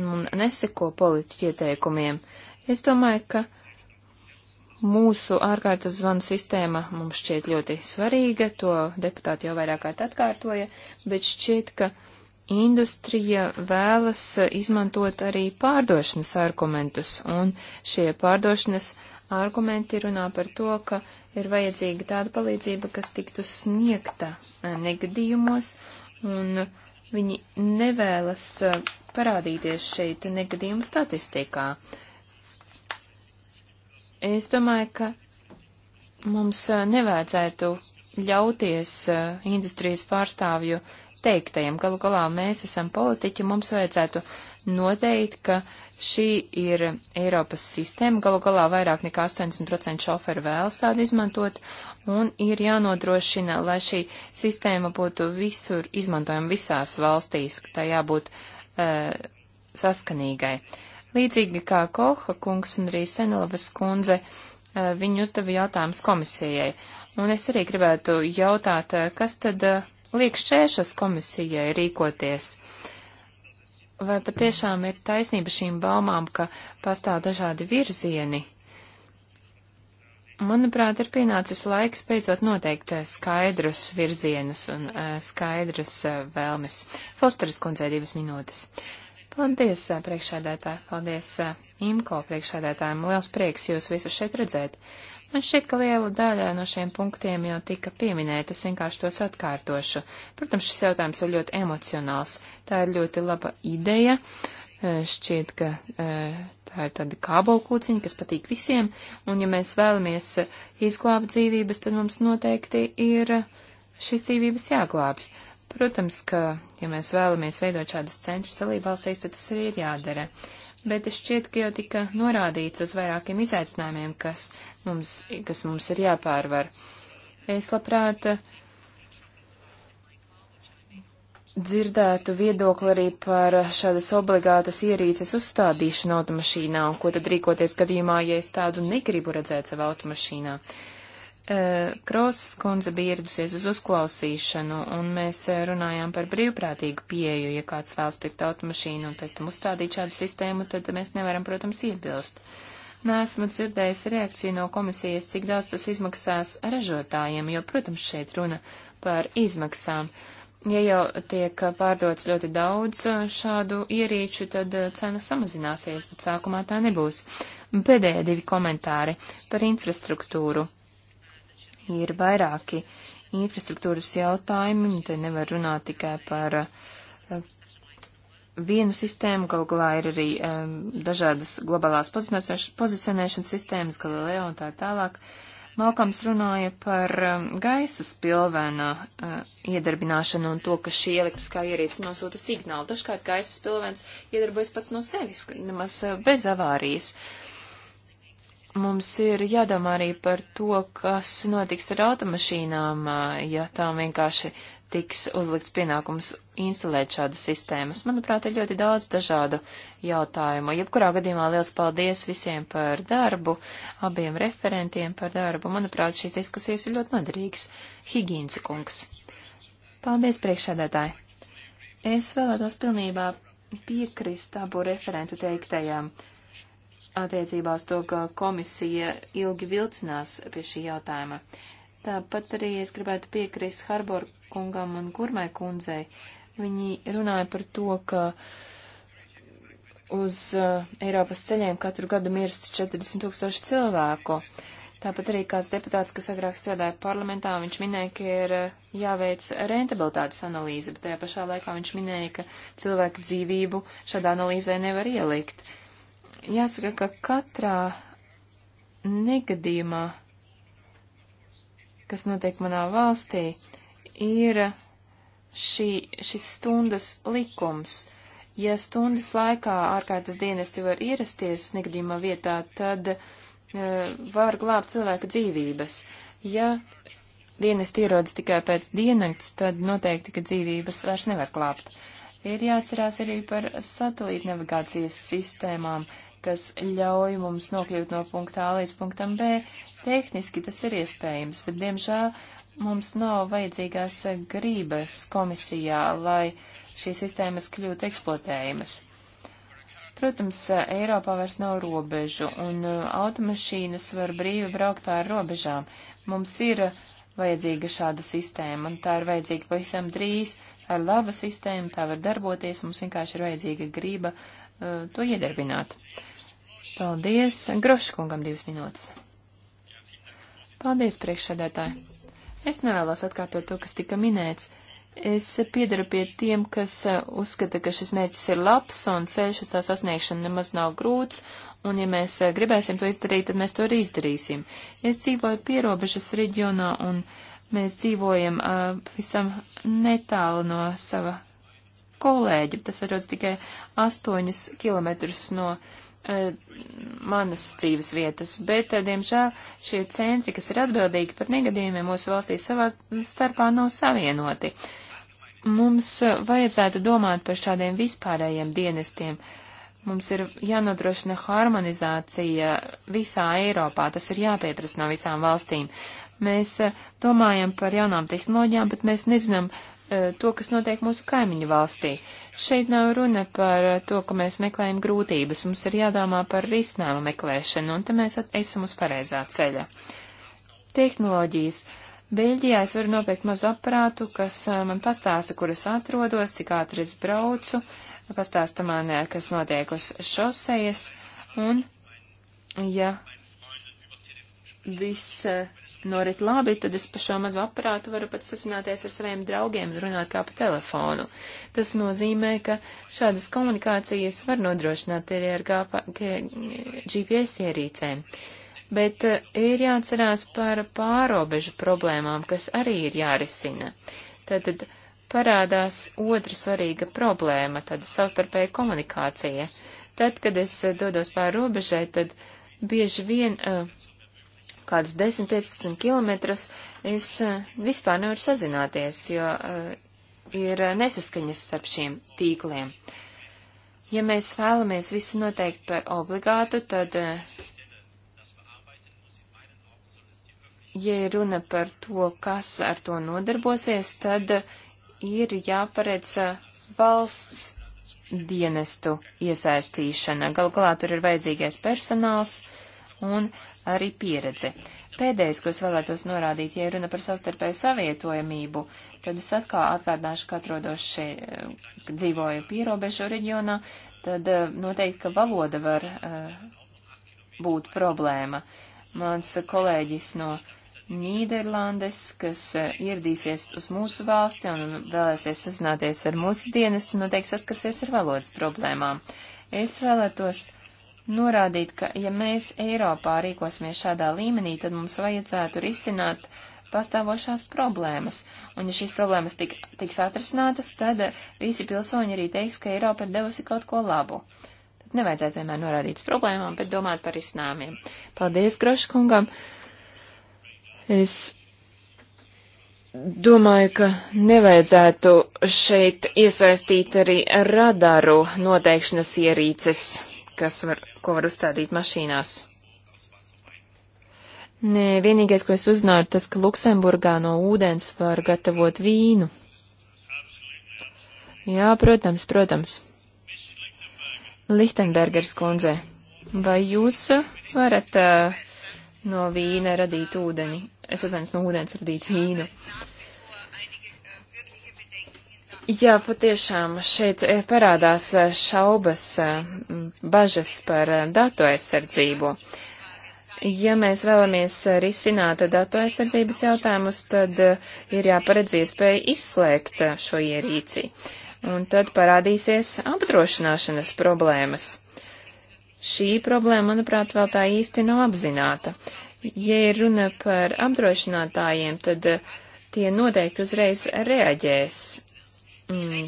un neseko politiķu ieteikumiem? Es domāju, ka uh, Mūsu ārkārtas zvanu sistēma mums šķiet ļoti svarīga, to deputāti jau vairāk kārt atkārtoja, bet šķiet, ka industrija vēlas izmantot arī pārdošanas argumentus, un šie pārdošanas argumenti runā par to, ka ir vajadzīga tāda palīdzība, kas tiktu sniegta eh, negadījumos, un viņi nevēlas eh, parādīties šeit negadījumu statistikā. Uh, Es domāju, ka mums nevajadzētu ļauties industrijas pārstāvju teiktajiem. Galu galā mēs esam politiķi, mums vajadzētu noteikt, ka šī ir Eiropas sistēma, galu galā vairāk nekā 80% šoferu vēlas tādu izmantot, un ir jānodrošina, lai šī sistēma būtu visur izmantojama visās valstīs, ka tā jābūt e, saskanīgai. Uh, Līdzīgi kā Koha kungs un arī Senelavas kundze, eh, viņi uzdeva jautājumus komisijai. Un es arī gribētu jautāt, eh, kas tad eh, liek šķēršas komisijai rīkoties? Vai patiešām ir taisnība šīm baumām, ka pastāv dažādi virzieni? Manuprāt, ir pienācis laiks beidzot noteikt skaidrus virzienus un skaidras vēlmes. Fosteris kundzei divas minūtes. Uh, Paldies, eh, priekšsēdētāji, paldies eh, IMCO priekšsēdētājiem. Liels prieks jūs visus šeit redzēt. Man šķiet, ka liela daļa no šiem punktiem jau tika pieminēta, es vienkārši tos atkārtošu. Protams, šis jautājums ir ļoti emocionāls. Tā ir ļoti laba ideja. Eh, šķiet, ka tā ir tāda kābolkūciņa, kas patīk visiem, un ja mēs vēlamies izglābt dzīvības, tad mums noteikti ir šīs dzīvības jāglābj. Protams, ka, ja mēs vēlamies veidot šādus centrus dalībvalstīs, tad tas arī ir jādara. Bet es šķiet, ka jau tika norādīts uz vairākiem izaicinājumiem, kas mums, kas mums ir jāpārvar. Es labprāt eh, dzirdētu viedokli arī par šādas obligātas ierīces uzstādīšanu automašīnā un ko tad rīkoties gadījumā, ja es tādu negribu redzēt savā automašīnā. Uh, Eh, Krosas kundze bija ieradusies uz uzklausīšanu, un mēs eh, runājām par brīvprātīgu pieeju. Ja kāds vēlas pirkt automašīnu un pēc tam uzstādīt šādu sistēmu, tad mēs nevaram, protams, iebilst. Nesmu dzirdējusi reakciju no komisijas, cik daudz tas izmaksās ražotājiem, jo, protams, šeit runa par izmaksām. Ja jau tiek pārdots ļoti daudz eh, šādu ierīču, tad cena samazināsies, bet sākumā tā nebūs. Pēdējie divi komentāri par infrastruktūru ir vairāki infrastruktūras jautājumi, te nevar runāt tikai par eh, vienu sistēmu, galu galā ir arī um, dažādas globālās pozicionēšanas sistēmas, Galileo un tā tālāk. Malkams runāja par um, gaisa spilvēnā uh, iedarbināšanu un to, ka šī elektriskā ierīce nosūta signālu. Dažkārt gaisa spilvēns iedarbojas pats no sevis, nemaz uh, bez avārijas. Uh, mums ir jādomā arī par to, kas notiks ar automašīnām, ja tām vienkārši tiks uzlikts pienākums instalēt šādas sistēmas. Manuprāt, ir ļoti daudz dažādu jautājumu. Jebkurā gadījumā liels paldies visiem par darbu, abiem referentiem par darbu. Manuprāt, šīs diskusijas ir ļoti noderīgas. Higīnce kungs. Paldies, priekšsēdētāji. Es vēlētos pilnībā piekrist abu referentu teiktajām. Uh, attiecībā uz to, ka komisija ilgi vilcinās pie šī jautājuma. Tāpat arī es gribētu piekrist Harbor kungam un Gurmai kundzei. Viņi runāja par to, ka uz uh, Eiropas ceļiem katru gadu mirst 40 tūkstoši cilvēku. Tāpat arī kāds deputāts, kas agrāk strādāja parlamentā, viņš minēja, ka ir uh, jāveic rentabilitātes analīze, bet tajā pašā laikā viņš minēja, ka cilvēku dzīvību šādā analīzē nevar ielikt. Uh, jāsaka, ka katrā negadījumā, kas notiek manā valstī, ir šī, šis stundas likums. Ja stundas laikā ārkārtas dienesti var ierasties negadījumā vietā, tad uh, var glābt cilvēka dzīvības. Ja dienesti ierodas tikai pēc diennakts, tad noteikti, ka dzīvības vairs nevar glābt. Ir jāatcerās arī par satelītnavigācijas sistēmām, kas ļauj mums nokļūt no punkta A līdz punktam B. Tehniski tas ir iespējams, bet, diemžēl, mums nav vajadzīgās grības komisijā, lai šīs sistēmas kļūtu eksploatējamas. Protams, Eiropā vairs nav robežu, un uh, automašīnas var brīvi braukt pār robežām. Mums ir vajadzīga šāda sistēma, un tā ir vajadzīga pavisam drīz, ar labu sistēmu, tā var darboties, mums vienkārši ir vajadzīga grība uh, to iedarbināt. Uh, Paldies. Groškungam divas minūtes. Paldies, priekšsēdētāji. Es nevēlos atkārtot to, kas tika minēts. Es piedaru pie tiem, kas uh, uzskata, ka šis mērķis ir labs un ceļš uz tā sasniegšanu nemaz nav grūts, un ja mēs uh, gribēsim to izdarīt, tad mēs to arī izdarīsim. Es dzīvoju pierobežas reģionā, un mēs dzīvojam uh, visam netālu no sava kolēģa. Tas atrodas tikai astoņus kilometrus no uh, Eh, manas dzīves vietas, bet, eh, diemžēl, šie centri, kas ir atbildīgi par negadījumiem mūsu valstī, savā starpā nav savienoti. Mums eh, vajadzētu domāt par šādiem vispārējiem dienestiem. Mums ir jānodrošina harmonizācija visā Eiropā, tas ir jāpieprasa no visām valstīm. Mēs domājam par jaunām tehnoloģijām, bet mēs nezinām, uh, Eh, to, kas notiek mūsu kaimiņu valstī. Šeit nav runa par to, ka mēs meklējam grūtības, mums ir jādomā par risinājumu meklēšanu, un te mēs esam uz pareizā ceļa. Tehnoloģijas. Beļģijā es varu nopirkt mazu aparātu, kas eh, man pastāsta, kur es atrodos, cik ātri es braucu, pastāsta man, eh, kas notiek uz šosejas, un, ja viss norit labi, tad es pa šo mazo aparātu varu pat sasināties ar saviem draugiem un runāt kā pa telefonu. Tas nozīmē, ka šādas komunikācijas var nodrošināt arī ar GPS ierīcēm. Bet eh, ir jāatcerās par pārobežu problēmām, kas arī ir jārisina. Tātad parādās otra svarīga problēma, tāda savstarpēja komunikācija. Tad, kad es dodos pāri robežai, tad bieži vien uh, kādus 10-15 kilometrus, es eh, vispār nevaru sazināties, jo eh, ir eh, nesaskaņas starp šiem tīkliem. Ja mēs vēlamies visu noteikt par obligātu, tad, ja runa par to, kas ar to nodarbosies, tad ir jāparedz valsts dienestu iesaistīšana. Galu galā tur ir vajadzīgais personāls, un arī pieredze. Pēdējais, ko es vēlētos norādīt, ja runa par savstarpēju savietojamību, tad es atkal atgādināšu, ka atrodos šeit, eh, dzīvoju pierobežu reģionā, tad eh, noteikti, ka valoda var uh, būt problēma. Mans kolēģis no Nīderlandes, kas ieradīsies uz mūsu valsti un vēlēsies sazināties ar mūsu dienestu, noteikti saskarsies ar valodas problēmām. Es vēlētos norādīt, ka ja mēs Eiropā rīkosimies šādā līmenī, tad mums vajadzētu risināt pastāvošās problēmas. Un ja šīs problēmas tik, tiks atrisinātas, tad visi pilsoņi arī teiks, ka Eiropa ir devusi kaut ko labu. Tad nevajadzētu vienmēr norādīt uz problēmām, bet domāt par risinājumiem. Paldies, Groškungam! Es Domāju, ka nevajadzētu šeit iesaistīt arī radaru noteikšanas ierīces kas var, ko var uzstādīt mašīnās. Nē, vienīgais, ko es uzzināju, ir tas, ka Luksemburgā no ūdens var gatavot vīnu. Jā, protams, protams. Lichtenbergers kundze, vai jūs varat uh, no vīna radīt ūdeni? Es atvainojos no ūdens radīt vīnu. Uh, Jā, patiešām šeit eh, parādās eh, šaubas, eh, bažas par datu aizsardzību. Ja mēs vēlamies risināt datu aizsardzības jautājumus, tad ir jāparedz iespēja izslēgt šo ierīci. Un tad parādīsies apdrošināšanas problēmas. Šī problēma, manuprāt, vēl tā īsti nav apzināta. Ja ir runa par apdrošinātājiem, tad tie noteikti uzreiz reaģēs mm,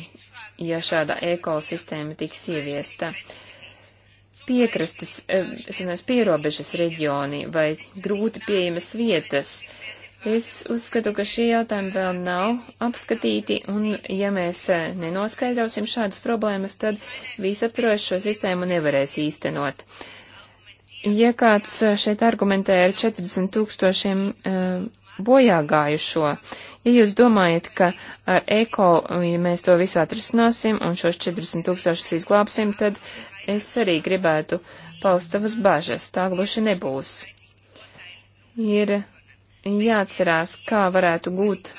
ja šāda ekosistēma tiks ieviesta. Piekrastes, eh, es nezinu, pierobežas reģioni vai grūti pieejamas vietas. Es uzskatu, ka šie jautājumi vēl nav apskatīti, un ja mēs eh, nenoskaidrosim šādas problēmas, tad visaptroši šo sistēmu nevarēs īstenot. Ja kāds eh, šeit argumentē ar 40 tūkstošiem uh, bojā gājušo. Ja jūs domājat, ka ar eko ja mēs to visu atrisināsim un šos 40 tūkstošus izglābsim, tad es arī gribētu paust savas bažas. Tā gluži nebūs. Ir jāatcerās, kā varētu gūt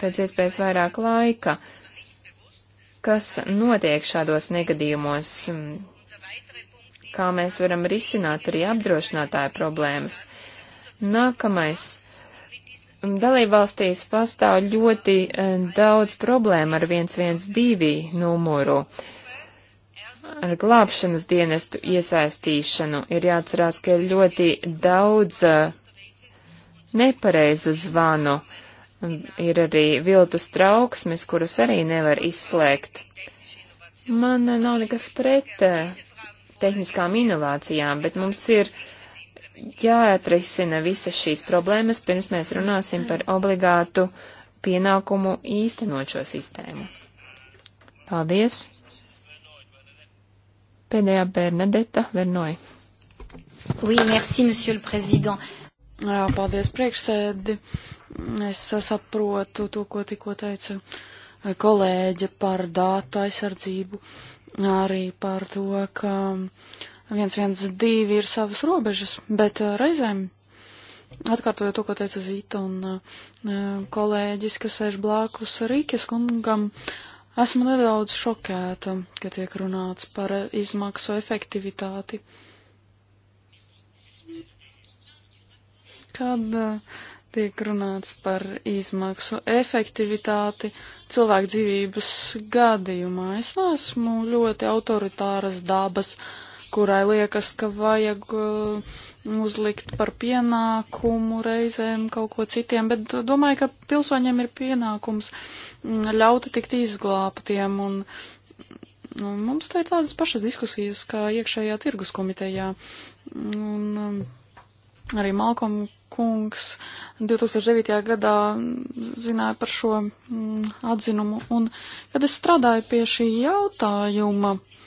pēc iespējas vairāk laika, kas notiek šādos negadījumos, kā mēs varam risināt arī apdrošinātāju problēmas. Nākamais Dalībvalstīs pastāv ļoti eh, daudz problēmu ar 112 numuru. Ar glābšanas dienestu iesaistīšanu ir jāatcerās, ka ir ļoti daudz eh, nepareizu zvanu. Ir arī viltus trauksmes, kuras arī nevar izslēgt. Man nav nekas pret eh, tehniskām inovācijām, bet mums ir uh, jāatrisina visas šīs problēmas, pirms mēs runāsim par obligātu pienākumu īstenot šo sistēmu. Paldies! Pēdējā Bernadeta Vernoja. Oui, merci, monsieur le président. Jā, paldies priekšsēdi. Es saprotu to, ko tikko teica kolēģe par dāta aizsardzību, arī par to, ka uh, 112 ir savas robežas, bet uh, reizēm, atkārtojot to, ko teica Zīta un uh, kolēģis, kas sēž blākus Rīkes kungam, esmu nedaudz šokēta, ka tiek runāts par uh, izmaksu efektivitāti. Kad tiek runāts par izmaksu efektivitāti cilvēku dzīvības gadījumā, es neesmu ļoti autoritāras dabas. Uh, kurai liekas, ka vajag uh, uzlikt par pienākumu reizēm kaut ko citiem, bet domāju, ka pilsoņiem ir pienākums mm, ļaut tikt izglābtiem un Nu, mums te ir tādas pašas diskusijas kā iekšējā tirgus komitejā. Un, um, arī Malkom kungs 2009. gadā zināja par šo mm, atzinumu. Un, kad es strādāju pie šī jautājuma, uh,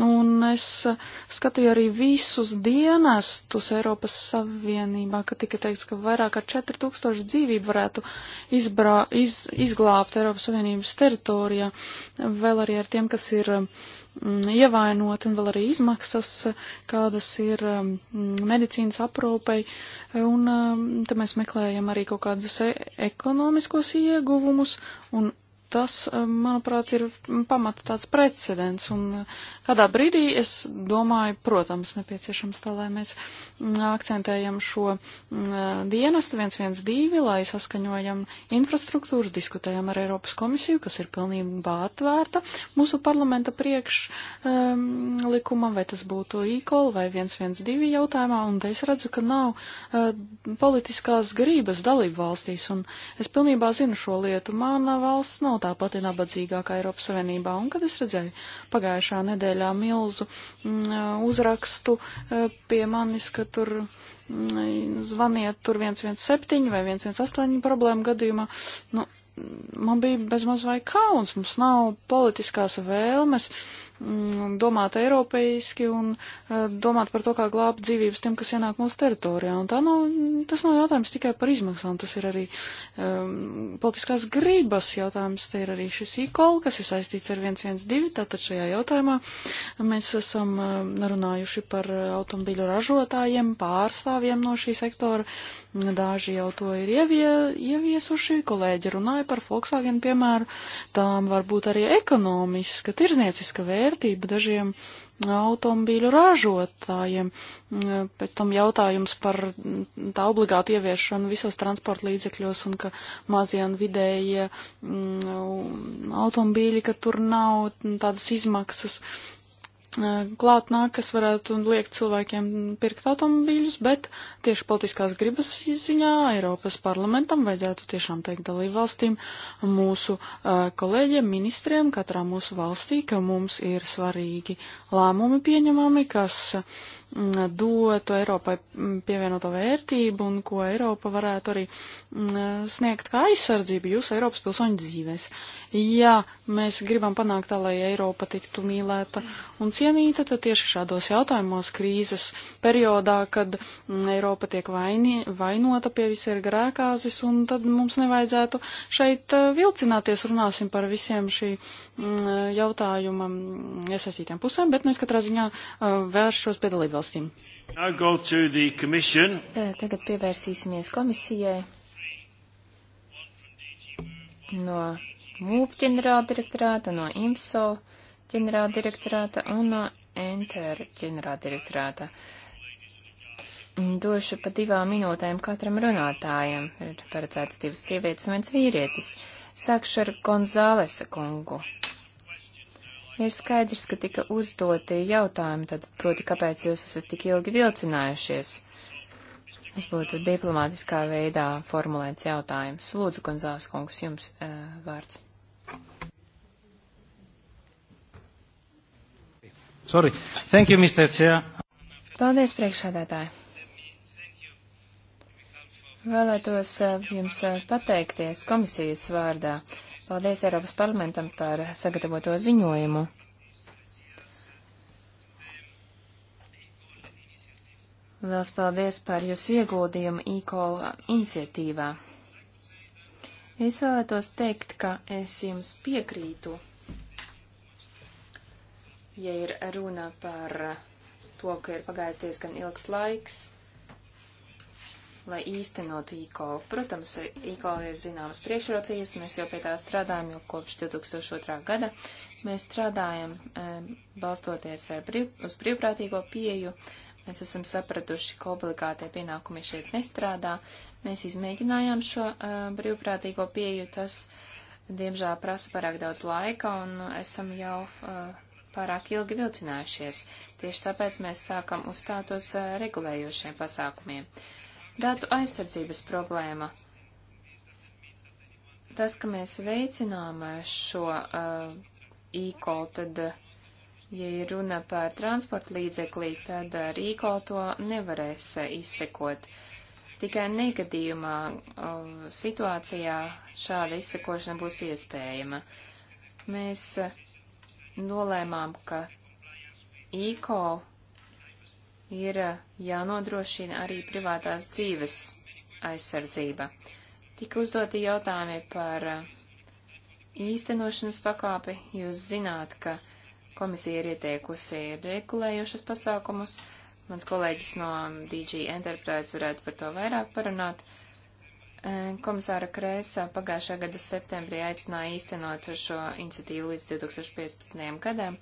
Un es eh, skatīju arī visus dienestus Eiropas Savienībā, ka tika teikts, ka vairāk kā 4000 dzīvību varētu izbrā, iz, izglābt Eiropas Savienības teritorijā, vēl arī ar tiem, kas ir m, mm, ievainoti, un vēl arī izmaksas, kādas ir m, mm, medicīnas aprūpei. Un m, mm, te mēs meklējam arī kaut kādus e ekonomiskos ieguvumus un tas, manuprāt, ir pamata tāds precedents, un Kādā brīdī es domāju, protams, nepieciešams tā, lai mēs akcentējam šo mm, dienestu 112, lai saskaņojam infrastruktūras, diskutējam ar Eiropas komisiju, kas ir pilnībā atvērta mūsu parlamenta priekšlikumam, ehm, um, vai tas būtu e-call vai 112 jautājumā, un es redzu, ka nav uh, politiskās grības dalību valstīs, un es pilnībā zinu šo lietu. Mana valsts nav tā pati nabadzīgākā Eiropas Savienībā, un kad es redzēju pagājušā nedēļa, nedēļā milzu mm, uzrakstu pie manis, ka tur mm, zvaniet tur 117 vai 118 problēmu gadījumā. Nu, man bija bezmaz vai kauns, mums nav politiskās vēlmes domāt eiropeiski un e, domāt par to, kā glābt dzīvības tiem, kas ienāk mūsu teritorijā. Un tā nav, nu, tas nav jautājums tikai par izmaksām, tas ir arī um, politiskās gribas jautājums. Te ir arī šis īkol, kas ir saistīts ar 112, tātad šajā jautājumā mēs esam e, runājuši par automobīļu ražotājiem, pārstāvjiem no šī sektora. Daži jau to ir ievie, ieviesuši, kolēģi runāja par Volkswagen piemēru, tām var būt arī ekonomiska, tirznieciska vērtība vērtību dažiem automobīļu ražotājiem. Pēc tam jautājums par tā obligātu ieviešanu visos transporta līdzekļos un ka mazie un vidējie automobīļi, ka tur nav tādas izmaksas klāt nāk, kas varētu liekt cilvēkiem pirkt automobīļus, bet tieši politiskās gribas ziņā Eiropas parlamentam vajadzētu tiešām teikt dalību valstīm, mūsu kolēģiem, ministriem katrā mūsu valstī, ka mums ir svarīgi lēmumi pieņemami, kas dotu Eiropai mm, pievienoto vērtību un ko Eiropa varētu arī mm, sniegt kā aizsardzību jūsu Eiropas pilsoņu dzīvēs. Ja mēs gribam panākt tā, lai Eiropa tiktu mīlēta un cienīta, tad tieši šādos jautājumos krīzes periodā, kad mm, Eiropa tiek vaini, vainota pie visiem grēkāzes, un tad mums nevajadzētu šeit eh, vilcināties, runāsim par visiem šī jautājuma iesaistītiem pusēm, bet nu es katrā ziņā eh, vēršos pie dalībvalsts valstīm. Tagad pievērsīsimies komisijai no MUF ģenerāldirektorāta, no IMSO ģenerāldirektorāta un no ENTER ģenerāldirektorāta. Došu pa divām minūtēm katram runātājam. Ir paredzēts divas sievietes un viens vīrietis. Sākšu ar Gonzālesa kungu. Ir skaidrs, ka tika uzdoti jautājumi, tad proti, kāpēc jūs esat tik ilgi vilcinājušies? Tas būtu diplomātiskā veidā formulēts jautājums. Lūdzu, Gonzāls kungs, jums uh, vārds. Sorry. Thank you, Mr. Chair. Paldies, priekšādātāji. Vēlētos eh, jums eh, pateikties komisijas vārdā. Uh, Paldies Eiropas parlamentam par sagatavoto ziņojumu. Liels paldies par jūsu ieguldījumu e-call iniciatīvā. Es vēlētos teikt, ka es jums piekrītu, ja ir runa par to, ka ir pagājis diezgan ilgs laiks lai īstenotu e-call. Protams, e-call ir zināmas priekšrocības, mēs jau pie tā strādājam jau kopš 2002. gada. Mēs strādājam e, balstoties brīv, uz brīvprātīgo pieju, mēs esam sapratuši, ka obligātie pienākumi šeit nestrādā. Mēs izmēģinājām šo e, brīvprātīgo pieju, tas, diemžēl, prasa pārāk daudz laika un esam jau e, pārāk ilgi vilcinājušies. Tieši tāpēc mēs sākam uzstātos regulējošiem pasākumiem. Uh, Datu aizsardzības problēma. Tas, ka mēs veicinām šo uh, e-call, tad, uh, ja ir runa par transporta līdzeklī, tad ar uh, e-call to nevarēs uh, izsekot. Tikai negadījumā uh, situācijā šāda izsekošana būs iespējama. Mēs uh, nolēmām, ka e-call ir eh, jānodrošina arī privātās dzīves aizsardzība. Tika uzdoti jautājumi par eh, īstenošanas pakāpi. Jūs zināt, ka komisija ir ieteikusi regulējušas pasākumus. Mans kolēģis no mm, DG Enterprise varētu par to vairāk parunāt. Eh, komisāra Krēsa pagājušā gada septembrī aicināja īstenot šo iniciatīvu līdz 2015. gadam.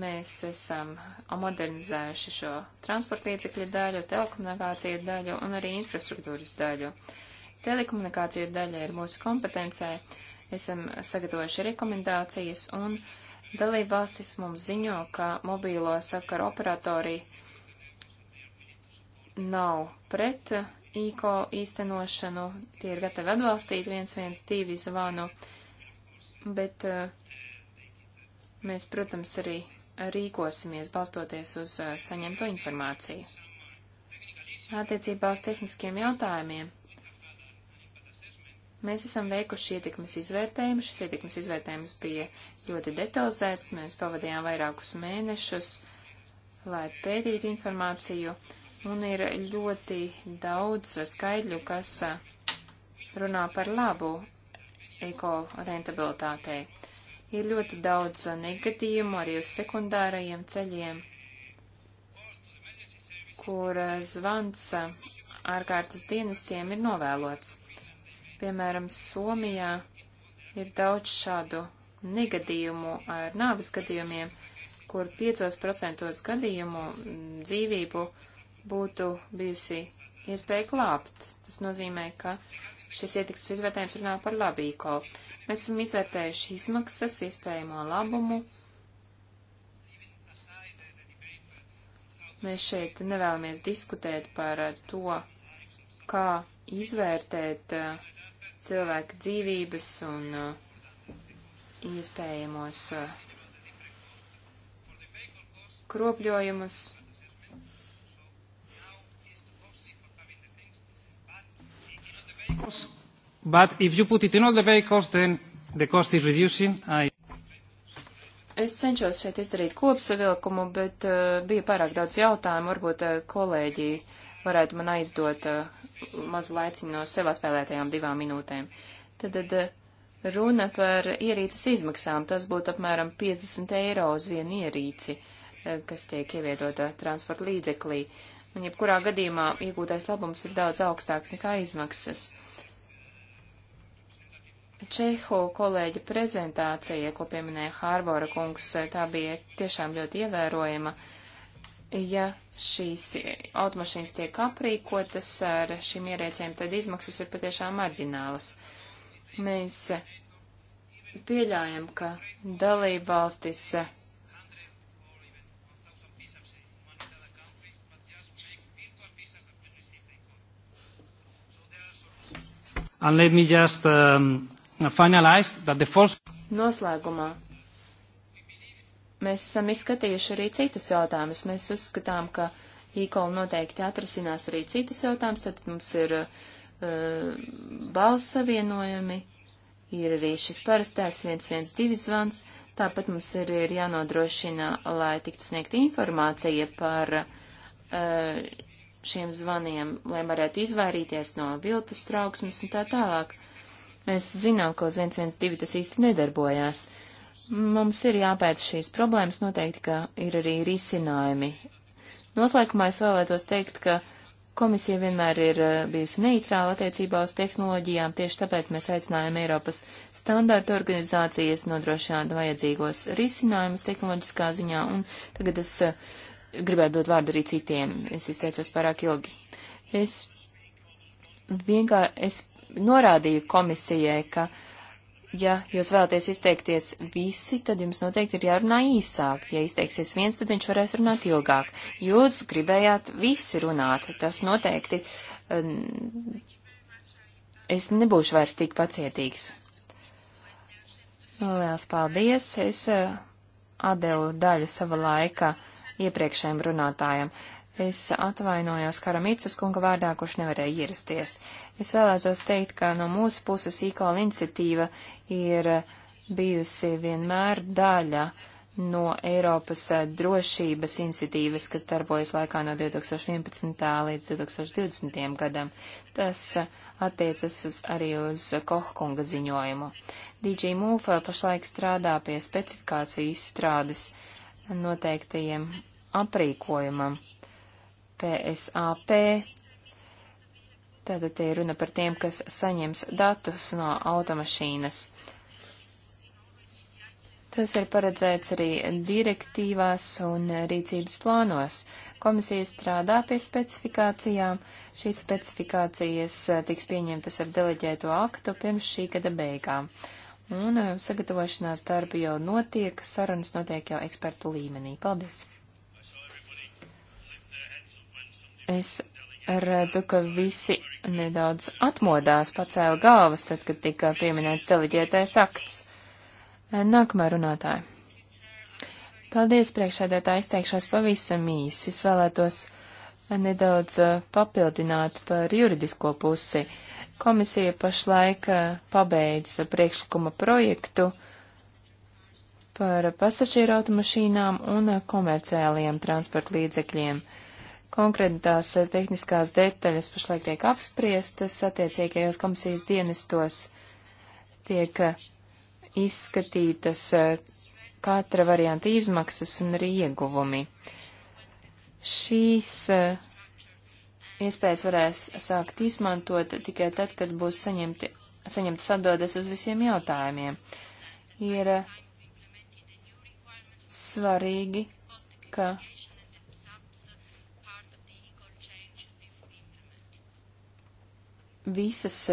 Mēs esam modernizējuši šo transporta līdzekļu daļu, telekomunikāciju daļu un arī infrastruktūras daļu. Telekomunikāciju daļa ir mūsu kompetencē, esam sagatavojuši rekomendācijas un dalība valstis mums ziņo, ka mobīlo sakaru operatori nav pret īko īstenošanu, tie ir gatavi atbalstīt 112 zvanu, bet eh, mēs, protams, arī rīkosimies balstoties uz saņemto informāciju. Attiecībā uz tehniskiem jautājumiem mēs esam veikuši ietekmes izvērtējumu. Šis ietekmes izvērtējums bija ļoti detalizēts. Mēs pavadījām vairākus mēnešus, lai pētītu informāciju, un ir ļoti daudz skaidļu, kas runā par labu eko rentabilitātei. Ir ļoti daudz negadījumu arī uz sekundārajiem ceļiem, kur eh, zvans eh, ārkārtas dienestiem ir novēlots. Piemēram, Somijā ir daudz šādu negadījumu ar nāvis gadījumiem, kur 5% gadījumu mm, dzīvību būtu bijusi iespēja glābt. Tas nozīmē, ka šis ietekmes izvērtējums runā par labu īkolu. Mēs esam izvērtējuši izmaksas, iespējamo labumu. Mēs šeit nevēlamies diskutēt par to, kā izvērtēt eh, cilvēka dzīvības un eh, iespējamos eh, kropļojumus. Mums But if you put it in all the vehicles, then the cost is reducing. I... Es cenšos šeit izdarīt kopsavilkumu, bet uh, bija pārāk daudz jautājumu. Varbūt uh, kolēģi varētu man aizdot uh, mazu laiciņu no sev atvēlētajām divām minūtēm. Tad uh, runa par ierīces izmaksām. Tas būtu apmēram 50 eiro uz vienu ierīci, uh, kas tiek ievietota transporta līdzeklī. Un jebkurā gadījumā iegūtais labums ir daudz augstāks nekā izmaksas. Uh, Čehu kolēģa prezentācija, ko pieminēja Hārbora kungs, tā bija tiešām ļoti ievērojama. Ja šīs automašīnas tiek aprīkotas ar šīm ierēcēm, tad izmaksas ir patiešām marģinālas. Mēs pieļājam, ka dalība valstis And let me just um, finalized that the first. Noslēgumā mēs esam izskatījuši arī citus jautājumus. Mēs uzskatām, ka īkola noteikti atrasinās arī citus jautājumus, tad mums ir uh, balss savienojumi, ir arī šis parastais 112 zvans, tāpat mums ir, ir jānodrošina, lai tiktu sniegta informācija par uh, šiem zvaniem, lai varētu izvairīties no viltus trauksmes un tā tālāk. Mēs zinām, ka uz 112 tas īsti nedarbojās. Mums ir jāpēta šīs problēmas, noteikti, ka ir arī risinājumi. Noslēgumā es vēlētos teikt, ka komisija vienmēr ir eh, bijusi neitrāla attiecībā uz tehnoloģijām, tieši tāpēc mēs aicinājām Eiropas standārtu organizācijas nodrošināt vajadzīgos risinājumus tehnoloģiskā ziņā, un tagad es eh, gribētu dot vārdu arī citiem, es izteicos pārāk ilgi. Es vienkārši, es norādīju komisijai, ka, ja jūs vēlaties izteikties visi, tad jums noteikti ir jārunā īsāk. Ja izteiksies viens, tad viņš varēs runāt ilgāk. Jūs gribējāt visi runāt, tas noteikti. Um, es nebūšu vairs tik pacietīgs. Lielas paldies! Es uh, atdevu daļu sava laika iepriekšējiem runātājiem. Es atvainojos Karamīcas kunga vārdā, kurš nevarēja ierasties. Es vēlētos teikt, ka no mūsu puses īkola iniciatīva ir bijusi vienmēr daļa no Eiropas drošības iniciatīvas, kas darbojas laikā no 2011. līdz 2020. gadam. Tas attiecas uz, arī uz Kohkunga ziņojumu. DJ Mūfa pašlaik strādā pie specifikāciju izstrādes noteiktajiem aprīkojumam PSAP. Tātad te ir runa par tiem, kas saņems datus no automašīnas. Tas ir paredzēts arī direktīvās un rīcības plānos. Komisija strādā pie specifikācijām. Šīs specifikācijas eh, tiks pieņemtas ar deleģēto aktu pirms šī gada beigām. Un eh, sagatavošanās darbi jau notiek, sarunas notiek jau ekspertu līmenī. Paldies! Es redzu, ka visi nedaudz atmodās, pacēla galvas, tad, kad tika pieminēts deliģētais akts. Nākamā runātāja. Paldies, priekšādētā, izteikšos pavisam īsi. Es vēlētos nedaudz uh, papildināt par juridisko pusi. Komisija pašlaik uh, pabeidz priekšlikuma projektu par pasažieru automašīnām un uh, komerciāliem transporta līdzekļiem. Uh, Konkrētās eh, tehniskās detaļas pašlaik tiek apspriestas, attiecīgajos komisijas dienestos tiek eh, izskatītas eh, katra varianta izmaksas un arī ieguvumi. Šīs iespējas varēs sākt izmantot tikai tad, kad būs saņemti, saņemtas atbildes uz visiem jautājumiem. Ir svarīgi, ka visas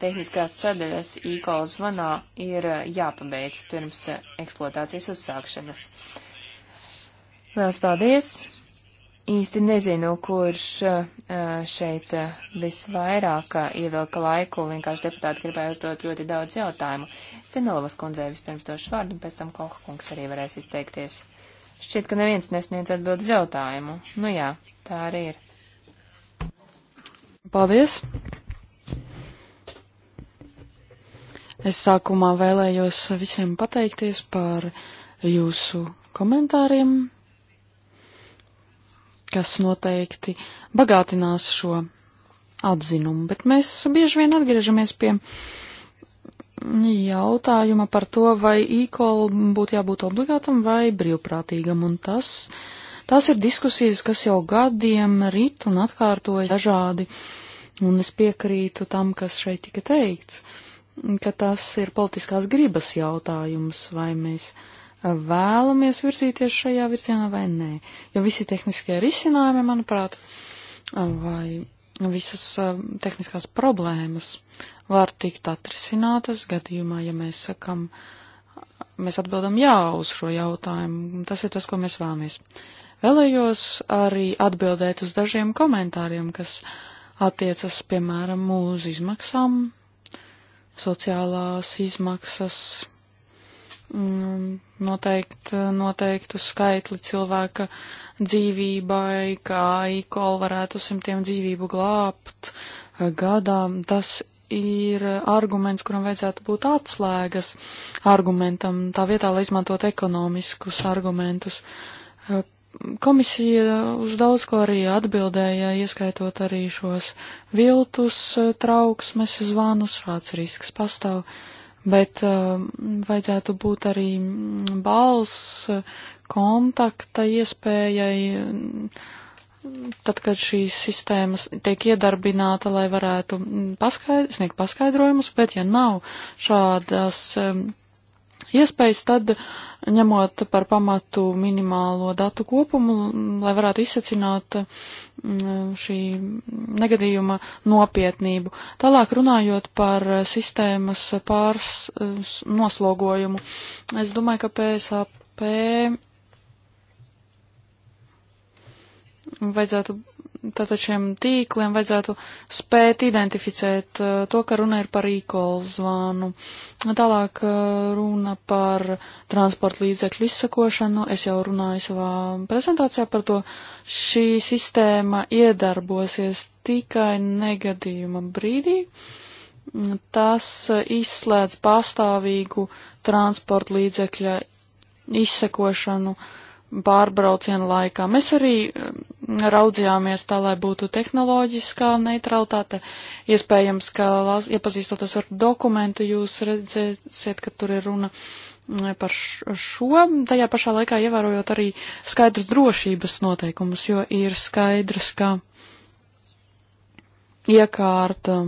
tehniskās sadaļas e-call zvanā ir jāpabeidz pirms eksploatācijas uzsākšanas. Lielas paldies! Īsti nezinu, kurš šeit visvairāk ievilka laiku, vienkārši deputāti gribēja uzdot ļoti daudz jautājumu. Senelovas kundzei vispirms došu vārdu, un pēc tam Koha kungs arī varēs izteikties. Šķiet, ka neviens nesniedz atbildes jautājumu. Nu jā, tā arī ir. Paldies! Es sākumā vēlējos visiem pateikties par jūsu komentāriem, kas noteikti bagātinās šo atzinumu, bet mēs bieži vien atgriežamies pie jautājuma par to, vai e-call būtu jābūt obligātam vai brīvprātīgam, un tas, tās ir diskusijas, kas jau gadiem rit un atkārtoja dažādi, un es piekrītu tam, kas šeit tika teikts. Uh, ka tas ir politiskās gribas jautājums, vai mēs vēlamies virzīties šajā virzienā vai nē. Jo visi tehniskie risinājumi, manuprāt, vai visas tehniskās problēmas var tikt atrisinātas gadījumā, ja mēs sakam, mēs atbildam jā uz šo jautājumu. Tas ir tas, ko mēs vēlamies. Vēlējos arī atbildēt uz dažiem komentāriem, kas attiecas, piemēram, uz izmaksām sociālās izmaksas, mm, noteikt, noteiktu skaitli cilvēka dzīvībai, kā ikol varētu simtiem dzīvību glābt eh, gadām. Tas ir arguments, kuram vajadzētu būt atslēgas argumentam, tā vietā, lai izmantot ekonomiskus argumentus. Eh, Komisija uz daudz ko arī atbildēja, ieskaitot arī šos viltus, eh, trauksmes, zvanus, šāds risks pastāv, bet uh, vajadzētu būt arī mm, balss kontakta iespējai, mm, tad, kad šīs sistēmas tiek iedarbināta, lai varētu mm, paskaidr sniegt paskaidrojumus, bet ja nav šādas um, iespējas, tad ņemot par pamatu minimālo datu kopumu, lai varētu izsacināt mm, šī negadījuma nopietnību. Tālāk runājot par sistēmas pārs noslogojumu, es domāju, ka PSAP vajadzētu Tātad šiem tīkliem vajadzētu spēt identificēt eh, to, ka runa ir par īkolu zvanu. Tālāk eh, runa par transporta līdzekļu izsakošanu. Es jau runāju savā prezentācijā par to. Šī sistēma iedarbosies tikai negadījuma brīdī. Tas eh, izslēdz pastāvīgu transporta līdzekļa izsakošanu pārbraucienu laikā. Mēs arī raudzījāmies tā, lai būtu tehnoloģiskā neutralitāte. Iespējams, ka iepazīstoties ar dokumentu, jūs redzēsiet, ka tur ir runa mm, par šo, tajā pašā laikā ievērojot arī skaidrs drošības noteikumus, jo ir skaidrs, ka iekārta,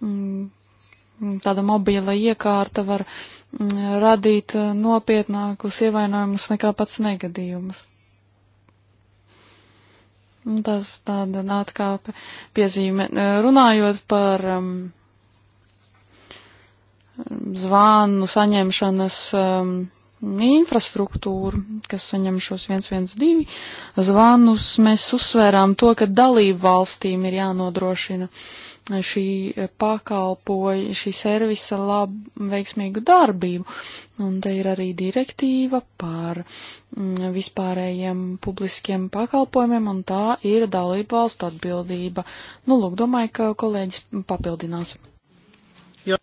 mm, tāda mobila iekārta var mm, radīt nopietnākus ievainojumus nekā pats negadījums. Nu, tas tāda atkāpe piezīme. Runājot par um, zvānu saņemšanas um, infrastruktūru, kas saņem šos 112 zvanus, mēs uzsvērām to, ka dalību valstīm ir jānodrošina uh, šī pakalpoja, šī servisa labu veiksmīgu darbību. Un te ir arī direktīva par mm, vispārējiem publiskiem pakalpojumiem, un tā ir dalība valstu atbildība. Nu, lūk, domāju, ka kolēģis papildinās. Jā,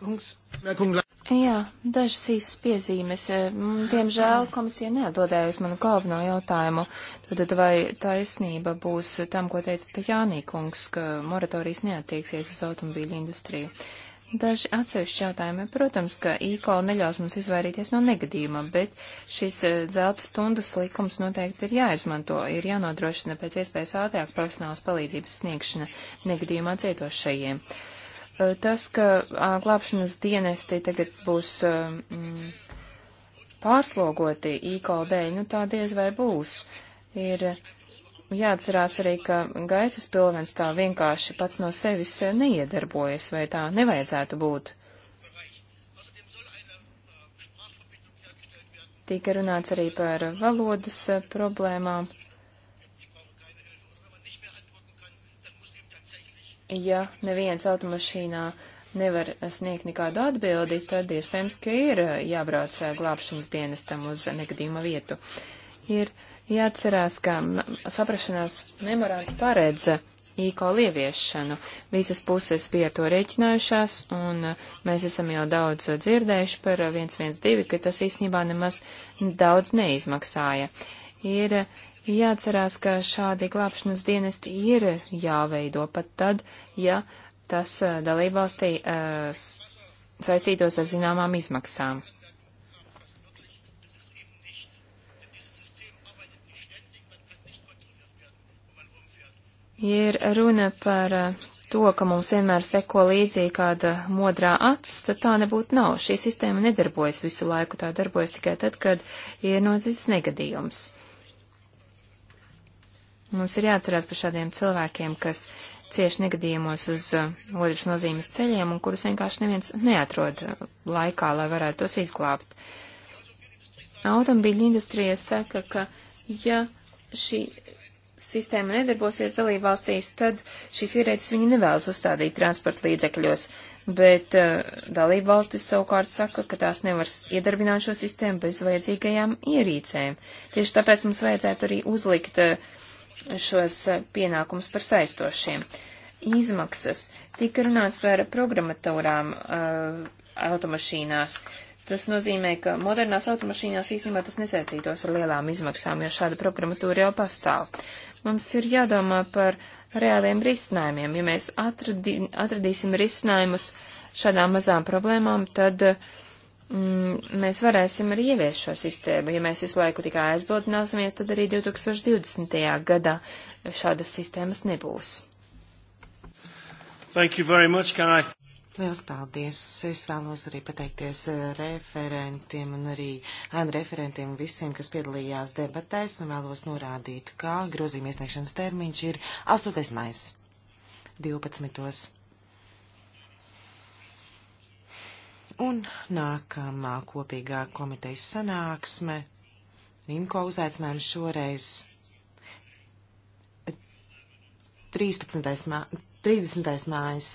kungs. Jā, kungs. Jā, dažas īsas piezīmes. Eh, diemžēl komisija neatbildēja uz manu galveno jautājumu. Tad vai taisnība būs tam, ko teica Jānīkungs, ka moratorijas neattieksies uz automobīļu industriju? Daži atsevišķi jautājumi. Protams, ka e-call neļaus mums izvairīties no negadījuma, bet šis eh, zelta stundas likums noteikti ir jāizmanto, ir jānodrošina pēc iespējas ātrāk profesionālas palīdzības sniegšana negadījumā cietošajiem. Uh, Eh, tas, ka glābšanas dienesti tagad būs mm, pārslogoti īkola dēļ, nu tā diez vai būs. Ir jāatcerās arī, ka gaisa spilvens tā vienkārši pats no sevis neiedarbojas, vai tā nevajadzētu būt. Tika runāts arī par valodas problēmām. ja neviens automašīnā nevar sniegt nekādu atbildi, tad iespējams, ka ir jābrauc glābšanas dienestam uz negadījuma vietu. Ir jāatcerās, ka saprašanās memorands paredz īko lieviešanu. Visas puses bija to rēķinājušās, un mēs esam jau daudz dzirdējuši par 112, ka tas īstenībā nemaz daudz neizmaksāja. Ir Jāatcerās, ka šādi glābšanas dienesti ir jāveido pat tad, ja tas dalībvalstī uh, saistītos ar zināmām izmaksām. Ja ir runa par to, ka mums vienmēr seko līdzi kāda modrā acis, tad tā nebūtu nav. Šī sistēma nedarbojas visu laiku, tā darbojas tikai tad, kad ir noticis negadījums. Mums ir jāatcerās par šādiem cilvēkiem, kas cieši negadījumos uz uh, otras nozīmes ceļiem un kurus vienkārši neviens neatrod uh, laikā, lai varētu tos izglābt. Automobīļu industrija saka, ka ja šī sistēma nedarbosies dalībvalstīs, tad šīs ierēces viņi nevēlas uzstādīt transporta līdzekļos, bet uh, dalībvalstis savukārt saka, ka tās nevar iedarbināt šo sistēmu bez vajadzīgajām ierīcēm. Tieši tāpēc mums vajadzētu arī uzlikt uh, šos eh, pienākumus par saistošiem. Izmaksas. Tika runāts par programmatūrām uh, eh, automašīnās. Tas nozīmē, ka modernās automašīnās īstenībā tas nesaistītos ar lielām izmaksām, jo šāda programmatūra jau pastāv. Mums ir jādomā par reāliem risinājumiem. Ja mēs atradi, atradīsim risinājumus šādām mazām problēmām, tad uh, mm, mēs varēsim arī ieviest šo sistēmu. Ja mēs visu laiku tikai aizbildināsimies, tad arī 2020. gadā šādas sistēmas nebūs. Thank you very much, Kai. Liels paldies! Es vēlos arī pateikties eh, referentiem un arī ēnu referentiem un visiem, kas piedalījās debatēs, un vēlos norādīt, ka grozījuma iesniegšanas termiņš ir 8. maijs 12. un nākamā kopīgā komitejas sanāksme. Imko uzaicinājums šoreiz 13. Mā, 30. mājas.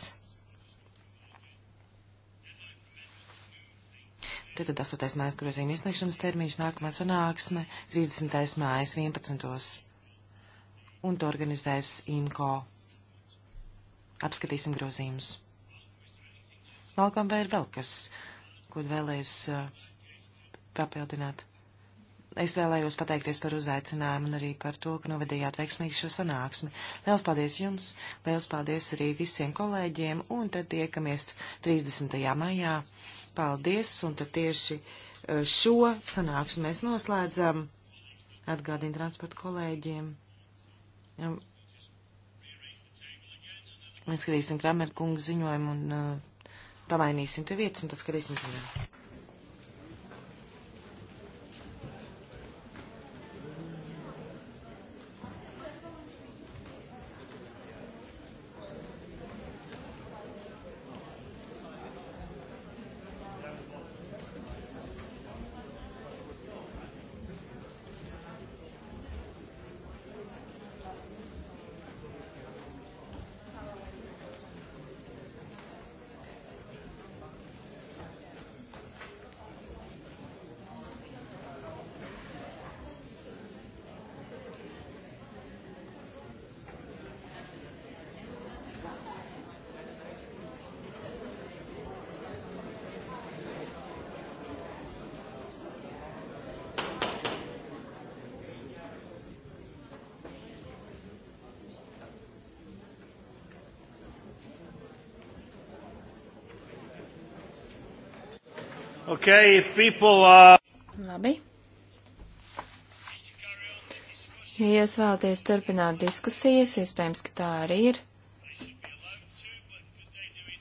Tātad 8. mājas grozījuma iesniegšanas termiņš, nākamā sanāksme 30. mājas 11. Un to organizēs IMKO. Apskatīsim grozījumus. Malkam, vai ir vēl kas, ko vēlēs uh, papildināt? Es vēlējos pateikties par uzaicinājumu un arī par to, ka novadījāt veiksmīgi šo sanāksmi. Liels paldies jums, liels paldies arī visiem kolēģiem, un tad tiekamies 30. maijā. Paldies, un tad tieši uh, šo sanāksmi mēs noslēdzam. Atgādīju transporta kolēģiem. Um, mēs skatīsim Kramerkungu ziņojumu un uh, Pamainīsim te vietas un tad skatīsim ziņā. Okay, if people are... Labi. Ja jūs vēlaties turpināt diskusijas, iespējams, ka tā arī ir,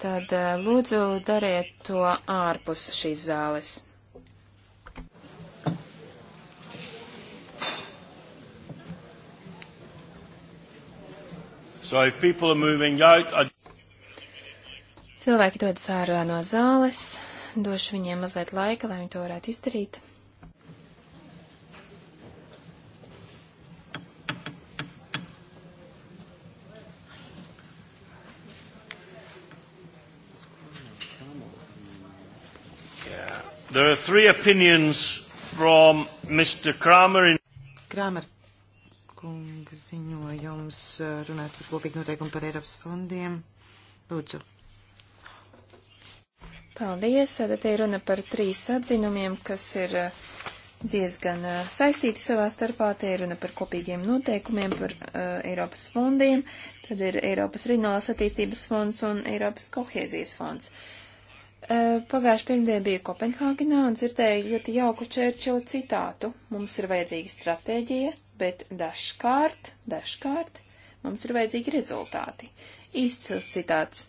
tad eh, lūdzu dariet to ārpus šīs zāles. So if people are moving out, I... Cilvēki dodas ārā no zāles došu viņiem mazliet laika, lai viņi to varētu izdarīt. There are three opinions from Mr. Kramer. In Kramer kunga ziņojums uh, runāt par kopīgu noteikumu par Eiropas fondiem. Lūdzu. Paldies. Tad te ir runa par trīs atzinumiem, kas ir eh, diezgan eh, saistīti savā starpā. Te ir runa par kopīgiem noteikumiem, par uh, Eiropas fondiem, tad ir Eiropas Rinālas attīstības fonds un Eiropas kohēzijas fonds. Uh, Pagājuši pirmdien bija Kopenhāgenā un dzirdēju ļoti jauku Čērčila citātu. Mums ir vajadzīga stratēģija, bet dažkārt, dažkārt mums ir vajadzīgi rezultāti. Izcils citāts.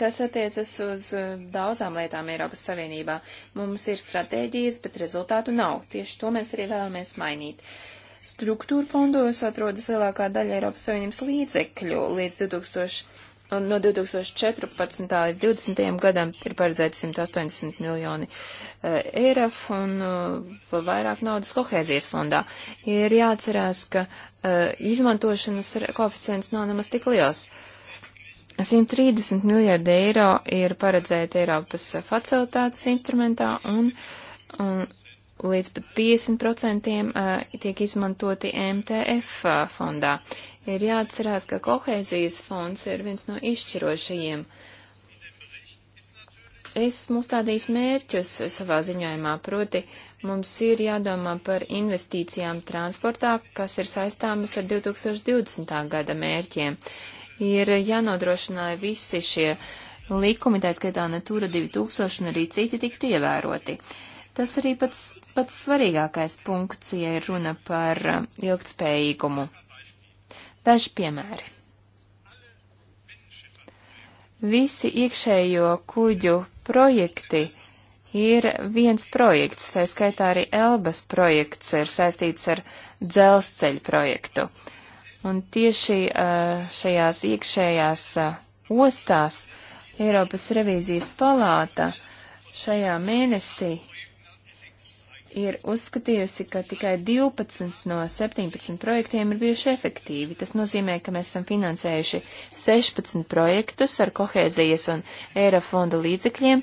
Tas attiecas uz eh, daudzām lietām Eiropas Savienībā. Mums ir stratēģijas, bet rezultātu nav. Tieši to mēs arī vēlamies mainīt. Struktūra fondos atrodas lielākā daļa Eiropas Savienības līdzekļu līdz 2000. Un no 2014. līdz 2020. gadam ir paredzēti 180 miljoni eiro eh, e un eh, vēl vairāk naudas kohēzijas fondā. Ir jāatcerās, ka uh, izmantošanas koeficients nav nemaz tik liels. Uh, 130 miljārdi eiro ir paredzēti Eiropas facilitātes instrumentā un, un līdz pat 50% tiek izmantoti MTF fondā. Ir jāatcerās, ka kohēzijas fonds ir viens no izšķirošajiem. Esmu uzstādījis mērķus savā ziņojumā, proti mums ir jādomā par investīcijām transportā, kas ir saistāmas ar 2020. gada mērķiem ir jānodrošina, lai visi šie likumi, tā skaitā Natūra 2000 un arī citi, tiktu ievēroti. Tas arī pats, pats svarīgākais punkts, ja ir runa par um, ilgtspējīgumu. Daži piemēri. Visi iekšējo kuģu projekti ir viens projekts, tā skaitā arī Elbas projekts ir saistīts ar dzelzceļu projektu. Uh, Un tieši eh, šajās iekšējās eh, ostās Eiropas revīzijas palāta šajā mēnesī ir uzskatījusi, ka tikai 12 no 17 projektiem ir bijuši efektīvi. Tas nozīmē, ka mēs esam finansējuši 16 projektus ar kohēzijas un eiro fondu līdzekļiem,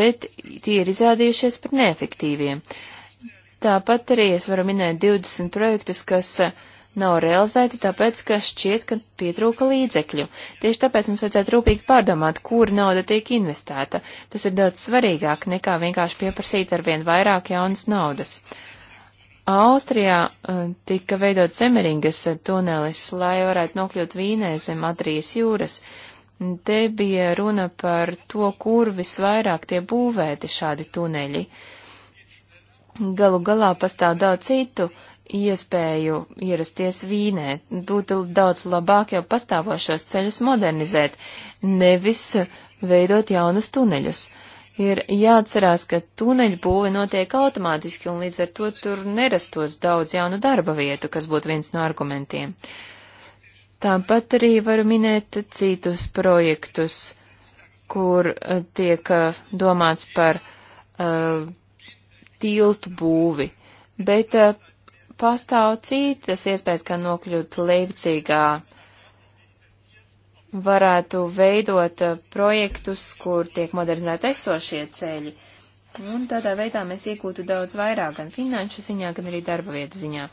bet tie ir izrādījušies par neefektīviem. Tāpat arī es varu minēt 20 projektus, kas uh, nav realizēti, tāpēc, ka šķiet, ka pietrūka līdzekļu. Tieši tāpēc mums vajadzētu rūpīgi pārdomāt, kur nauda tiek investēta. Tas ir daudz svarīgāk nekā vienkārši pieprasīt arvien vairāk jaunas naudas. Austrijā uh, tika veidot Semeringas uh, tunelis, lai varētu nokļūt Vīnē zem Adrijas jūras. Te bija runa par to, kur visvairāk tie būvēti šādi tuneļi. Galu galā pastāv daudz citu uh, iespēju ierasties Vīnē. Būtu daudz labāk jau pastāvošos ceļus modernizēt, nevis veidot jaunus tuneļus. Ir jāatcerās, ka tuneļu būve notiek automātiski un līdz ar to tur nerastos daudz jaunu darba vietu, kas būtu viens no argumentiem. Tāpat arī varu minēt citus projektus, kur eh, tiek eh, domāts par uh, tiltu būvi, bet uh, pastāv citas iespējas, kā nokļūt līdzīgā. Varētu veidot uh, projektus, kur tiek modernizēti esošie ceļi. Un tādā veidā mēs iegūtu daudz vairāk gan finanšu ziņā, gan arī darba vietu ziņā.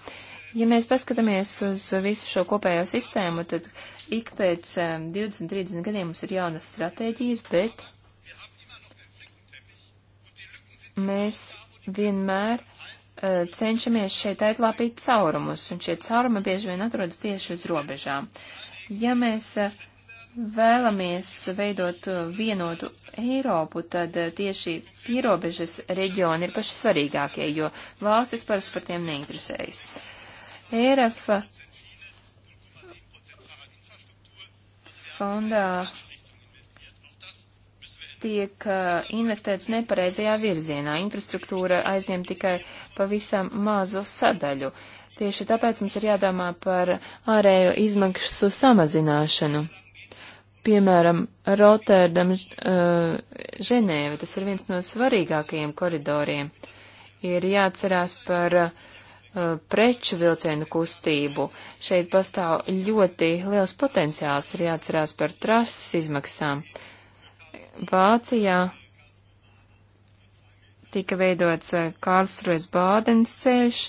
Ja mēs paskatāmies uz visu šo kopējo sistēmu, tad ik pēc 20-30 um, gadiem mums ir jaunas stratēģijas, bet mēs vienmēr Eh, cenšamies šeit aizlāpīt caurumus, un šie caurumi bieži vien atrodas tieši uz robežām. Ja mēs eh, vēlamies veidot eh, vienotu Eiropu, tad tieši pierobežas reģioni ir paši svarīgākie, jo valstis parasti par tiem neinteresējas. ERF fondā tiek eh, investēts nepareizajā virzienā. Infrastruktūra aizņem tikai pavisam mazu sadaļu. Tieši tāpēc mums ir jādomā par ārējo izmaksu samazināšanu. Piemēram, Rotterdam, eh, Ženēva, tas ir viens no svarīgākajiem koridoriem. Ir jāatcerās par eh, preču vilcienu kustību. Šeit pastāv ļoti liels potenciāls, ir jāatcerās par trases izmaksām. Uh, Vācijā tika veidots eh, Kārlsrues Bādens ceļš,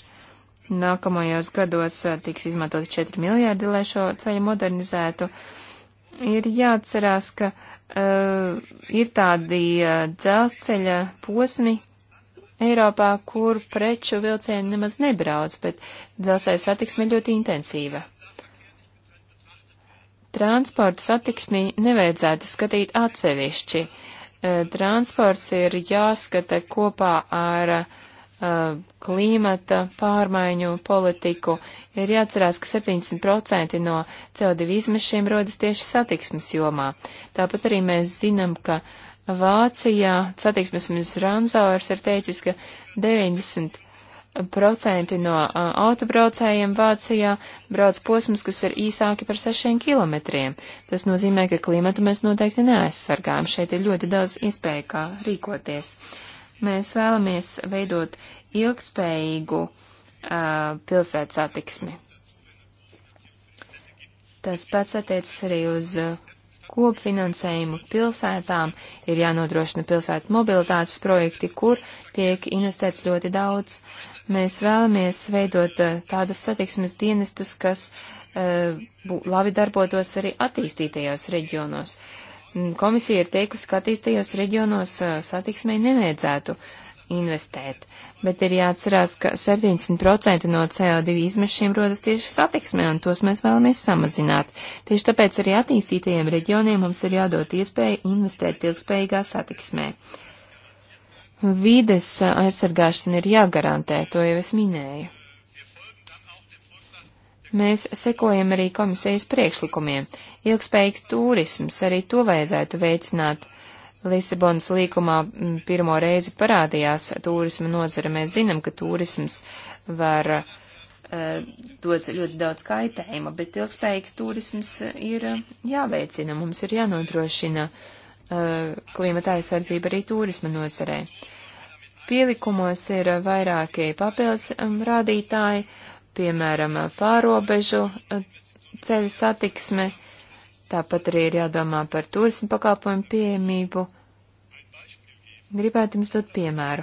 nākamajos gados eh, tiks izmantot 4 miljārdi, lai šo ceļu modernizētu. Ir jāatcerās, ka uh, ir tādi uh, dzelzceļa posmi Eiropā, kur preču vilcieni nemaz nebrauc, bet dzelzceļa satiksme ļoti intensīva. Transportu satiksmī nevajadzētu skatīt atsevišķi. E, transports ir jāskata kopā ar e, klimata pārmaiņu politiku. Ir jāatcerās, ka 70% no CO2 izmešiem rodas tieši satiksmes jomā. Tāpat arī mēs zinām, ka Vācijā satiksmes ministrs Ranzauers ir teicis, ka 90 procenti no uh, autobraucējiem Vācijā brauc posmus, kas ir īsāki par sešiem kilometriem. Tas nozīmē, ka klimatu mēs noteikti neaizsargājam. Šeit ir ļoti daudz iespēju, kā rīkoties. Mēs vēlamies veidot ilgspējīgu uh, pilsētas attiksmi. Tas pats attiecas arī uz uh, kopfinansējumu pilsētām, ir jānodrošina pilsētu mobilitātes projekti, kur tiek investēts ļoti daudz. Uh, Mēs vēlamies veidot eh, tādus satiksmes dienestus, kas uh, labi darbotos arī attīstītajos reģionos. Mm, komisija ir teikusi, ka attīstītajos reģionos uh, eh, satiksmei nevajadzētu investēt, bet ir jāatcerās, ka 70% no CO2 izmešiem rodas tieši satiksmē, un tos mēs vēlamies samazināt. Tieši tāpēc arī attīstītajiem reģioniem mums ir jādod iespēja investēt ilgspējīgā satiksmē. Uh, Vides aizsargāšana ir jāgarantē, to jau es minēju. Mēs sekojam arī komisijas priekšlikumiem. Ilgspējīgs turisms arī to vajadzētu veicināt. Lisabonas līkumā mm, pirmo reizi parādījās turisma nozara. Mēs zinām, ka turisms var uh, dot ļoti daudz kaitējuma, bet ilgspējīgs turisms ir eh, jāveicina. Mums ir jānodrošina uh, Uh, klimata aizsardzība arī turisma nozarē. Pielikumos ir vairākie papildus um, rādītāji, piemēram, pārobežu uh, ceļu satiksme, tāpat arī ir jādomā par turismu pakāpojumu pieejamību. Gribētu jums dot piemēru.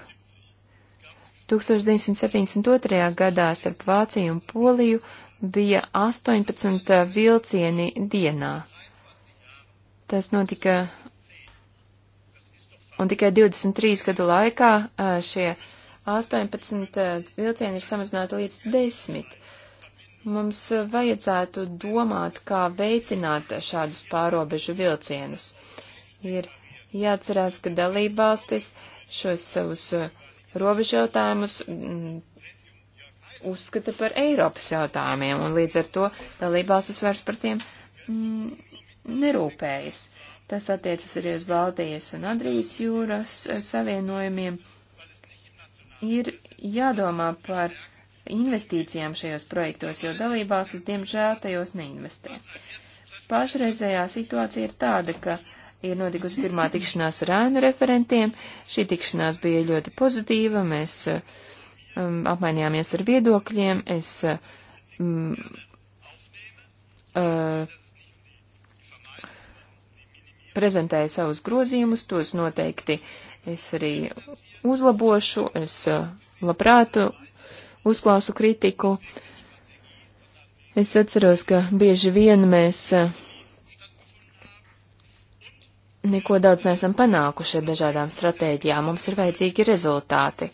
1972. gadā starp Vāciju un Poliju bija 18 vilcieni dienā. Tas notika un tikai 23 gadu laikā šie 18 vilcieni ir samazināti līdz 10. Mums vajadzētu domāt, kā veicināt šādus pārobežu vilcienus. Ir jāatcerās, ka dalībvalstis šos savus robežotājumus uzskata par Eiropas jautājumiem, un līdz ar to dalībvalstis vairs par tiem mm, nerūpējas. Uh, Tas attiecas arī uz Baltijas un Adrijas jūras eh, savienojumiem. Ir jādomā par investīcijām šajos projektos, jo dalībvalstis, diemžēl, tajos neinvestē. Pašreizējā situācija ir tāda, ka ir notikusi pirmā tikšanās ar ēnu referentiem. Šī tikšanās bija ļoti pozitīva. Mēs eh, um, apmainījāmies ar viedokļiem. Es um, uh, prezentēju savus grozījumus, tos noteikti es arī uzlabošu, es uh, labprāt uh, uzklausu kritiku. Es atceros, ka bieži vien mēs uh, neko daudz neesam panākuši ar dažādām stratēģijām. Mums ir vajadzīgi rezultāti.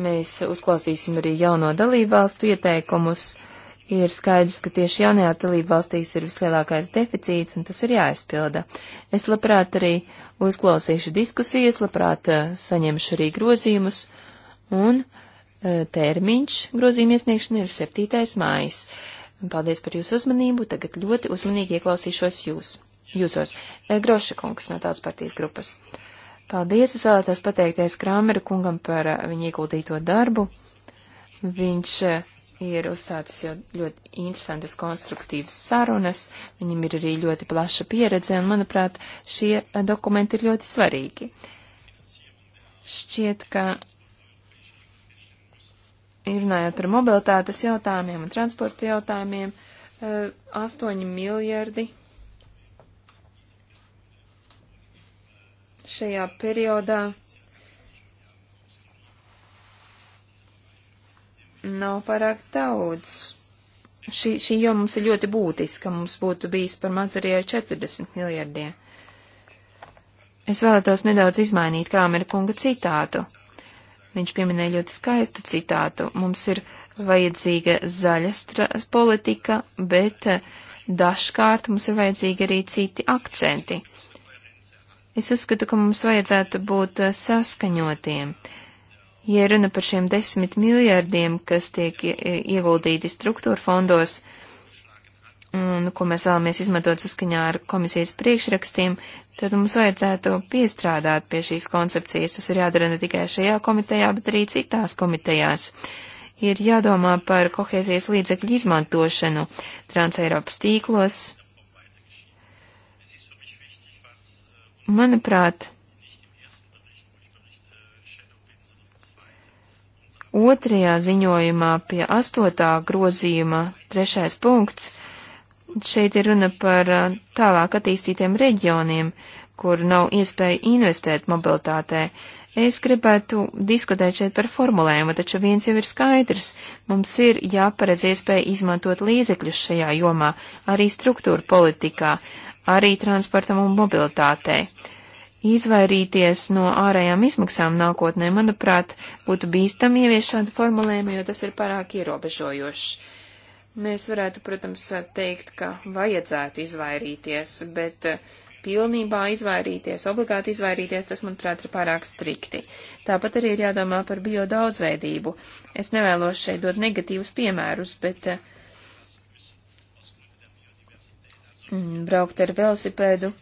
Mēs uzklausīsim arī jauno dalībvalstu ieteikumus. Ir skaidrs, ka tieši jaunajās dalībvalstīs ir vislielākais deficīts, un tas ir jāizpilda. Es labprāt arī uzklausīšu diskusijas, labprāt eh, saņemšu arī grozījumus, un eh, termiņš grozījuma iesniegšana ir 7. mājas. Paldies par jūsu uzmanību, tagad ļoti uzmanīgi ieklausīšos jūs, jūsos. Eh, Groša kungs no tāds partijas grupas. Paldies, es vēlētos pateikties Krāmeru kungam par viņa ieguldīto darbu. Viņš ir uzsācis jau ļoti interesantas konstruktīvas sarunas, viņam ir arī ļoti plaša pieredze, un, manuprāt, šie eh, dokumenti ir ļoti svarīgi. Šķiet, ka runājot par mobilitātes jautājumiem un transporta jautājumiem, 8 eh, miljardi šajā periodā nav pārāk daudz. Šī, šī joma mums ir ļoti būtiska, mums būtu bijis par maz arī ar 40 miljardiem. Es vēlētos nedaudz izmainīt Krāmera kunga citātu. Viņš pieminēja ļoti skaistu citātu. Mums ir vajadzīga zaļa politika, bet eh, dažkārt mums ir vajadzīgi arī citi akcenti. Es uzskatu, ka mums vajadzētu būt eh, saskaņotiem. Uh, Ja runa par šiem desmit miljārdiem, kas tiek ieguldīti struktūra fondos, un ko mēs vēlamies izmantot saskaņā ar komisijas priekšrakstiem, tad mums vajadzētu piestrādāt pie šīs koncepcijas. Tas ir jādara ne tikai šajā komitejā, bet arī citās komitejās. Ir jādomā par kohēzijas līdzekļu izmantošanu Transeiropas tīklos. Manuprāt, Otrajā ziņojumā pie astotā grozījuma trešais punkts. Šeit ir runa par tālāk attīstītiem reģioniem, kur nav iespēja investēt mobilitātē. Es gribētu diskutēt šeit par formulējumu, taču viens jau ir skaidrs. Mums ir jāparedz iespēja izmantot līdzekļus šajā jomā, arī struktūra politikā, arī transportam un mobilitātei izvairīties no ārējām izmaksām nākotnē, manuprāt, būtu bīstami ievies šādu formulējumu, jo tas ir pārāk ierobežojošs. Mēs varētu, protams, teikt, ka vajadzētu izvairīties, bet eh, pilnībā izvairīties, obligāti izvairīties, tas, manuprāt, ir pārāk strikti. Tāpat arī ir jādomā par bio daudzveidību. Es nevēlos šeit dot negatīvus piemērus, bet eh, mm, braukt ar velosipēdu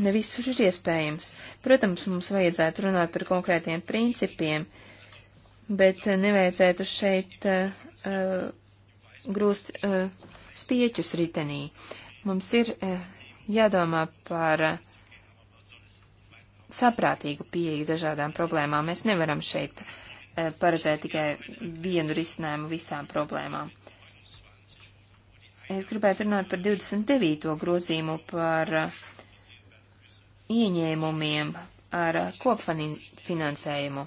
ne visur ir iespējams. Protams, mums vajadzētu runāt par konkrētiem principiem, bet eh, nevajadzētu šeit uh, grūst uh, spieķus ritenī. Mums ir uh, jādomā par uh, saprātīgu pieeju dažādām problēmām. Mēs nevaram šeit uh, paredzēt tikai vienu risinājumu visām problēmām. Es gribētu runāt par 29. grozīmu par uh, ieņēmumiem ar kopfinansējumu.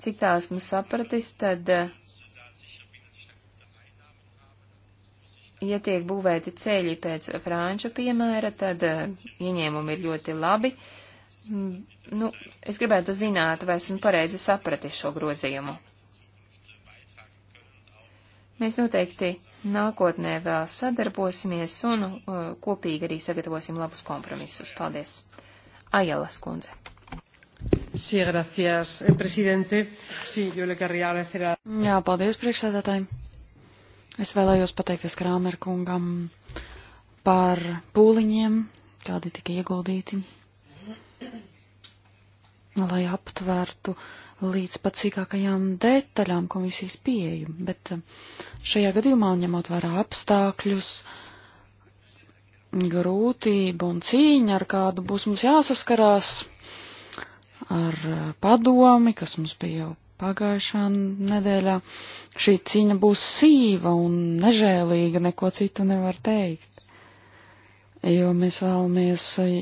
Cik tās mums sapratis, tad, ja tiek būvēti ceļi pēc franču piemēra, tad ieņēmumi ir ļoti labi. Mm, nu, es gribētu zināt, vai esmu pareizi sapratis šo grozījumu. Mēs noteikti nākotnē vēl sadarbosimies un uh, kopīgi arī sagatavosim labus kompromisus. Paldies! Ajelas kundze. Sí, gracias, eh, presidente. Sí, yo le querría agradecer a... Jā, paldies priekšsēdētājiem. Es vēlējos pateikties Krāmer kungam par pūliņiem, kādi tika ieguldīti, lai aptvertu līdz pat sīkākajām detaļām komisijas pieeju, bet eh, šajā gadījumā, ņemot vērā apstākļus, uh, grūtība un cīņa, ar kādu būs mums jāsaskarās, ar eh, padomi, kas mums bija jau pagājušā nedēļā, šī cīņa būs sīva un nežēlīga, neko citu nevar teikt. Jo mēs vēlamies eh,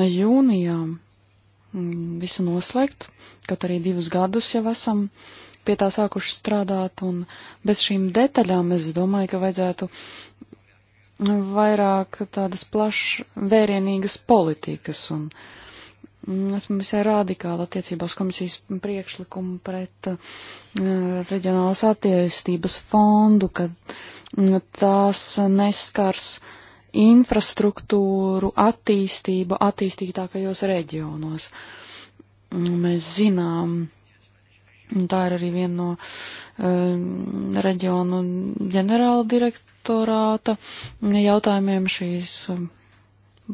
jūnijā mm, visu noslēgt, kaut arī divus gadus jau esam pie tā sākuši strādāt, un bez šīm detaļām es domāju, ka vajadzētu vairāk tādas plašvērienīgas politikas un esmu visai radikāli attiecībās komisijas priekšlikumu pret uh, reģionālas attīstības fondu, kad mm, tās neskars infrastruktūru attīstību attīstītākajos reģionos. Mm, mēs zinām, uh, Tā ir arī viena no uh, reģionu ģenerāla direktorāta jautājumiem šīs um,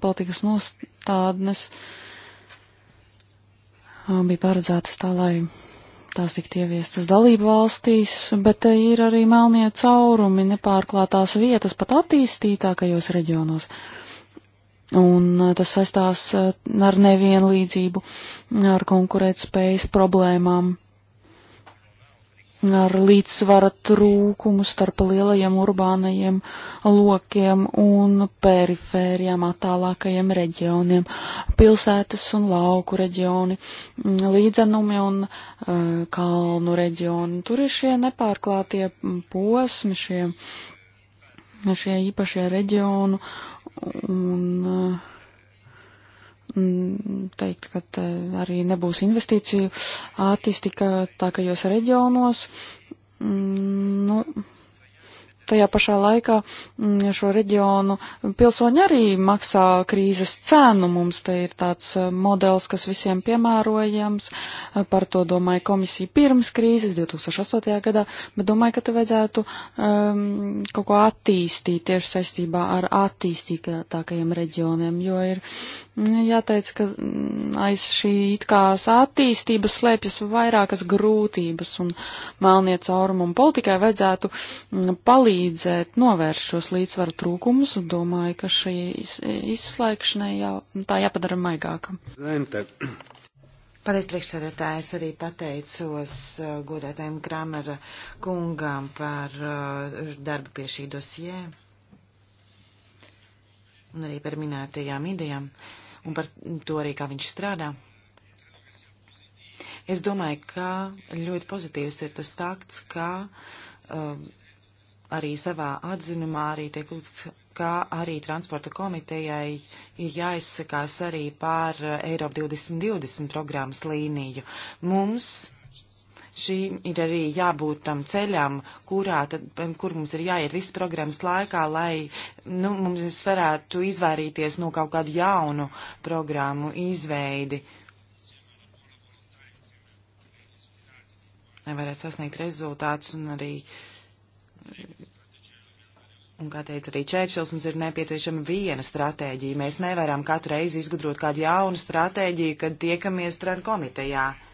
politikas nostādnes uh, bija paredzētas tā, lai tās tiktu ieviestas dalību valstīs, bet te ir arī melnie caurumi, nepārklātās vietas pat attīstītākajos reģionos. Un uh, tas saistās uh, ar nevienlīdzību, ar konkurētspējas problēmām ar līdzsvara trūkumu starp lielajiem urbānajiem lokiem un perifērijām attālākajiem reģioniem, pilsētas un lauku reģioni, mm, līdzenumi un uh, kalnu reģioni. Tur ir šie nepārklātie mm, posmi, šie, šie īpašie reģionu un uh, Mm, teikt, ka te arī nebūs investīciju attīstika tākajos reģionos. Mm, nu, tajā pašā laikā mm, šo reģionu pilsoņi arī maksā krīzes cenu. Mums te ir tāds eh, modelis, kas visiem piemērojams. Eh, par to domāja komisija pirms krīzes 2008. gadā, bet domāju, ka te vajadzētu um, kaut ko attīstīt tieši saistībā ar attīstītākajiem reģioniem, jo ir Jāteic, ka mm, aiz šī it kā attīstības slēpjas vairākas grūtības un melnie caurumi, un politikai vajadzētu mm, palīdzēt novērst šos līdzsvaru trūkumus, un domāju, ka šī iz, izslēgšanai jā, tā jāpadara maigāka. Paldies, priekšsēdētājs, arī pateicos uh, godētājiem Kramera kungām par uh, darbu pie šī dosijē un arī par minētajām idejām. Uh, un par to arī, kā viņš strādā. Es domāju, ka ļoti pozitīvs ir tas fakts, ka um, arī savā atzinumā arī tiek lūgts, ka arī transporta komitejai ir jāizsakās arī par uh, Eiropa 2020 programmas līniju. Mums šīm ir arī jābūt tam ceļam, kurā tad, kur mums ir jāiet visas programmas laikā, lai nu, mums varētu izvairīties no kaut kādu jaunu programmu izveidi. Lai varētu sasniegt rezultātus un arī. Un, kā teica arī Čērčils, mums ir nepieciešama viena stratēģija. Mēs nevaram katru reizi izgudrot kādu jaunu stratēģiju, kad tiekamies tran komitejā. Uh,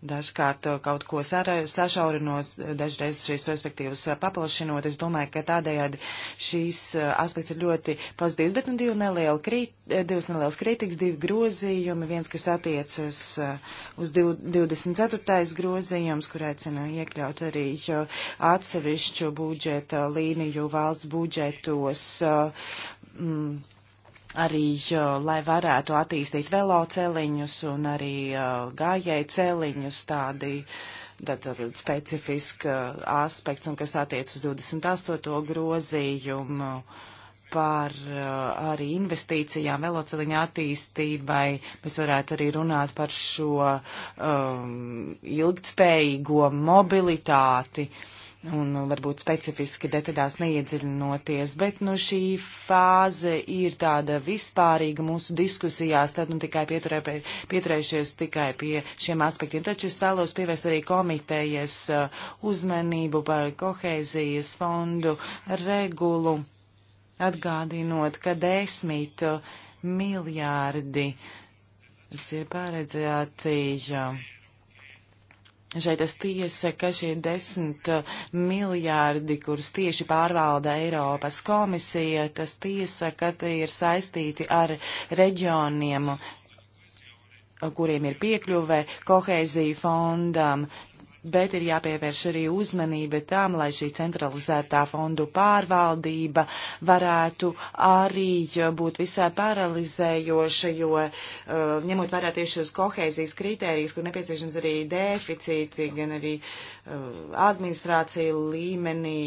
dažkārt uh, kaut ko sašaurinot, uh, dažreiz šīs perspektīvas uh, paplašinot. Es domāju, ka tādējādi šīs aspekts ir ļoti pozitīvs, bet nu, divi nelieli krīt, divas nelielas kritikas, divi grozījumi, viens, kas attiecas uz 24. grozījums, kur aicina iekļaut arī atsevišķu budžeta līniju valsts budžetos. Mm, arī, lai varētu attīstīt veloceliņus un arī gājēju celiņus tādi. Tad ir specifiska aspekts, un kas attiec uz 28. grozījumu par arī investīcijām veloceliņa attīstībai. Mēs varētu arī runāt par šo um, ilgtspējīgo mobilitāti. Uh, un nu, varbūt specifiski detaļās neiedziļinoties, bet nu, šī fāze ir tāda vispārīga mūsu diskusijās, tad nu, tikai pieturē, pieturējušies tikai pie šiem aspektiem. Taču es vēlos pievērst arī komitejas uh, uzmanību par kohēzijas fondu regulu, atgādinot, ka desmit uh, miljārdi tas ir paredzēti. Uh, Šeit es tiesa, ka šie desmit uh, miljārdi, kurus tieši pārvalda Eiropas komisija, tas tiesa, ka tie ir saistīti ar reģioniem kuriem ir piekļuve kohēzija fondam bet ir jāpievērš arī uzmanība tām, lai šī centralizētā fondu pārvaldība varētu arī būt visai paralizējoša, jo uh, ņemot vērā tieši uz kohēzijas kritērijas, kur nepieciešams arī deficīti, gan arī uh, administrācija līmenī.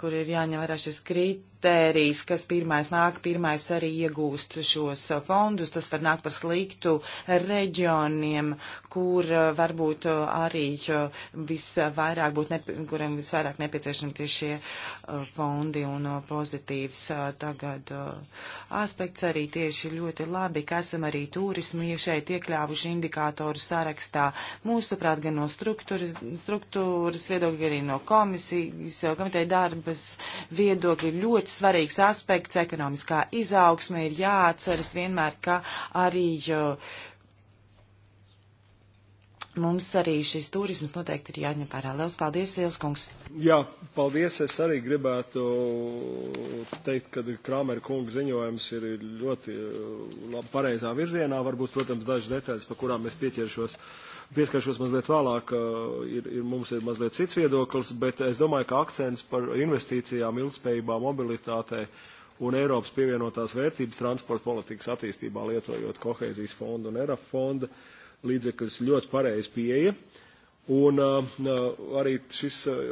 kur ir jāņem vērā šis kritērijs kritērijas, kas pirmais nāk, pirmais arī iegūst šos fondus. Tas var nākt par sliktu reģioniem, kur eh, varbūt eh, arī eh, visvairāk būtu, nepie, kuriem visvairāk nepieciešami tieši šie fondi un pozitīvs tagad aspekts arī tieši ļoti labi, ka esam arī turismu iešēji iekļāvuši indikātoru sarakstā. Mūsuprāt, gan no struktūras, struktūras viedokļa, gan arī no komisijas komiteja darbas viedokļi ļoti Bet svarīgs aspekts ekonomiskā izaugsme ir jāatceras vienmēr, ka arī mums arī šis turisms noteikti ir jāņem vērā. Lielas paldies, Ielskungs! Jā, paldies! Es arī gribētu teikt, ka Krāmera kunga ziņojums ir ļoti uh, labi pareizā virzienā. Varbūt, protams, dažas detaļas, pa kurām es pieķeršos. Uh, pieskaršos mazliet vēlāk, ir, ir, mums ir mazliet cits viedoklis, bet es domāju, ka akcents par investīcijām, ilgspējībā, mobilitātei un Eiropas pievienotās vērtības transporta politikas attīstībā lietojot kohēzijas fondu un ERAF fonda līdzekļus ļoti pareizi pieeja. Un uh, arī šis uh,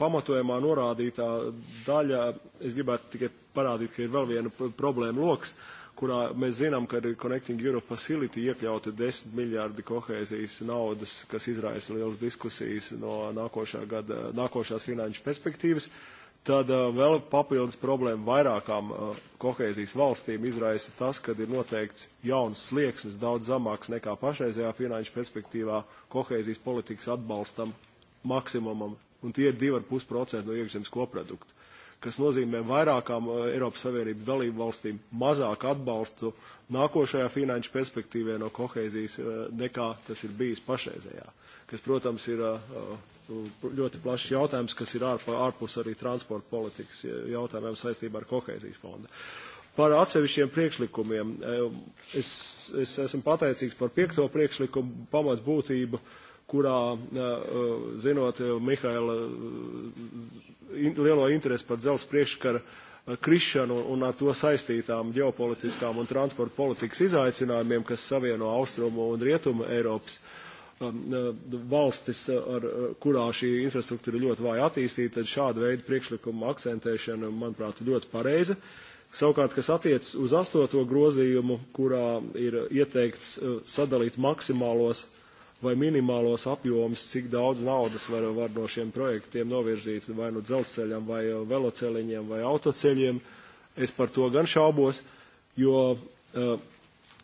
pamatojumā norādītā daļa, es gribētu tikai parādīt, ka ir vēl viena problēma loks, uh, kurā mēs zinām, ka ir Connecting Europe Facility iekļauti 10 miljārdi kohēzijas naudas, kas izraisa lielas diskusijas no nākošā gada, nākošās finanšu perspektīvas, tad uh, vēl papildus problēma vairākām uh, kohēzijas valstīm izraisa tas, kad ir noteikts jauns slieksnis daudz zamāks nekā pašreizējā finanšu perspektīvā kohēzijas politikas atbalstam maksimumam, un tie ir 2,5% no iekšzemes koprodukta kas nozīmē vairākām uh, Eiropas Savienības dalību valstīm mazāk atbalstu nākošajā finanšu perspektīvē no kohēzijas uh, nekā tas ir bijis pašreizējā, kas, protams, ir uh, ļoti plašs jautājums, kas ir ārpus arī transporta politikas jautājumiem saistībā ar kohēzijas fondu. Par atsevišķiem priekšlikumiem. Um, es, es esmu pateicīgs par piekto priekšlikumu pamatbūtību. būtību kurā, zinot Mihaila lielo interesi par dzelzs priekškara krišanu un ar to saistītām ģeopolitiskām un transporta politikas izaicinājumiem, kas savieno austrumu un rietumu Eiropas valstis, ar, kurā šī infrastruktūra ļoti vāja attīstīta, tad šāda veida priekšlikuma akcentēšana, manuprāt, ļoti pareiza. Savukārt, kas attiecas uz astoto grozījumu, kurā ir ieteikts sadalīt maksimālos uh, vai minimālos apjomus, cik daudz naudas var, var no šiem projektiem novirzīt vai nu no dzelzceļam, vai eh, veloceļiem, vai autoceļiem. Es par to gan šaubos, jo uh,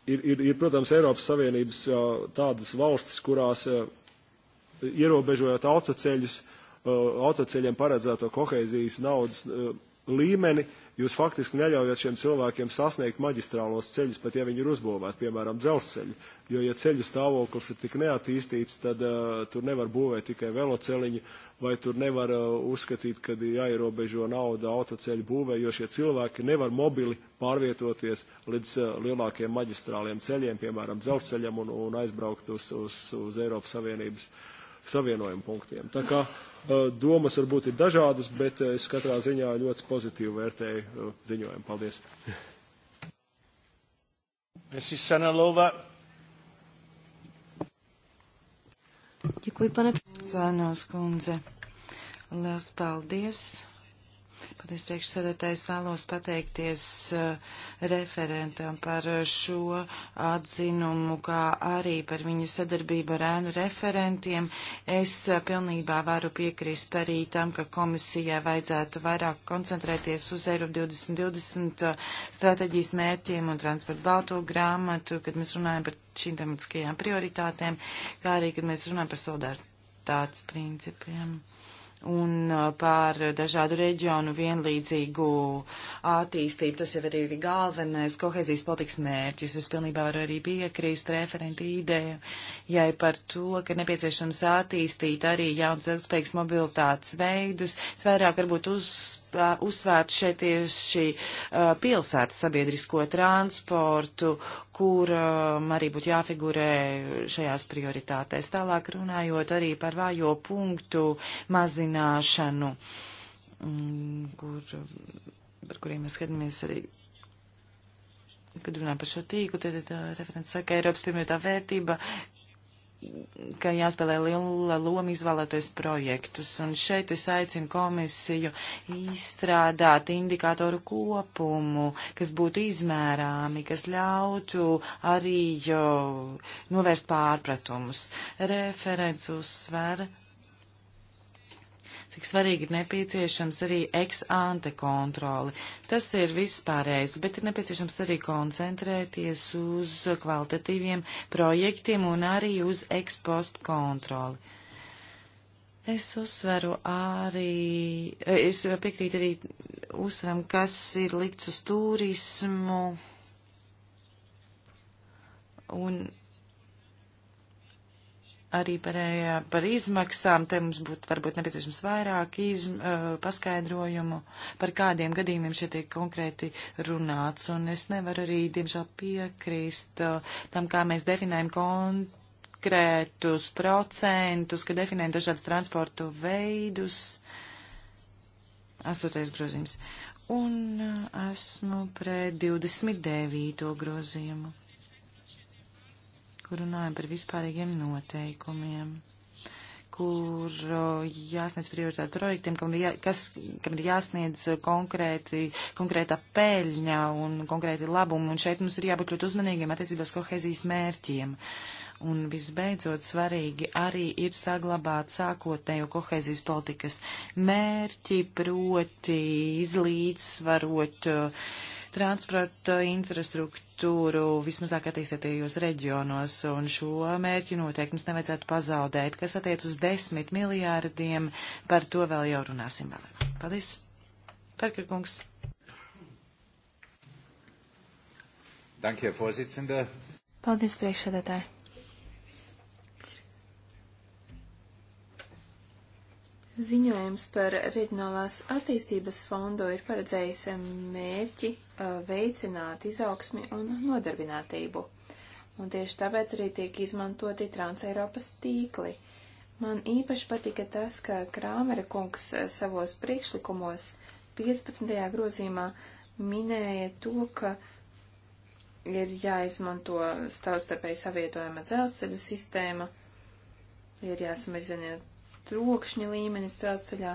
ir, ir, ir, protams, Eiropas Savienības uh, tādas valstis, kurās uh, ierobežojot autoceļus, uh, autoceļiem paredzēto koheizijas naudas uh, līmeni, uh, jūs faktiski neļaujat šiem cilvēkiem sasniegt maģistrālos ceļus, pat ja viņi ir uzbūvēti, piemēram, dzelzceļi. Jo, ja ceļu stāvoklis ir tik neattīstīts, tad uh, tur nevar būvēt tikai veloceļiņu, vai tur nevar uh, uzskatīt, ka ir jāierobežo nauda autoceļu būvē, jo šie cilvēki nevar mobili pārvietoties līdz uh, lielākiem maģistrāliem ceļiem, piemēram, dzelzceļam un, un aizbraukt uz, uz, uz Eiropas Savienības savienojumu punktiem. Tā kā uh, Eh, domas varbūt ir dažādas, bet eh, es katrā ziņā ļoti pozitīvi vērtēju eh, ziņojumu. Paldies! Mrs. Senalova. Děkuji, pane předsedo. Kundze. Liels paldies! Paldies, priekšsēdētājs. Vēlos pateikties eh, referentam par šo atzinumu, kā arī par viņa sadarbību ar ēnu referentiem. Es eh, pilnībā varu piekrist arī tam, ka komisijai vajadzētu vairāk koncentrēties uz Eiropu 2020 eh, stratēģijas mērķiem un transportu balto grāmatu, kad mēs runājam par šīm tematiskajām prioritātēm, kā arī, kad mēs runājam par solidaritātes principiem. Ja un uh, par dažādu reģionu vienlīdzīgu attīstību. Tas jau arī ir galvenais kohezijas politikas mērķis. Es pilnībā varu arī piekrīst referenti ideju, jai par to, ka nepieciešams attīstīt arī jaunas ilgspējīgas mobilitātes veidus. Es vairāk varbūt uz, uzsvērtu šeit tieši uh, pilsētas sabiedrisko transportu kuram um, arī būtu jāfigurē šajās prioritātēs. Tālāk runājot arī par vājo punktu mazināšanu, mm, kur, par kuriem mēs skatāmies arī kad runā par šo tīku, tad uh, referents saka, ka Eiropas pirmietā vērtība ka jāspēlē liela loma izvēlētos projektus. Un šeit es aicinu komisiju izstrādāt indikātoru kopumu, kas būtu izmērāmi, kas ļautu arī jo, novērst pārpratumus. Referents uzsver cik svarīgi ir nepieciešams arī ex-ante kontroli. Tas ir vispārējais, bet ir nepieciešams arī koncentrēties uz kvalitatīviem projektiem un arī uz ex-post kontroli. Es uzsveru arī, es piekrītu arī uzsveram, kas ir likts uz turismu un Arī par, par izmaksām te mums būtu varbūt nepieciešams vairāk izm, paskaidrojumu, par kādiem gadījumiem šeit tiek konkrēti runāts. Un es nevaru arī, diemžēl, piekrist tam, kā mēs definējam konkrētus procentus, ka definējam dažādas transportu veidus. Astotais grozījums. Un esmu pret 29. grozījumu kur runājam par vispārīgiem noteikumiem kur jāsniedz prioritāti projektiem, kam, jā, kas, kam ir jāsniedz konkrēti, konkrēta peļņa un konkrēti labumi. Un šeit mums ir jābūt ļoti uzmanīgiem attiecībās kohezijas mērķiem. Un visbeidzot, svarīgi arī ir saglabāt sākotnējo kohezijas politikas mērķi, proti izlīdzsvarot uh, transporta infrastruktūru vismazāk attīstītajos reģionos, un šo mērķi noteikti mums nevajadzētu pazaudēt, kas attiec uz desmit miljārdiem. Par to vēl jau runāsim vēlāk. Paldies! Parker kungs! Danke, Herr Vorsitzender. Paldies, priekšsēdētāji. Ziņojums par reģionālās attīstības fondu ir paredzējis mērķi veicināt izaugsmi un nodarbinātību. Un tieši tāpēc arī tiek izmantoti Transeiropas tīkli. Man īpaši patika tas, ka Krāmera kungs savos priekšlikumos 15. grozījumā minēja to, ka ir jāizmanto savstarpēji savietojama dzelzceļu sistēma, ir jāsamazina trokšņa līmenis dzelzceļā,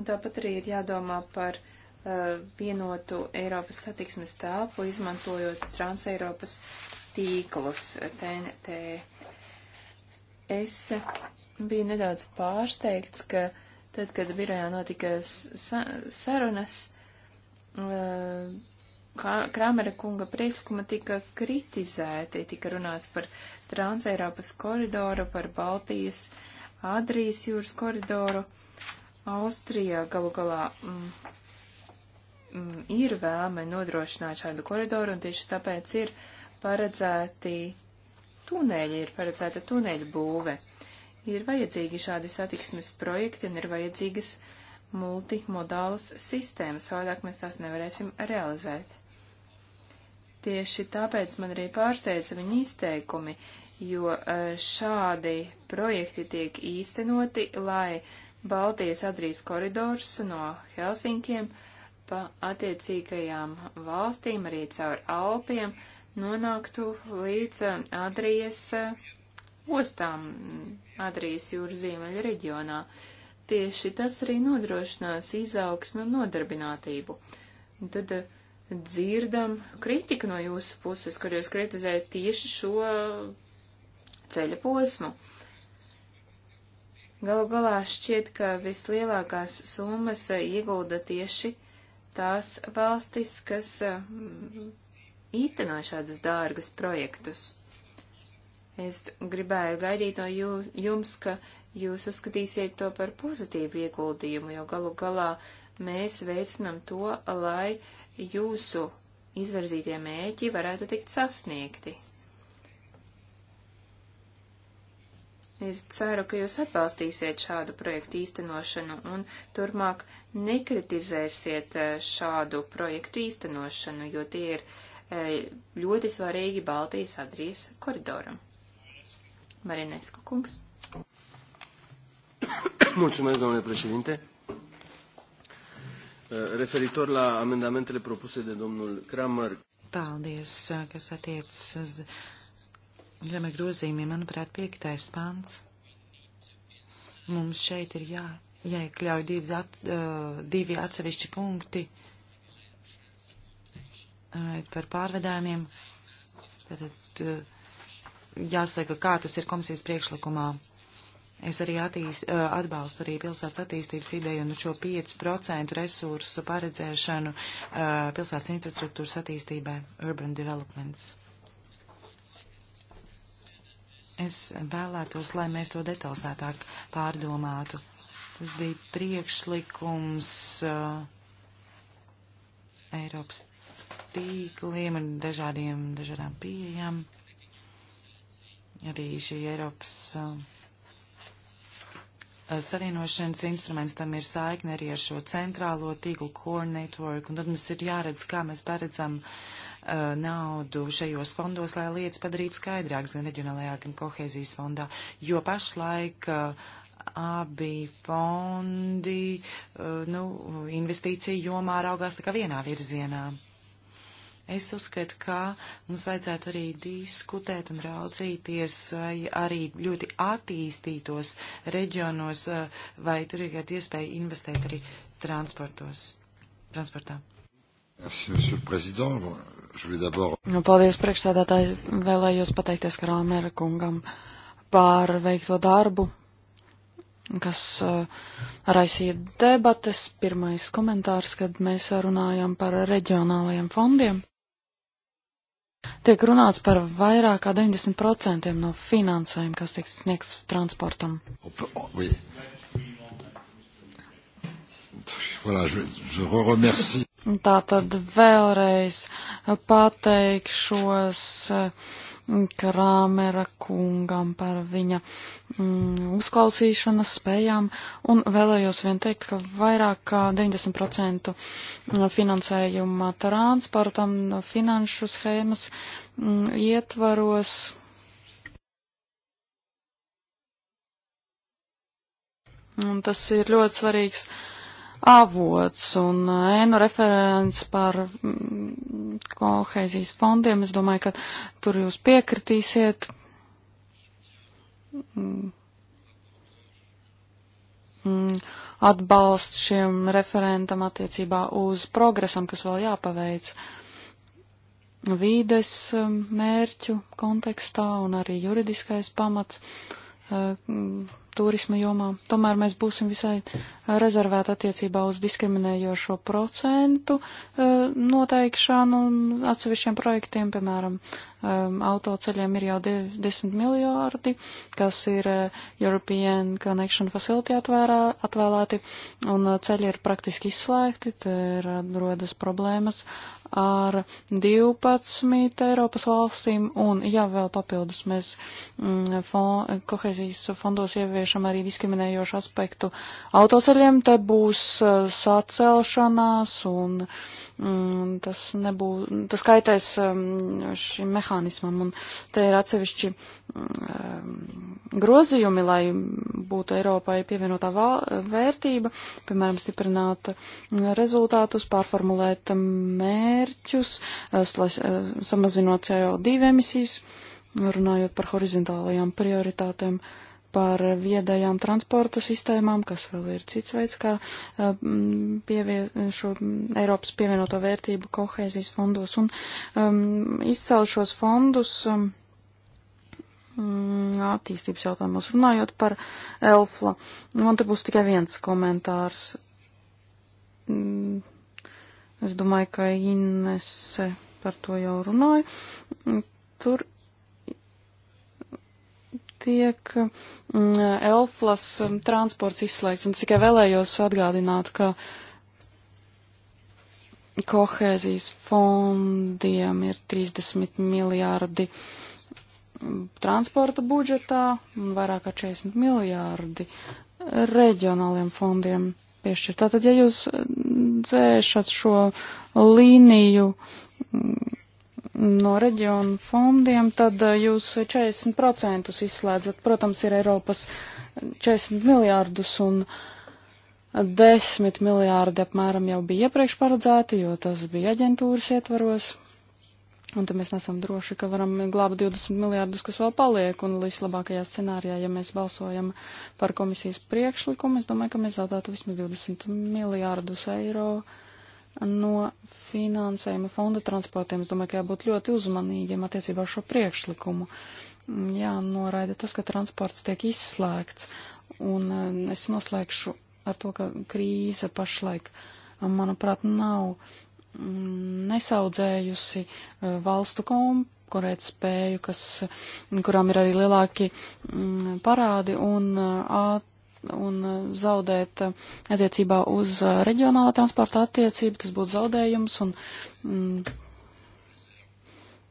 un tāpat arī ir jādomā par uh, vienotu Eiropas satiksmes telpu, izmantojot Transeiropas tīklus TNT. Uh, es uh, biju nedaudz pārsteigts, ka tad, kad birojā notika sa sarunas, uh, Kramera kunga priekšlikuma tika kritizēti, tika runāts par Transeiropas koridoru, par Baltijas uh, Adrijas jūras koridoru. Austrijā galu galā mm, mm, ir vēlme nodrošināt šādu koridoru, un tieši tāpēc ir paredzēti tuneļi, ir paredzēta tuneļu būve. Ir vajadzīgi šādi satiksmes projekti un ir vajadzīgas multimodālas sistēmas, savādāk mēs tās nevarēsim realizēt. Tieši tāpēc man arī pārsteidza viņa izteikumi, jo e, šādi projekti tiek īstenoti, lai Baltijas Adrijas koridors no Helsinkiem pa attiecīgajām valstīm, arī caur Alpiem, nonāktu līdz e, Adrijas e, ostām Adrijas jūras ziemeļa reģionā. Tieši tas arī nodrošinās izaugsmi un nodarbinātību. Un tad dzirdam kritiku no jūsu puses, kur jūs kritizējat tieši šo ceļa posmu. Galu galā šķiet, ka vislielākās summas eh, iegulda tieši tās valstis, kas eh, īstenoja šādus dārgus projektus. Es gribēju gaidīt no jums, ka jūs uzskatīsiet to par pozitīvu ieguldījumu, jo galu galā mēs veicinam to, lai jūsu izvirzītie mēķi varētu tikt sasniegti. Es ceru, ka jūs atbalstīsiet šādu projektu īstenošanu un turmāk nekritizēsiet eh, šādu projektu īstenošanu, jo tie ir eh, ļoti svarīgi Baltijas Adrijas koridoram. Marinescu kungs. Mulțumesc, domnule președinte. Eh, referitor la amendamentele propuse de domnul Kramer. Paldies, kas attiec uz Viņam ir grozījumi, manuprāt, piektais pants. Mums šeit ir jā, jāiekļauj divi, at, uh, divi atsevišķi punkti uh, par pārvedājumiem. Tātad uh, jāsaka, kā tas ir komisijas priekšlikumā. Es arī attīst, uh, atbalstu arī pilsētas attīstības ideju un šo 5% resursu paredzēšanu uh, pilsētas infrastruktūras attīstībai, urban developments. Es vēlētos, lai mēs to detalizētāk pārdomātu. Tas bija priekšlikums uh, Eiropas tīkliem ar dažādiem, dažādām pieejām. Arī šī Eiropas uh, savienošanas instruments tam ir saikne arī ar šo centrālo tīklu core network, un tad mums ir jāredz, kā mēs paredzam uh, Uh, naudu šajos fondos, lai lietas padarītu skaidrākas gan reģionālajā, gan kohēzijas fondā, jo pašlaik uh, abi fondi uh, nu, investīciju jomā raugās tikai vienā virzienā. Es uzskatu, ka mums vajadzētu arī diskutēt un raudzīties, vai arī ļoti attīstītos reģionos, vai tur ir kāda iespēja investēt arī transportos, transportā. Merci, monsieur le président. Nu, paldies, priekšsēdētāji. Vēlējos pateikties Krāmera kungam par veikto darbu, kas uh, raisīja debates. Pirmais komentārs, kad mēs runājam par reģionālajiem fondiem. Tiek runāts par vairāk kā 90% no finansējuma, kas tiek sniegts transportam. Voilà, je, je re remercie. Tā tad vēlreiz pateikšos eh, Krāmera kungam par viņa mm, uzklausīšanas spējām un vēlējos vien teikt, ka vairāk kā 90% mm, finansējuma transportam finanšu schēmas mm, ietvaros Un tas ir ļoti svarīgs avots un eh, ēnu referents par mm, koheizijas fondiem. Es domāju, ka tur jūs piekritīsiet. Mm. Mm. Atbalsts šiem referentam attiecībā uz progresam, kas vēl jāpaveic vīdes mērķu kontekstā un arī juridiskais pamats eh, turisma jomā. Tomēr mēs būsim visai rezervēti attiecībā uz diskriminējošo procentu noteikšanu un atsevišķiem projektiem, piemēram, um, autoceļiem ir jau 10 miljārdi, kas ir uh, European Connection Facility atvērā, atvēlēti, un uh, ceļi ir praktiski izslēgti, te ir uh, rodas problēmas ar 12 Eiropas valstīm, un jā, vēl papildus mēs mm, fon, kohezijas fondos ieviešam arī diskriminējošu aspektu autoceļiem, te būs uh, sacelšanās, un mm, tas nebūs, tas kaitēs um, šim mehānismam mehānismam, un te ir atsevišķi mm, um, grozījumi, lai būtu Eiropai pievienotā vērtība, piemēram, stiprināt mm, rezultātus, pārformulēt mm, mērķus, slais, eh, samazinot CO2 emisijas, runājot par horizontālajām prioritātēm. Uh, par viedajām transporta sistēmām, kas vēl ir cits veids, kā eh, pievies, šo Eiropas pievienoto vērtību kohēzijas fondos un um, ehm, izcēl šos fondus. Um, attīstības jautājumos runājot par Elfla. Nu, man te būs tikai viens komentārs. Mm, es domāju, ka Inese par to jau runāja. Tur tiek mm, Elflas mm, transports izslēgts, un tikai vēlējos atgādināt, ka kohēzijas fondiem ir 30 miljārdi mm, transporta budžetā un vairāk kā 40 miljārdi reģionāliem fondiem piešķirt. Tātad, ja jūs dzēšat šo līniju no reģionu fondiem, tad eh, jūs 40% izslēdzat. Protams, ir Eiropas 40 miljārdus un 10 miljārdi apmēram jau bija iepriekš paredzēti, jo tas bija aģentūras ietvaros. Un tad mēs nesam droši, ka varam glābt 20 miljārdus, kas vēl paliek, un līdz labākajā scenārijā, ja mēs balsojam par komisijas priekšlikumu, es domāju, ka mēs zaudētu vismaz 20 miljārdus eiro uh, no finansējuma fonda transportiem. Es domāju, ka jābūt ļoti uzmanīgiem attiecībā ar šo priekšlikumu. Jā, noraida tas, ka transports tiek izslēgts. Un eh, es noslēgšu ar to, ka krīze pašlaik, eh, manuprāt, nav mm, nesaudzējusi eh, valstu konkurēt spēju, kas, kurām ir arī lielāki parādi un ātri un uh, zaudēt uh, attiecībā uz uh, reģionālā transporta attiecību, tas būtu zaudējums, un, mm,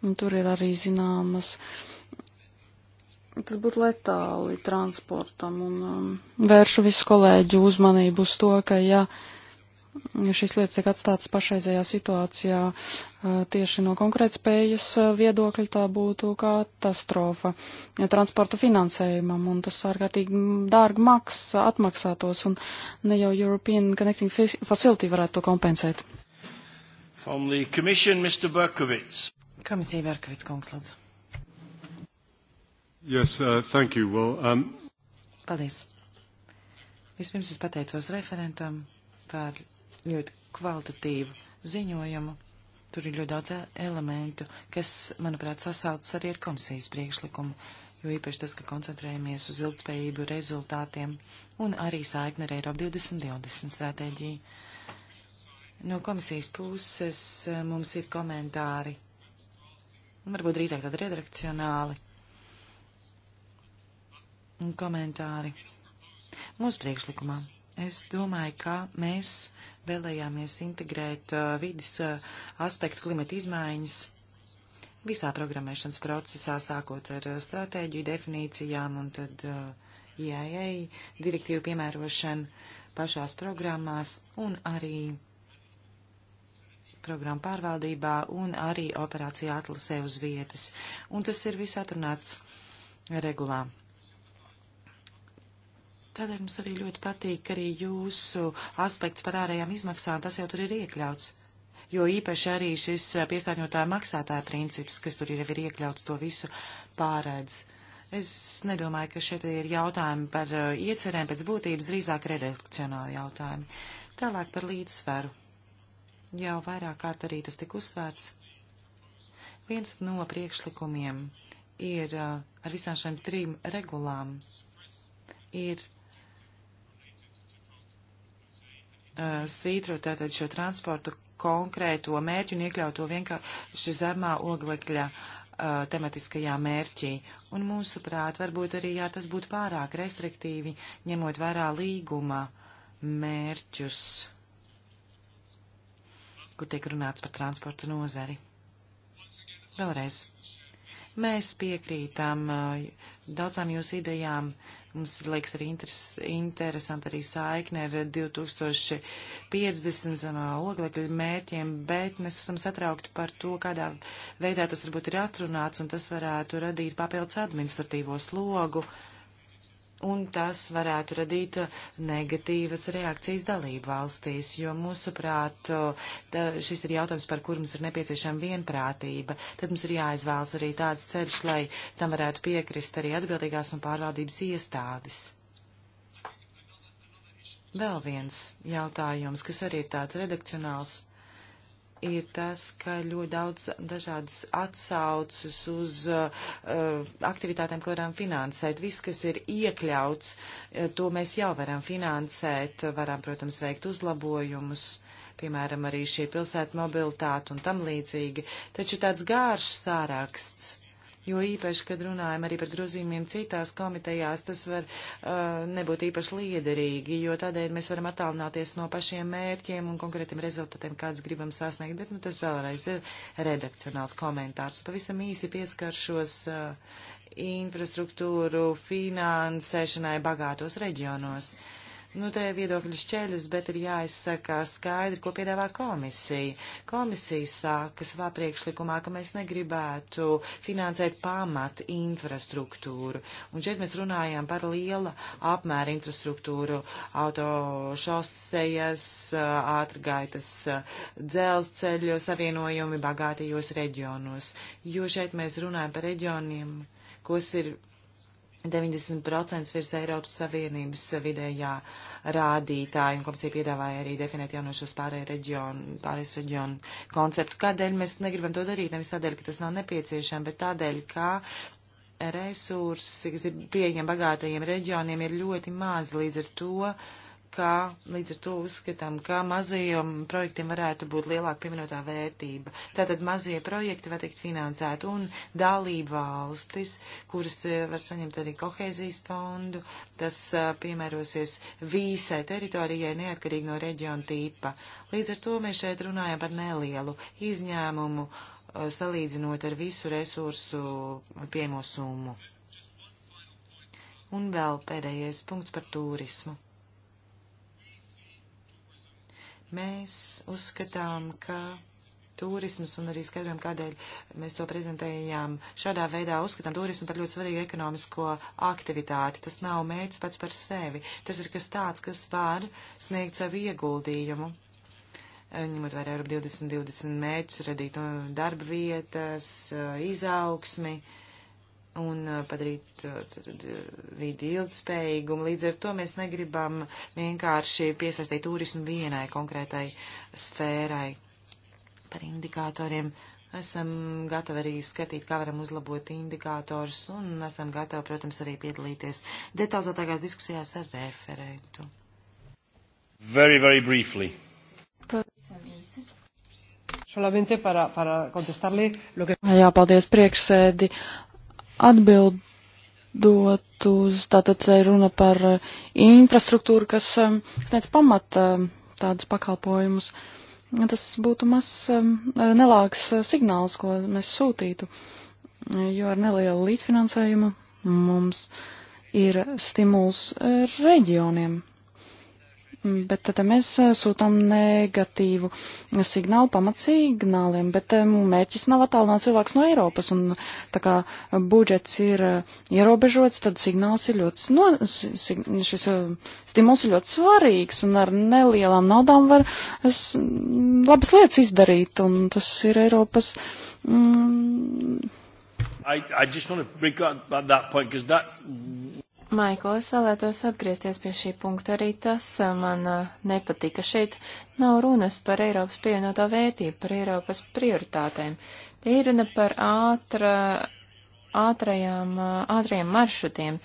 un tur ir arī zināmas. Tas būtu letāli transportam, un um, vēršu visu kolēģu uzmanību uz to, ka, ja uh, šīs lietas tiek atstātas pašreizējā situācijā eh, tieši no konkurētspējas eh, viedokļa, tā būtu katastrofa ja transporta finansējumam, un tas ārkārtīgi dārgi maks, atmaksātos, un ne jau European Connecting Facility varētu to kompensēt. From the Commission, Mr. Berkovits. Komisija Berkovits, kungs, lūdzu. Yes, uh, thank you. Well, um... Paldies. Vispirms es pateicos referentam par ļoti kvalitatīvu ziņojumu. Tur ir ļoti daudz elementu, kas, manuprāt, sasaucas arī ar komisijas priekšlikumu, jo īpaši tas, ka koncentrējamies uz ilgspējību rezultātiem un arī saikni ar Eiropu 2020 stratēģiju. No komisijas puses eh, mums ir komentāri, varbūt drīzāk tādi redakcionāli komentāri. Mūsu priekšlikumā es domāju, ka mēs vēlējāmies integrēt uh, vidas uh, aspektu klimata izmaiņas visā programmēšanas procesā, sākot ar uh, stratēģiju definīcijām un tad uh, IAA direktīvu piemērošanu pašās programmās un arī programmu pārvaldībā un arī operācija atlasē uz vietas. Un tas ir viss atrunāts regulā. Tādēļ mums arī ļoti patīk arī jūsu aspekts par ārējām izmaksām, tas jau tur ir iekļauts. Jo īpaši arī šis eh, piesārņotāja maksātāja princips, kas tur ir, ir iekļauts, to visu pārēdz. Es nedomāju, ka šeit ir jautājumi par eh, iecerēm pēc būtības, drīzāk redakcionāli jautājumi. Tālāk par līdzsvaru. Jau vairāk kārt arī tas tika uzsvērts. Viens no priekšlikumiem ir eh, ar visām šiem trim regulām ir Uh, svītrot tātad šo transportu konkrēto mērķi un iekļaut to vienkārši zemā oglekļa uh, tematiskajā mērķī. Un mūsuprāt, varbūt arī, jā, tas būtu pārāk restriktīvi, ņemot vērā līguma mērķus, kur tiek runāts par transportu nozari. Vēlreiz. Mēs piekrītam uh, daudzām jūsu idejām uh, Mums liekas arī interes, interesanti arī saikne ar 2050 zemā oglekļa mērķiem, bet mēs esam satraukti par to, kādā veidā tas varbūt ir atrunāts, un tas varētu radīt papildus administratīvo slogu. Uh, un tas varētu radīt uh, negatīvas reakcijas dalību valstīs, jo mūsuprāt uh, šis ir jautājums, par kur mums ir nepieciešama vienprātība. Tad mums ir jāizvēlas arī tāds ceļš, lai tam varētu piekrist arī atbildīgās un pārvaldības iestādes. Vēl viens jautājums, kas arī ir tāds redakcionāls ir tas, ka ļoti daudz dažādas atsaucas uz uh, aktivitātēm, ko varam finansēt. Viss, kas ir iekļauts, eh, to mēs jau varam finansēt, varam, protams, veikt uzlabojumus, piemēram, arī šī pilsēta mobilitāte un tam līdzīgi. Taču tāds gārš sāraksts jo īpaši, kad runājam arī par grozījumiem citās komitejās, tas var uh, nebūt īpaši liederīgi, jo tādēļ mēs varam attālināties no pašiem mērķiem un konkrētiem rezultātiem, kādas gribam sasniegt, bet nu, tas vēlreiz ir redakcionāls komentārs. Pavisam īsi pieskaršos uh, infrastruktūru finansēšanai bagātos reģionos. Uh, Nu, te viedokļu šķeļas, bet ir jāizsaka skaidri, ko piedāvā komisija. Komisija saka savā priekšlikumā, ka mēs negribētu finansēt pamat infrastruktūru. Un šeit mēs runājām par liela apmēra infrastruktūru autošosejas, ātrgaitas dzelzceļu savienojumi bagātajos reģionos. Jo šeit mēs runājam par reģioniem, kas ir 90% virs Eiropas Savienības vidējā rādītāja, un komisija piedāvāja arī definēt jaunošos pārējais reģionu, pārējais reģionu konceptu. Kādēļ mēs negribam to darīt? Nevis tādēļ, ka tas nav nepieciešams, bet tādēļ, ka resursi, kas ir pieejami bagātajiem reģioniem, ir ļoti maz. Līdz ar to ka līdz ar to uzskatām, ka mazajiem projektiem varētu būt lielāka pievienotā vērtība. Tātad mazie projekti var tikt finansēti un dalība valstis, kuras eh, var saņemt arī kohēzijas fondu, tas eh, piemērosies visai teritorijai neatkarīgi no reģiona tīpa. Līdz ar to mēs šeit runājam par nelielu izņēmumu, eh, salīdzinot ar visu resursu piemosumu. Un vēl pēdējais punkts par turismu. Mēs uzskatām, ka turismas un arī skaidrojam, kādēļ mēs to prezentējām. Šādā veidā uzskatām turismu par ļoti svarīgu ekonomisko aktivitāti. Tas nav mērķis pats par sevi. Tas ir kas tāds, kas var sniegt savu ieguldījumu. Eh, ņemot vērā Eiropa 2020 mērķus, radīt eh, darba vietas, eh, izaugsmi. Uh, un uh, padarīt uh, vidi ilgspējīgumu. Līdz ar to mēs negribam vienkārši piesaistīt turismu vienai konkrētai sfērai. Par indikatoriem esam gatavi arī skatīt, kā varam uzlabot indikators, un esam gatavi, protams, arī piedalīties detalizētākās diskusijās ar referentu. Very, very briefly. Pavisam īsi. Solamente para, para contestarle lo que... Jā, paldies priekšsēdi. Atbildot uz, tātad runa par eh, infrastruktūru, kas eh, sniedz pamata eh, tādus pakalpojumus. Tas būtu mazs nelāks signāls, ko mēs sūtītu, jo ar nelielu līdzfinansējumu mums ir stimuls reģioniem Bet tad mēs eh, sūtām negatīvu signālu pamatsignāliem, bet eh, mērķis nav attālināt cilvēks no Eiropas, un tā kā budžets ir eh, ierobežots, tad signāls ir ļoti, no, šis stimuls ir ļoti svarīgs, un ar nelielām naudām var es, mm, labas lietas izdarīt, un tas ir Eiropas. Mm, I, I just want to bring up that point because that's Maikl, es vēlētos atgriezties pie šī punkta. Arī tas uh, man uh, nepatika. Šeit nav runas par Eiropas pievienoto vērtību, par Eiropas prioritātēm. Te ir runa par ātra, ātrajām, uh, ātrajiem maršrutiem.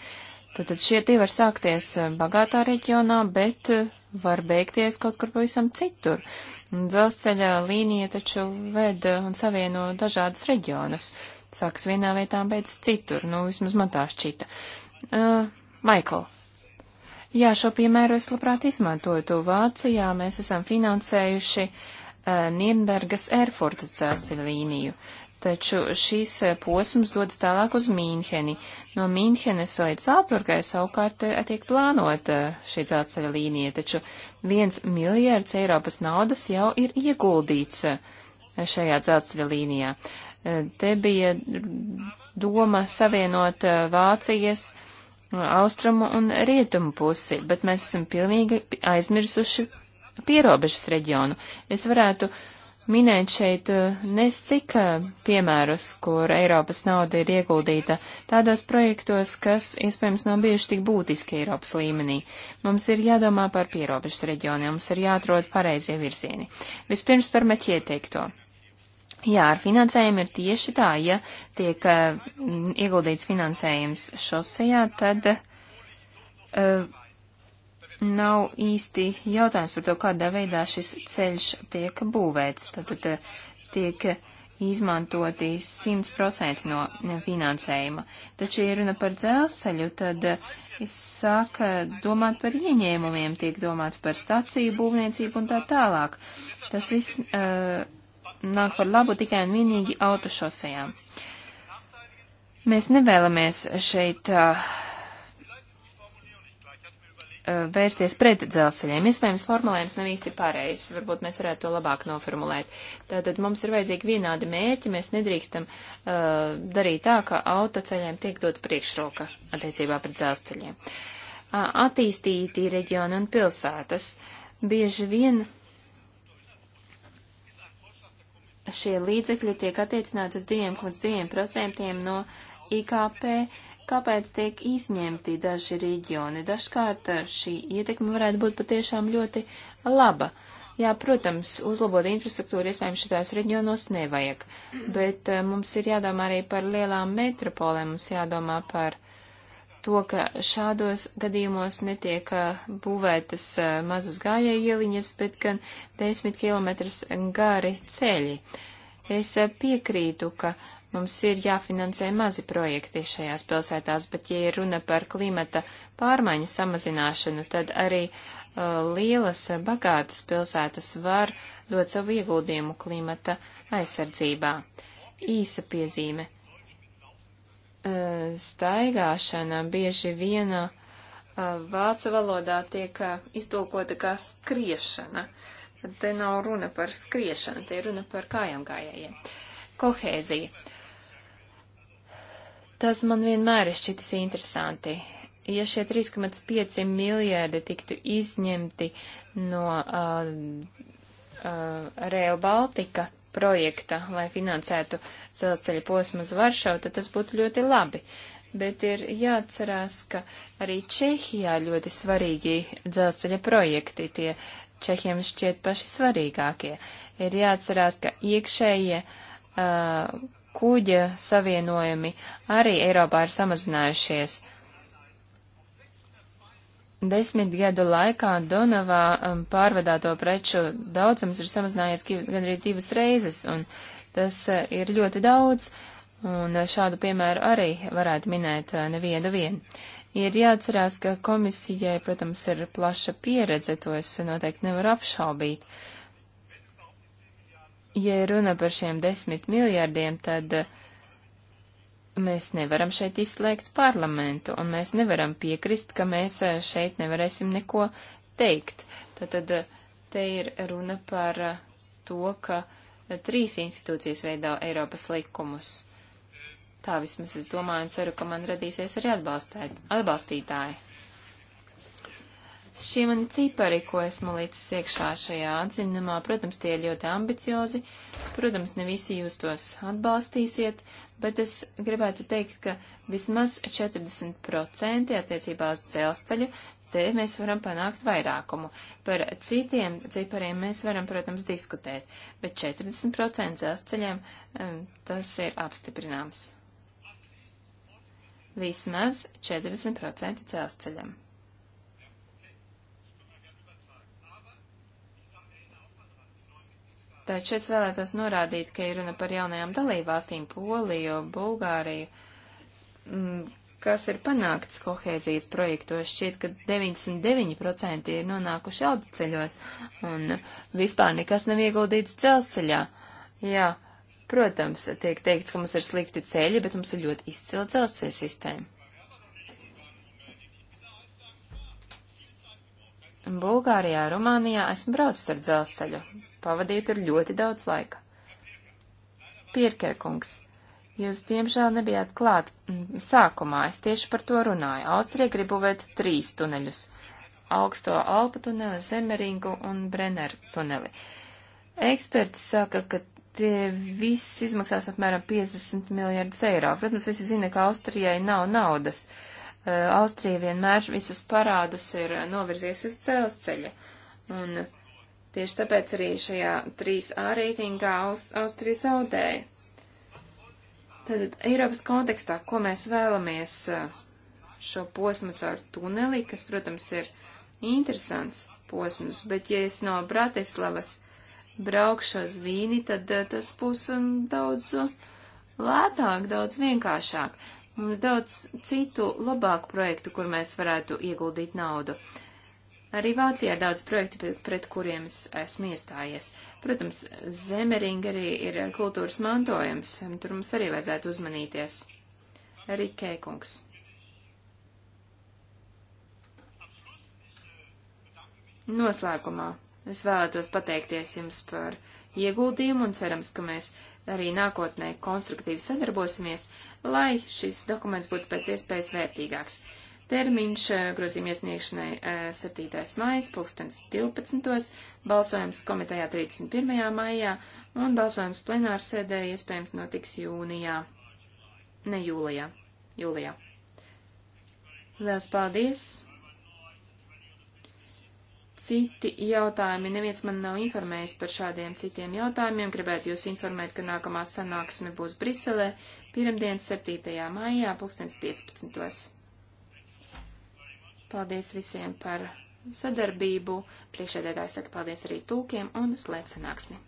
Tātad šie tie var sākties bagātā reģionā, bet var beigties kaut kur pavisam citur. Dzelzceļa līnija taču ved un savieno dažādas reģionus. Sākas vienā vietā un beidzas citur, nu vismaz man tā šķita. Uh, Uh, Maikl. Jā, šo piemēru es labprāt izmantotu. Vācijā mēs esam finansējuši uh, Nienbergas Erfurtas dzelzceļa līniju taču šīs uh, posms dodas tālāk uz Mīnheni. No Mīnhenes līdz Zālburgai savukārt uh, tiek plānota uh, šī dzelzceļa līnija, taču viens miljards Eiropas naudas jau ir ieguldīts šajā dzelzceļa līnijā. Te bija doma savienot Vācijas austrumu un rietumu pusi, bet mēs esam pilnīgi aizmirsuši pierobežas reģionu. Es varētu minēt šeit uh, nescik uh, piemērus, kur Eiropas nauda ir ieguldīta tādos projektos, kas iespējams nav bijuši tik būtiski Eiropas līmenī. Mums ir jādomā par pierobežas reģioniem, mums ir jāatrod pareizie virzieni. Vispirms par meķieteikto. teikto. Jā, ar finansējumu ir tieši tā. Ja tiek uh, ieguldīts finansējums šosejā, tad uh, nav īsti jautājums par to, kādā veidā šis ceļš tiek būvēts. Tad, tad uh, tiek izmantoti 100% no finansējuma. Taču, ja runa par dzelzceļu, tad sāk domāt par ieņēmumiem, tiek domāts par staciju būvniecību un tā tālāk. Tas viss uh, nāk par labu tikai un vienīgi autošosejām. Mēs nevēlamies šeit uh, vērsties pret dzelzceļiem. Iespējams, formulējums nav īsti pareizs, varbūt mēs varētu to labāk noformulēt. Tātad mums ir vajadzīgi vienādi mērķi, mēs nedrīkstam uh, darīt tā, ka autoceļiem tiek dot priekšroka attiecībā pret dzelzceļiem. Uh, attīstīti reģioni un pilsētas bieži vien šie līdzekļi tiek attiecināti uz 2,2% no IKP, kāpēc tiek izņemti daži reģioni. Dažkārt eh, šī ietekme varētu būt patiešām ļoti laba. Jā, protams, uzlabot infrastruktūru iespējams šitās reģionos nevajag, bet eh, mums ir jādomā arī par lielām metropolēm, mums jādomā par uh, to, ka šādos gadījumos netiek būvētas mazas gājēju ieliņas, bet gan 10 km gari ceļi. Es piekrītu, ka mums ir jāfinansē mazi projekti šajās pilsētās, bet ja ir runa par klimata pārmaiņu samazināšanu, tad arī uh, lielas bagātas pilsētas var dot savu ieguldījumu klimata aizsardzībā. Īsa piezīme. Eh, staigāšana bieži viena eh, vācu valodā tiek eh, iztulkota kā skriešana. Te nav runa par skriešanu, te ir runa par kājām gājējiem. Kohēzija. Tas man vienmēr ir šķitis interesanti. Ja šie 3,5 miljārdi tiktu izņemti no uh, uh, Rail Baltica, projekta, lai finansētu dzelzceļa posmu uz Varšavu, tad tas būtu ļoti labi. Bet ir jāatcerās, ka arī Čehijā ļoti svarīgi dzelzceļa projekti, tie Čehiem šķiet paši svarīgākie. Ir jāatcerās, ka iekšējie uh, kuģa savienojumi arī Eiropā ir samazinājušies. Uh, Desmit gadu laikā Donavā um, pārvadāto preču daudzums ir samazinājies gandrīz divas reizes, un tas uh, ir ļoti daudz, un uh, šādu piemēru arī varētu minēt uh, nevienu vienu. Ir jāatcerās, ka komisijai, protams, ir plaša pieredze, to es noteikti nevaru apšaubīt. Ja runa par šiem desmit miljārdiem, tad uh, Mēs nevaram šeit izslēgt parlamentu, un mēs nevaram piekrist, ka mēs eh, šeit nevarēsim neko teikt. Tātad eh, te ir runa par eh, to, ka trīs institūcijas veido Eiropas likumus. Tā vismaz es domāju un ceru, ka man radīsies arī atbalstītāji. Šie mani cipari, ko esmu līdzis iekšā šajā atzinumā, protams, tie ir ļoti ambiciozi, protams, ne visi jūs tos atbalstīsiet, bet es gribētu teikt, ka vismaz 40% attiecībā uz dzelzceļu te mēs varam panākt vairākumu. Par citiem cipariem mēs varam, protams, diskutēt, bet 40% dzelzceļiem tas ir apstiprināms. Vismaz 40% dzelzceļam. Taču es vēlētos norādīt, ka ir runa par jaunajām dalībvalstīm - Poliju, Bulgāriju, mm, kas ir panākts kohēzijas projektos. Šķiet, ka 99% ir nonākuši autoceļos un vispār nekas nav ieguldīts dzelzceļā. Jā, protams, tiek teikts, ka mums ir slikti ceļi, bet mums ir ļoti izcila dzelzceļa sistēma. Bulgārijā, Rumānijā esmu braucis ar dzelzceļu pavadīju tur ļoti daudz laika. Pierkerkungs, jūs diemžēl nebijāt klāt sākumā, es tieši par to runāju. Austrija grib būvēt trīs tuneļus - augsto Alpu tuneli, Zemeringu un Brenner tuneli. Eksperti saka, ka tie viss izmaksās apmēram 50 miljardus eiro. Protams, visi zina, ka Austrijai nav naudas. Uh, Austrija vienmēr visus parādus ir novirzies uz dzelzceļa. Un Tieši tāpēc arī šajā 3A reitingā Aust Austrija zaudēja. Tātad Eiropas kontekstā, ko mēs vēlamies šo posmu caur tuneli, kas, protams, ir interesants posms, bet ja es no Bratislavas braukšu uz Vīni, tad tas būs daudz lētāk, daudz vienkāršāk. Un daudz citu labāku projektu, kur mēs varētu ieguldīt naudu. Uh, Arī Vācijā ir daudz projektu, pret kuriem es esmu iestājies. Protams, zemeringa arī ir kultūras mantojums, un tur mums arī vajadzētu uzmanīties. Arī Kēkungs. Noslēgumā es vēlētos pateikties jums par ieguldījumu un cerams, ka mēs arī nākotnē konstruktīvi sadarbosimies, lai šis dokuments būtu pēc iespējas vērtīgāks. Termiņš eh, grozījuma iesniegšanai 7. Eh, maijas, pulkstens 12. Balsojums komitejā 31. maijā un balsojums plenārsēdē iespējams notiks jūnijā. Ne jūlijā. Jūlijā. Lielas paldies! Citi jautājumi. Neviens man nav informējis par šādiem citiem jautājumiem. Gribētu jūs informēt, ka nākamā sanāksme būs Briselē pirmdien 7. maijā, pulkstens 15. Paldies visiem par sadarbību. Priekšēdētājs saka paldies arī tūkiem un slēdz sanāksmi.